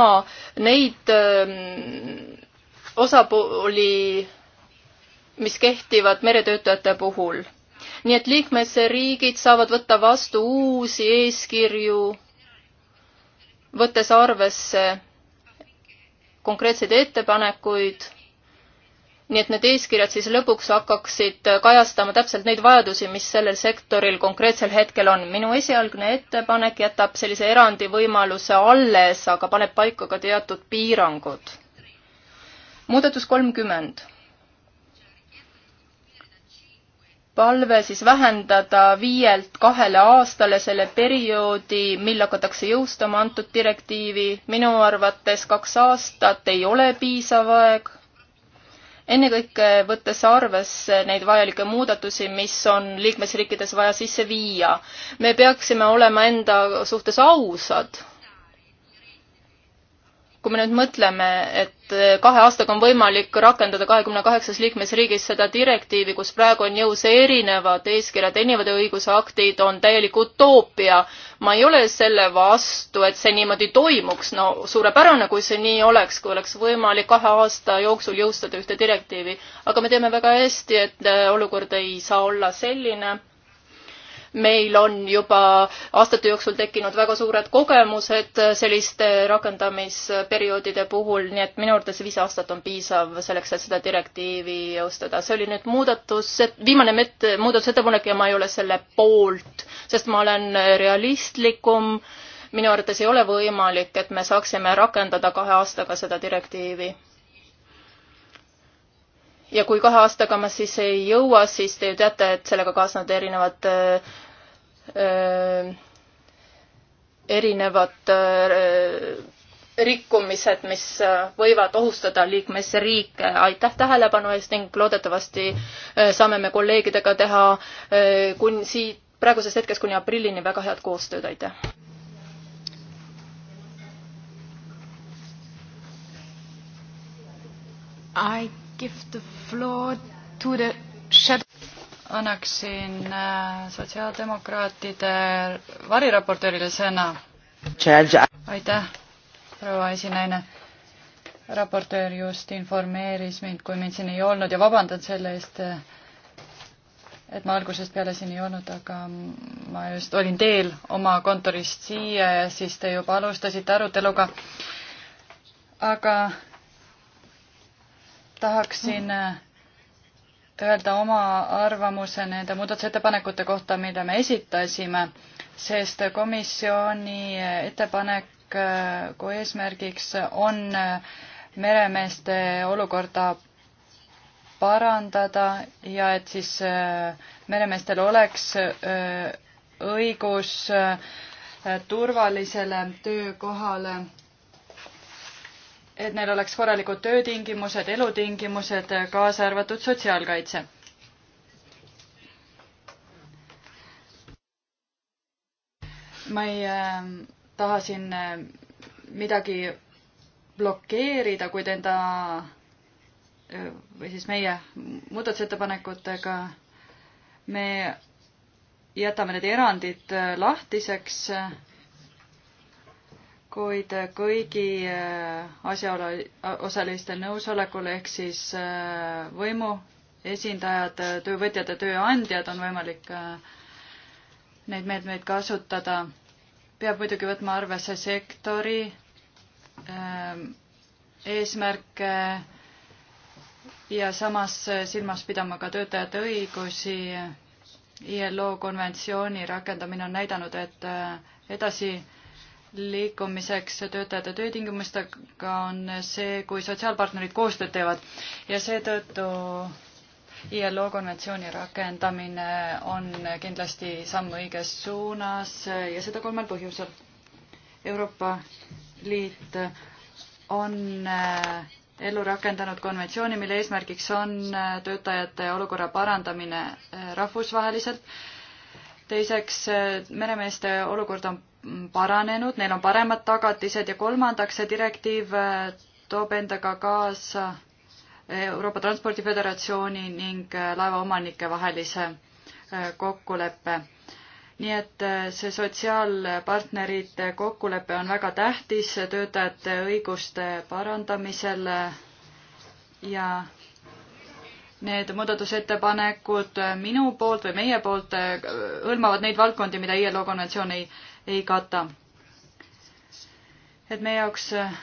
neid ähm, osapooli, mis kehtivad meretöötajate puhul. nii et liikmesriigid saavad võtta vastu uusi eeskirju, võttes arvesse konkreetseid ettepanekuid nii et need eeskirjad siis lõpuks hakkaksid äh, kajastama täpselt neid vajadusi, mis sellel sektoril konkreetsel hetkel on. minu esialgne ettepanek jätab sellise erandivõimaluse alles, aga paneb paika ka teatud piirangud. muudatus kolmkümmend. palve siis vähendada viielt kahele aastale selle perioodi, mil hakatakse jõustama antud direktiivi. minu arvates kaks aastat ei ole piisav aeg ennekõike võttes arvesse neid vajalikke muudatusi, mis on liikmesriikides vaja sisse viia. me peaksime olema enda suhtes ausad kui me nüüd mõtleme, et eh, kahe aastaga on võimalik rakendada kahekümne kaheksas liikmesriigis seda direktiivi, kus praegu on jõus erinevad eeskirjad, erinevad õigusaktid, on täielik utoopia. ma ei ole selle vastu, et see niimoodi toimuks, no suurepärane, kui see nii oleks, kui oleks võimalik kahe aasta jooksul jõustada ühte direktiivi. aga me teame väga hästi, et eh, olukord ei saa olla selline meil on juba aastate jooksul tekkinud väga suured kogemused selliste rakendamisperioodide puhul, nii et minu arvates viis aastat on piisav selleks, et seda direktiivi jõustada. see oli nüüd muudatus, viimane met-, muudatusettepanek ja ma ei ole selle poolt, sest ma olen realistlikum. minu arvates ei ole võimalik, et me saaksime rakendada kahe aastaga seda direktiivi ja kui kahe aastaga ma siis ei jõua, siis te ju teate, et sellega kaasnevad erinevad Äh, erinevad äh, rikkumised, mis äh, võivad ohustada liikmesriike. aitäh tähelepanu eest ning loodetavasti saame me kolleegidega teha kuni siit praegusest hetkest kuni aprillini väga head koostööd, aitäh! I give the floor to the shadow annaksin äh, sotsiaaldemokraatide variraportöörile sõna. aitäh, proua esinaine. raportöör just informeeris mind, kui mind siin ei olnud ja vabandan selle eest, et ma algusest peale siin ei olnud, aga ma just olin teel oma kontorist siia ja siis te juba alustasite aruteluga. aga tahaksin mm öelda oma arvamuse nende muudatusettepanekute kohta, mida me esitasime, sest komisjoni ettepanek äh, kui eesmärgiks on äh, meremeeste olukorda parandada ja et siis äh, meremeestel oleks õigus turvalisele töökohale et neil oleks korralikud töötingimused, elutingimused, kaasa arvatud sotsiaalkaitse. ma ei äh, taha siin äh, midagi blokeerida, kuid enda äh, või siis meie muudatusettepanekutega me jätame need erandid äh, lahtiseks äh, kuid kõigi äh, asjaosaliste nõusolekul ehk siis äh, võimu esindajad, äh, töövõtjad ja tööandjad on võimalik neid meetmeid kasutada. peab muidugi võtma arvesse sektori eesmärke ja samas silmas pidama ka töötajate õigusi. ILO konventsiooni rakendamine on näidanud, et edasi liikumiseks töötajate töötingimustega on see, kui sotsiaalpartnerid koostööd teevad ja seetõttu ILO konventsiooni rakendamine on kindlasti samm õiges suunas ja seda kolmel põhjusel. Euroopa Liit on äh, ellu rakendanud konventsiooni, mille eesmärgiks on äh, töötajate olukorra parandamine äh, rahvusvaheliselt teiseks, meremeeste olukord on paranenud, neil on paremad tagatised ja kolmandaks, see direktiiv äh, toob endaga kaasa äh, Euroopa Transpordi Föderatsiooni ning äh, laevaomanike vahelise kokkuleppe. nii et see sotsiaalpartnerite kokkulepe on väga tähtis töötajate õiguste parandamisel ja need muudatusettepanekud minu poolt või meie poolt äh, hõlmavad neid valdkondi, mida ILO konventsioon ei, ei kata. et meie jaoks äh,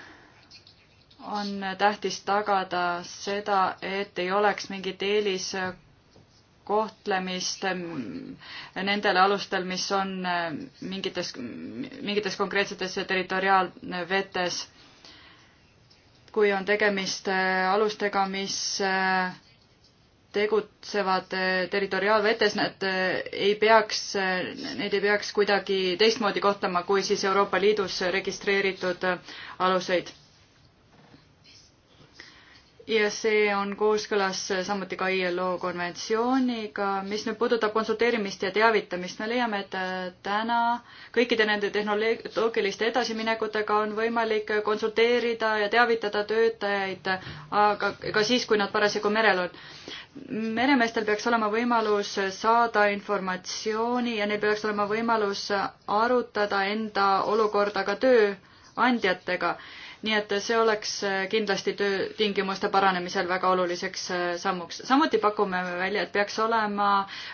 on tähtis tagada seda, et ei oleks mingit eeliskohtlemist äh, ähm, nendele alustel, mis on mingites, mingites konkreetsetes territoriaalvetes. kui on tegemist alustega, mis tegutsevad äh, territoriaalvetes, nad äh, ei peaks, äh, neid ei peaks kuidagi teistmoodi kohtlema kui siis Euroopa Liidus registreeritud aluseid ja see on kooskõlas samuti ka ILO konventsiooniga, mis nüüd puudutab konsulteerimist ja teavitamist, me leiame, et täna kõikide nende tehnoloogiliste edasiminekutega on võimalik konsulteerida ja teavitada töötajaid, aga ka siis, kui nad parasjagu merel on. meremeestel peaks olema võimalus saada informatsiooni ja neil peaks olema võimalus arutada enda olukorda ka tööandjatega nii et see oleks äh, kindlasti töötingimuste paranemisel väga oluliseks äh, sammuks. samuti pakume välja, et peaks olema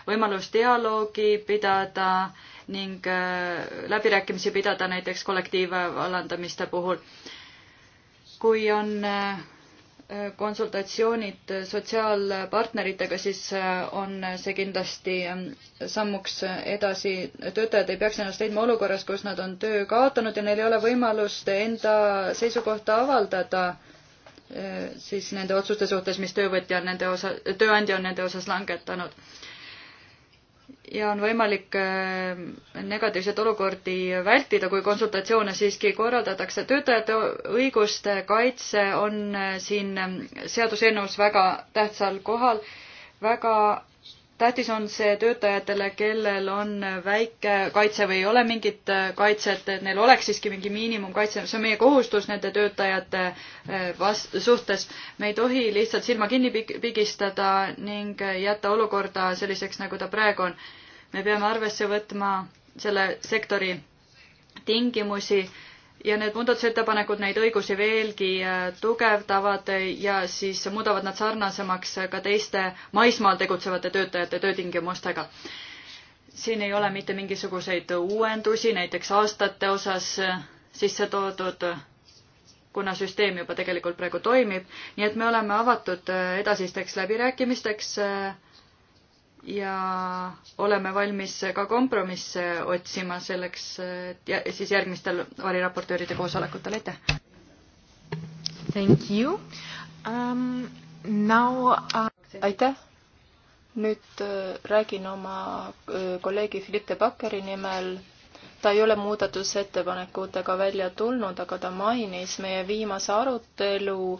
võimalus dialoogi pidada ning äh, läbirääkimisi pidada näiteks kollektiivvallandamiste puhul. kui on konsultatsioonid sotsiaalpartneritega, siis äh, on see kindlasti ähm, sammuks edasi. töötajad ei peaks ennast leidma olukorras, kus nad on töö kaotanud ja neil ei ole võimalust enda seisukohta avaldada äh, siis nende otsuste suhtes, mis töövõtja on nende osa, tööandja on nende osas langetanud ja on võimalik äh, negatiivseid olukordi vältida, kui konsultatsioone siiski korraldatakse. töötajate õiguste kaitse on äh, siin äh, seaduseelnõus väga tähtsal kohal. väga tähtis on see töötajatele, kellel on väike kaitse või ei ole mingit kaitset, et neil oleks siiski mingi miinimumkaitse, see on meie kohustus nende töötajate vast-, suhtes. me ei tohi lihtsalt silma kinni pigistada ning jätta olukorda selliseks, nagu ta praegu on me peame arvesse võtma selle sektori tingimusi ja need muudatusettepanekud neid õigusi veelgi äh, tugevdavad ja siis muudavad nad sarnasemaks ka teiste maismaal tegutsevate töötajate töötingimustega. siin ei ole mitte mingisuguseid uuendusi, näiteks aastate osas äh, sisse toodud, kuna süsteem juba tegelikult praegu toimib, nii et me oleme avatud äh, edasisteks läbirääkimisteks äh, ja oleme valmis ka kompromisse otsima selleks, et siis järgmistel variraportööride koosolekutel, aitäh! Thank you um,. Now uh... aitäh! nüüd äh, räägin oma äh, kolleegi Philippe de Bakkeri nimel ta ei ole muudatusettepanekutega välja tulnud, aga ta mainis meie viimase arutelu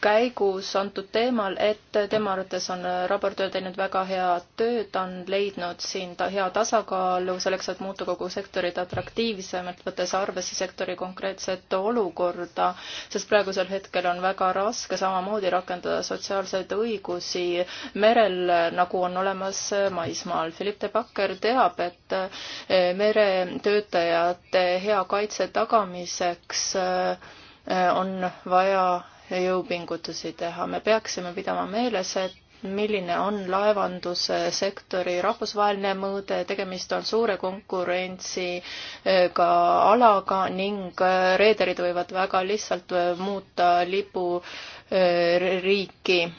käigus antud teemal, et tema arvates on raportöör teinud väga head tööd, ta on leidnud siin ta hea tasakaalu selleks, et muuta kogu sektorit atraktiivsemalt, võttes arvesse sektori konkreetset olukorda, sest praegusel hetkel on väga raske samamoodi rakendada sotsiaalseid õigusi merel, nagu on olemas maismaal. Philippe de Backer teab, et meretöö töötajate hea kaitse tagamiseks äh, äh, on vaja jõupingutusi teha. me peaksime pidama meeles, et milline on laevandussektori rahvusvaheline mõõde, tegemist on suure konkurentsiga alaga ning reederid võivad väga lihtsalt muuta lipuriiki eh,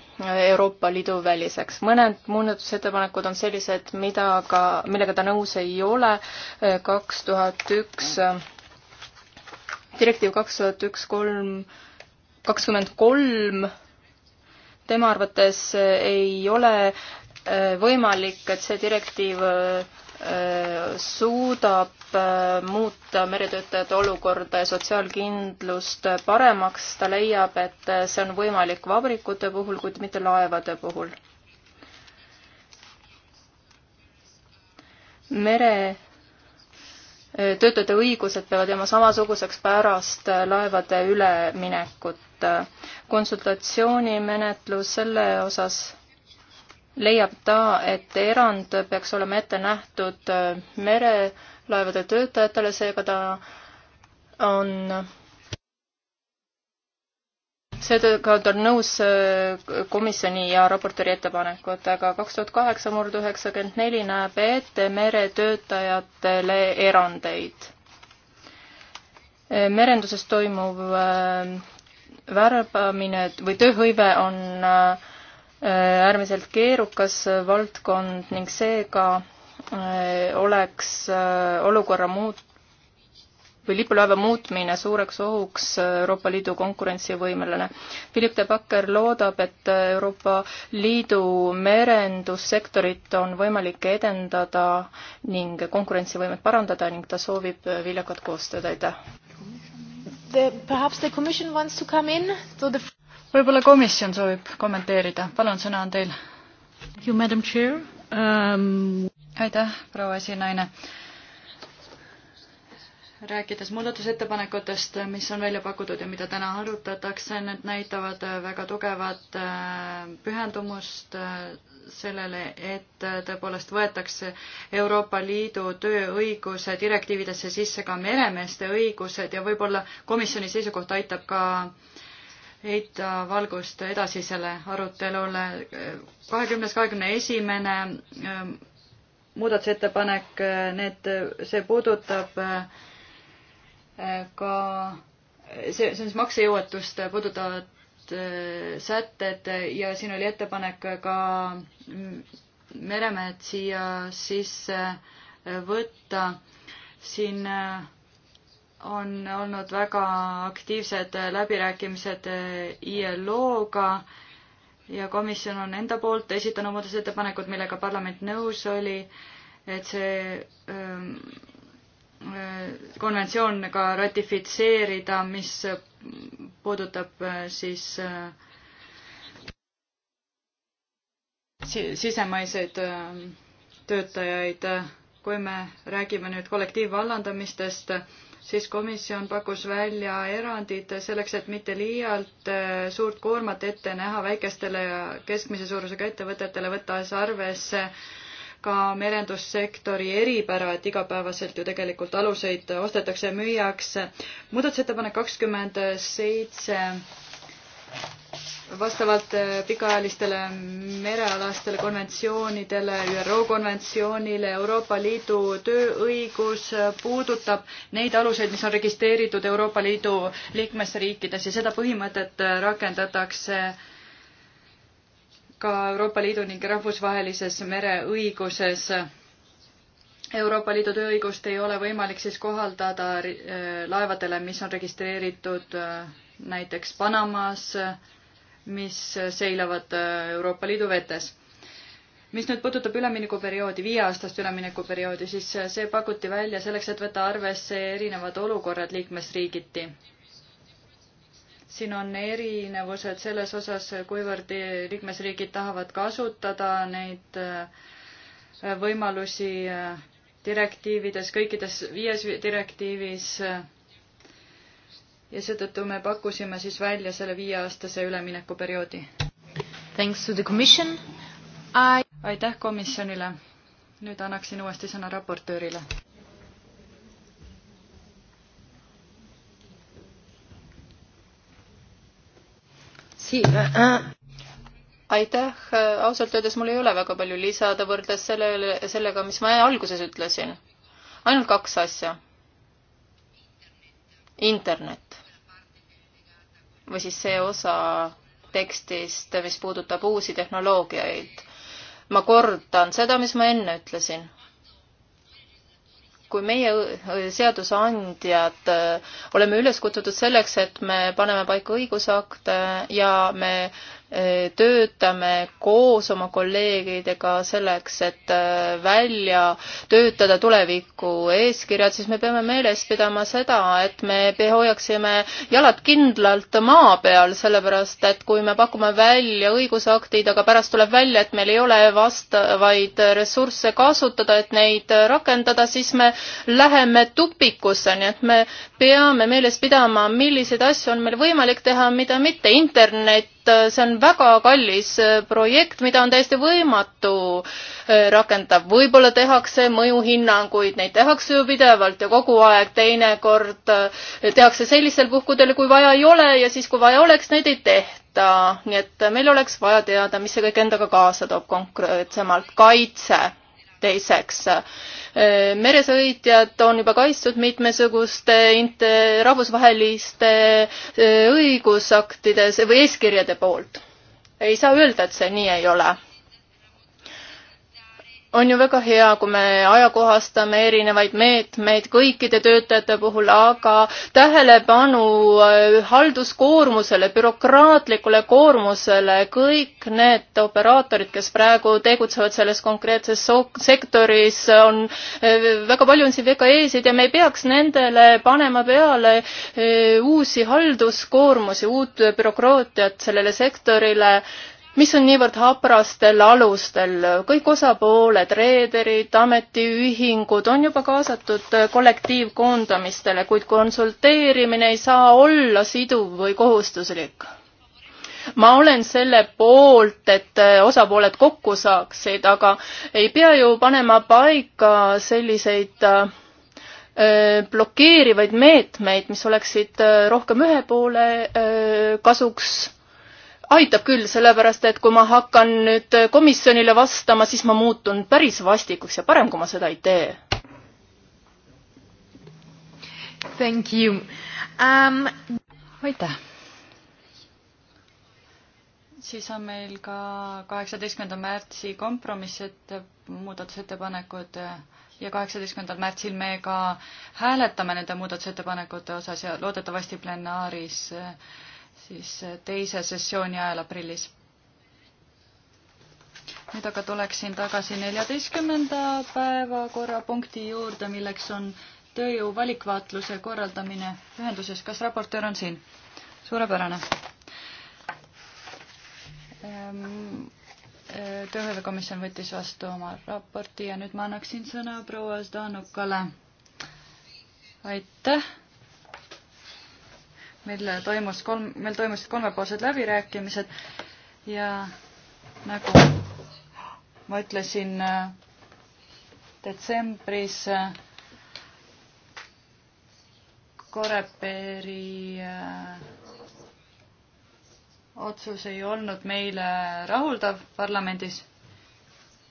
Euroopa Liidu väliseks. mõned muudatusettepanekud on sellised, mida ka, millega ta nõus ei ole, eh, kaks tuhat üks, direktiiv kaks tuhat üks kolm, kakskümmend kolm tema arvates eh, ei ole eh, võimalik, et see direktiiv eh, suudab muuta meretöötajate olukorda ja sotsiaalkindlust paremaks, ta leiab, et see on võimalik vabrikute puhul, kuid mitte laevade puhul. mere töötajate õigused peavad jääma samasuguseks pärast laevade üleminekut. konsultatsioonimenetlus selle osas leiab ta, et erand peaks olema ette nähtud merelaevade töötajatele, seega ta on seetõttu on nõus äh, komisjoni ja raportööri ettepanekutega. kaks tuhat kaheksa murd üheksakümmend neli näeb ette meretöötajatele erandeid. Äh, merenduses toimuv äh, värbamine või tööhõive on äärmiselt keerukas valdkond ning seega oleks olukorra muut-, või lipulaeva muutmine suureks ohuks Euroopa Liidu konkurentsivõimele. Philip de Backer loodab, et Euroopa Liidu merendussektorit on võimalik edendada ning konkurentsivõimet parandada ning ta soovib viljakat koostööd, aitäh! The... võib-olla komisjon soovib kommenteerida, palun, sõna on teil. Um... aitäh, proua esinaine rääkides muudatusettepanekutest, mis on välja pakutud ja mida täna arutatakse, need näitavad väga tugevat äh, pühendumust äh, sellele, et äh, tõepoolest võetakse Euroopa Liidu tööõiguse direktiividesse sisse ka meremeeste õigused ja võib-olla komisjoni seisukoht aitab ka heita valgust edasisele arutelule. kahekümnes, kahekümne esimene muudatusettepanek, need, see puudutab äh, ka see, see on siis maksejõuetust puudutavad äh, sätted ja siin oli ettepanek ka meremehed siia sisse võtta. siin äh, on olnud väga aktiivsed läbirääkimised äh, ILO-ga ja komisjon on enda poolt esitanud muudatusettepanekud, millega parlament nõus oli, et see ähm, konventsioon ka ratifitseerida, mis puudutab äh, siis äh, sisemaiseid äh, töötajaid. kui me räägime nüüd kollektiivvallandamistest, siis komisjon pakkus välja erandid selleks, et mitte liialt suurt koormat ette näha väikestele ja keskmise suurusega ettevõtetele, võttes arvesse äh, ka merendussektori eripära, et igapäevaselt ju tegelikult aluseid ostetakse ja müüakse. muudatusettepanek kakskümmend seitse vastavalt äh, pikaajalistele merealastele konventsioonidele, ÜRO konventsioonile, Euroopa Liidu tööõigus äh, puudutab neid aluseid, mis on registreeritud Euroopa Liidu liikmesriikides ja seda põhimõtet äh, rakendatakse ka Euroopa Liidu ning rahvusvahelises mereõiguses. Euroopa Liidu tööõigust ei ole võimalik siis kohaldada äh, laevadele, mis on registreeritud äh, näiteks Panamas, mis seilavad äh, Euroopa Liidu vetes mis nüüd puudutab üleminekuperioodi, viieaastast üleminekuperioodi, siis see pakuti välja selleks, et võtta arvesse erinevad olukorrad liikmesriigiti siin on erinevused selles osas, kuivõrd e- liikmesriigid tahavad kasutada neid äh, võimalusi äh, direktiivides, kõikides viies direktiivis. Äh, ja seetõttu me pakkusime siis välja selle viieaastase üleminekuperioodi. I... aitäh komisjonile. nüüd annaksin uuesti sõna raportöörile aitäh, ausalt öeldes mul ei ole väga palju lisada võrreldes sellele, sellega, mis ma alguses ütlesin. ainult kaks asja. internet või siis see osa tekstist, mis puudutab uusi tehnoloogiaid. ma kordan seda, mis ma enne ütlesin kui meie seadusandjad oleme üles kutsutud selleks, et me paneme paika õigusakte ja me töötame koos oma kolleegidega selleks, et äh, välja töötada tuleviku eeskirjad, siis me peame meeles pidama seda, et me hoiaksime jalad kindlalt maa peal, sellepärast et kui me pakume välja õigusaktid, aga pärast tuleb välja, et meil ei ole vastavaid ressursse kasutada, et neid rakendada, siis me läheme tupikusse, nii et me peame meeles pidama, milliseid asju on meil võimalik teha, mida mitte. internet Äh, see on väga kallis äh, projekt, mida on täiesti võimatu äh, rakendada. võib-olla tehakse mõjuhinnanguid, neid tehakse ju pidevalt ja kogu aeg, teinekord tehakse sellistel puhkudel, kui vaja ei ole ja siis, kui vaja oleks, neid ei tehta. nii et meil oleks vaja teada, mis see kõik endaga kaasa toob konkreetsemalt. kaitse teiseks, äh, meresõitjad on juba kaitstud mitmesuguste rahvusvaheliste äh, õigusaktides või eeskirjade poolt. ei saa öelda, et see nii ei ole on ju väga hea, kui me ajakohastame erinevaid meetmeid kõikide töötajate puhul, aga tähelepanu äh, halduskoormusele, bürokraatlikule koormusele, kõik need operaatorid, kes praegu tegutsevad selles konkreetses sektoris, on, äh, väga palju on siin VKE-sid ja me ei peaks nendele panema peale äh, uusi halduskoormusi, uut bürokraatiat sellele sektorile mis on niivõrd haprastel alustel. kõik osapooled, reederid, ametiühingud on juba kaasatud kollektiivkoondamistele, kuid konsulteerimine ei saa olla siduv või kohustuslik. ma olen selle poolt, et osapooled kokku saaksid, aga ei pea ju panema paika selliseid äh, blokeerivaid meetmeid, mis oleksid äh, rohkem ühe poole äh, kasuks aitab küll, sellepärast et kui ma hakkan nüüd komisjonile vastama, siis ma muutun päris vastikuks ja parem, kui ma seda ei tee. Thank you um.... aitäh. siis on meil ka kaheksateistkümnenda märtsi kompromisset, muudatusettepanekud ja kaheksateistkümnendal märtsil me ka hääletame nende muudatusettepanekute osas ja loodetavasti plenaaris äh, siis eh, teise sessiooni ajal aprillis. nüüd aga tuleksin tagasi neljateistkümnenda päevakorrapunkti juurde, milleks on tööjõu valikvaatluse korraldamine ühenduses. kas raportöör on siin? suurepärane. Ehm, eh, tööhõivekomisjon võttis vastu oma raporti ja nüüd ma annaksin sõna proua Zdanukale. aitäh meil toimus kolm, meil toimusid kolmepoolsed läbirääkimised ja nagu ma ütlesin äh, detsembris äh, Koreperi äh, otsus ei olnud meile rahuldav parlamendis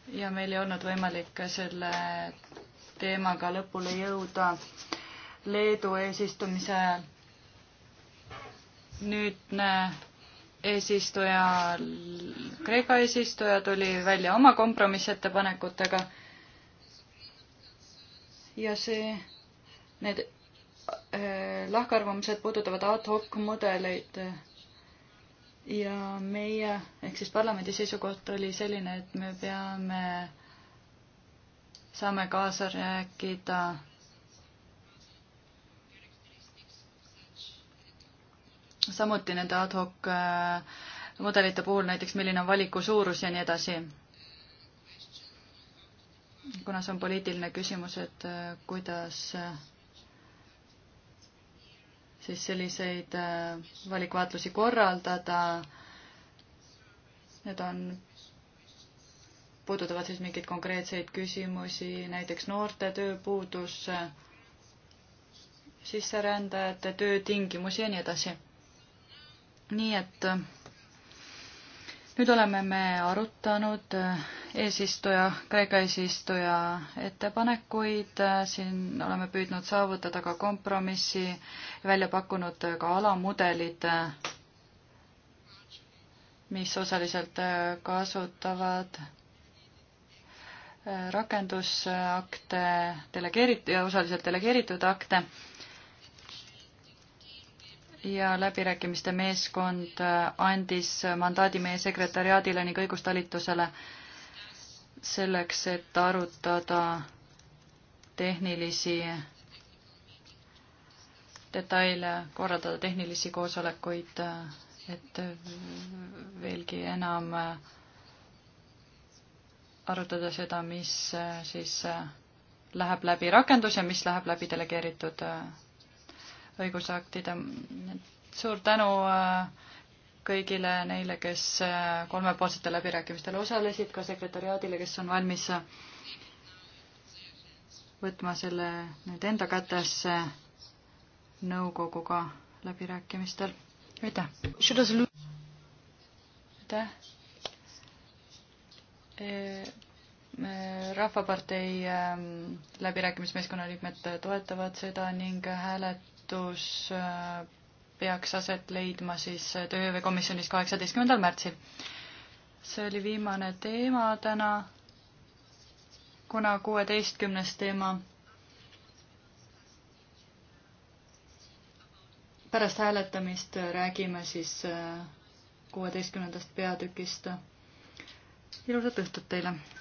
ja meil ei olnud võimalik selle teemaga lõpule jõuda Leedu eesistumise ajal nüüdne eesistuja, Kreeka eesistuja tuli välja oma kompromissettepanekutega. ja see, need äh, lahkarvamused puudutavad ad hoc mudeleid. ja meie ehk siis parlamendi seisukoht oli selline, et me peame, saame kaasa rääkida samuti nende ad hoc äh, mudelite puhul näiteks, milline on valiku suurus ja nii edasi. kuna see on poliitiline küsimus, et äh, kuidas äh, siis selliseid valikvaatlusi korraldada, need on, puudutavad siis mingeid konkreetseid küsimusi, näiteks noorte tööpuudus, sisserändajate töötingimusi ja nii edasi nii et äh, nüüd oleme me arutanud äh, eesistuja, Kreeka eesistuja ettepanekuid, äh, siin oleme püüdnud saavutada ka kompromissi, välja pakkunud ka alamudelid, mis osaliselt kasutavad rakendusakte, delegeerit- ja osaliselt delegeeritud akte ja läbirääkimiste meeskond andis mandaadi meie sekretariaadile ning õigustalitusele selleks, et arutada tehnilisi detaile, korraldada tehnilisi koosolekuid, et veelgi enam arutada seda, mis siis läheb läbi rakendus ja mis läheb läbi delegeeritud õigusaktide. suur tänu äh, kõigile neile, kes äh, kolmepoolsetel läbirääkimistel osalesid, ka sekretäriaadile, kes on valmis äh, võtma selle nüüd enda kätesse nõukoguga läbirääkimistel. aitäh! aitäh! E, Rahvapartei ähm, läbirääkimismeeskonna liikmed toetavad seda ning hääled hääletus äh, peaks aset leidma siis äh, tööhõivekomisjonis kaheksateistkümnendal märtsil. see oli viimane teema täna, kuna kuueteistkümnes teema pärast hääletamist räägime siis äh, kuueteistkümnendast peatükist. ilusat õhtut teile!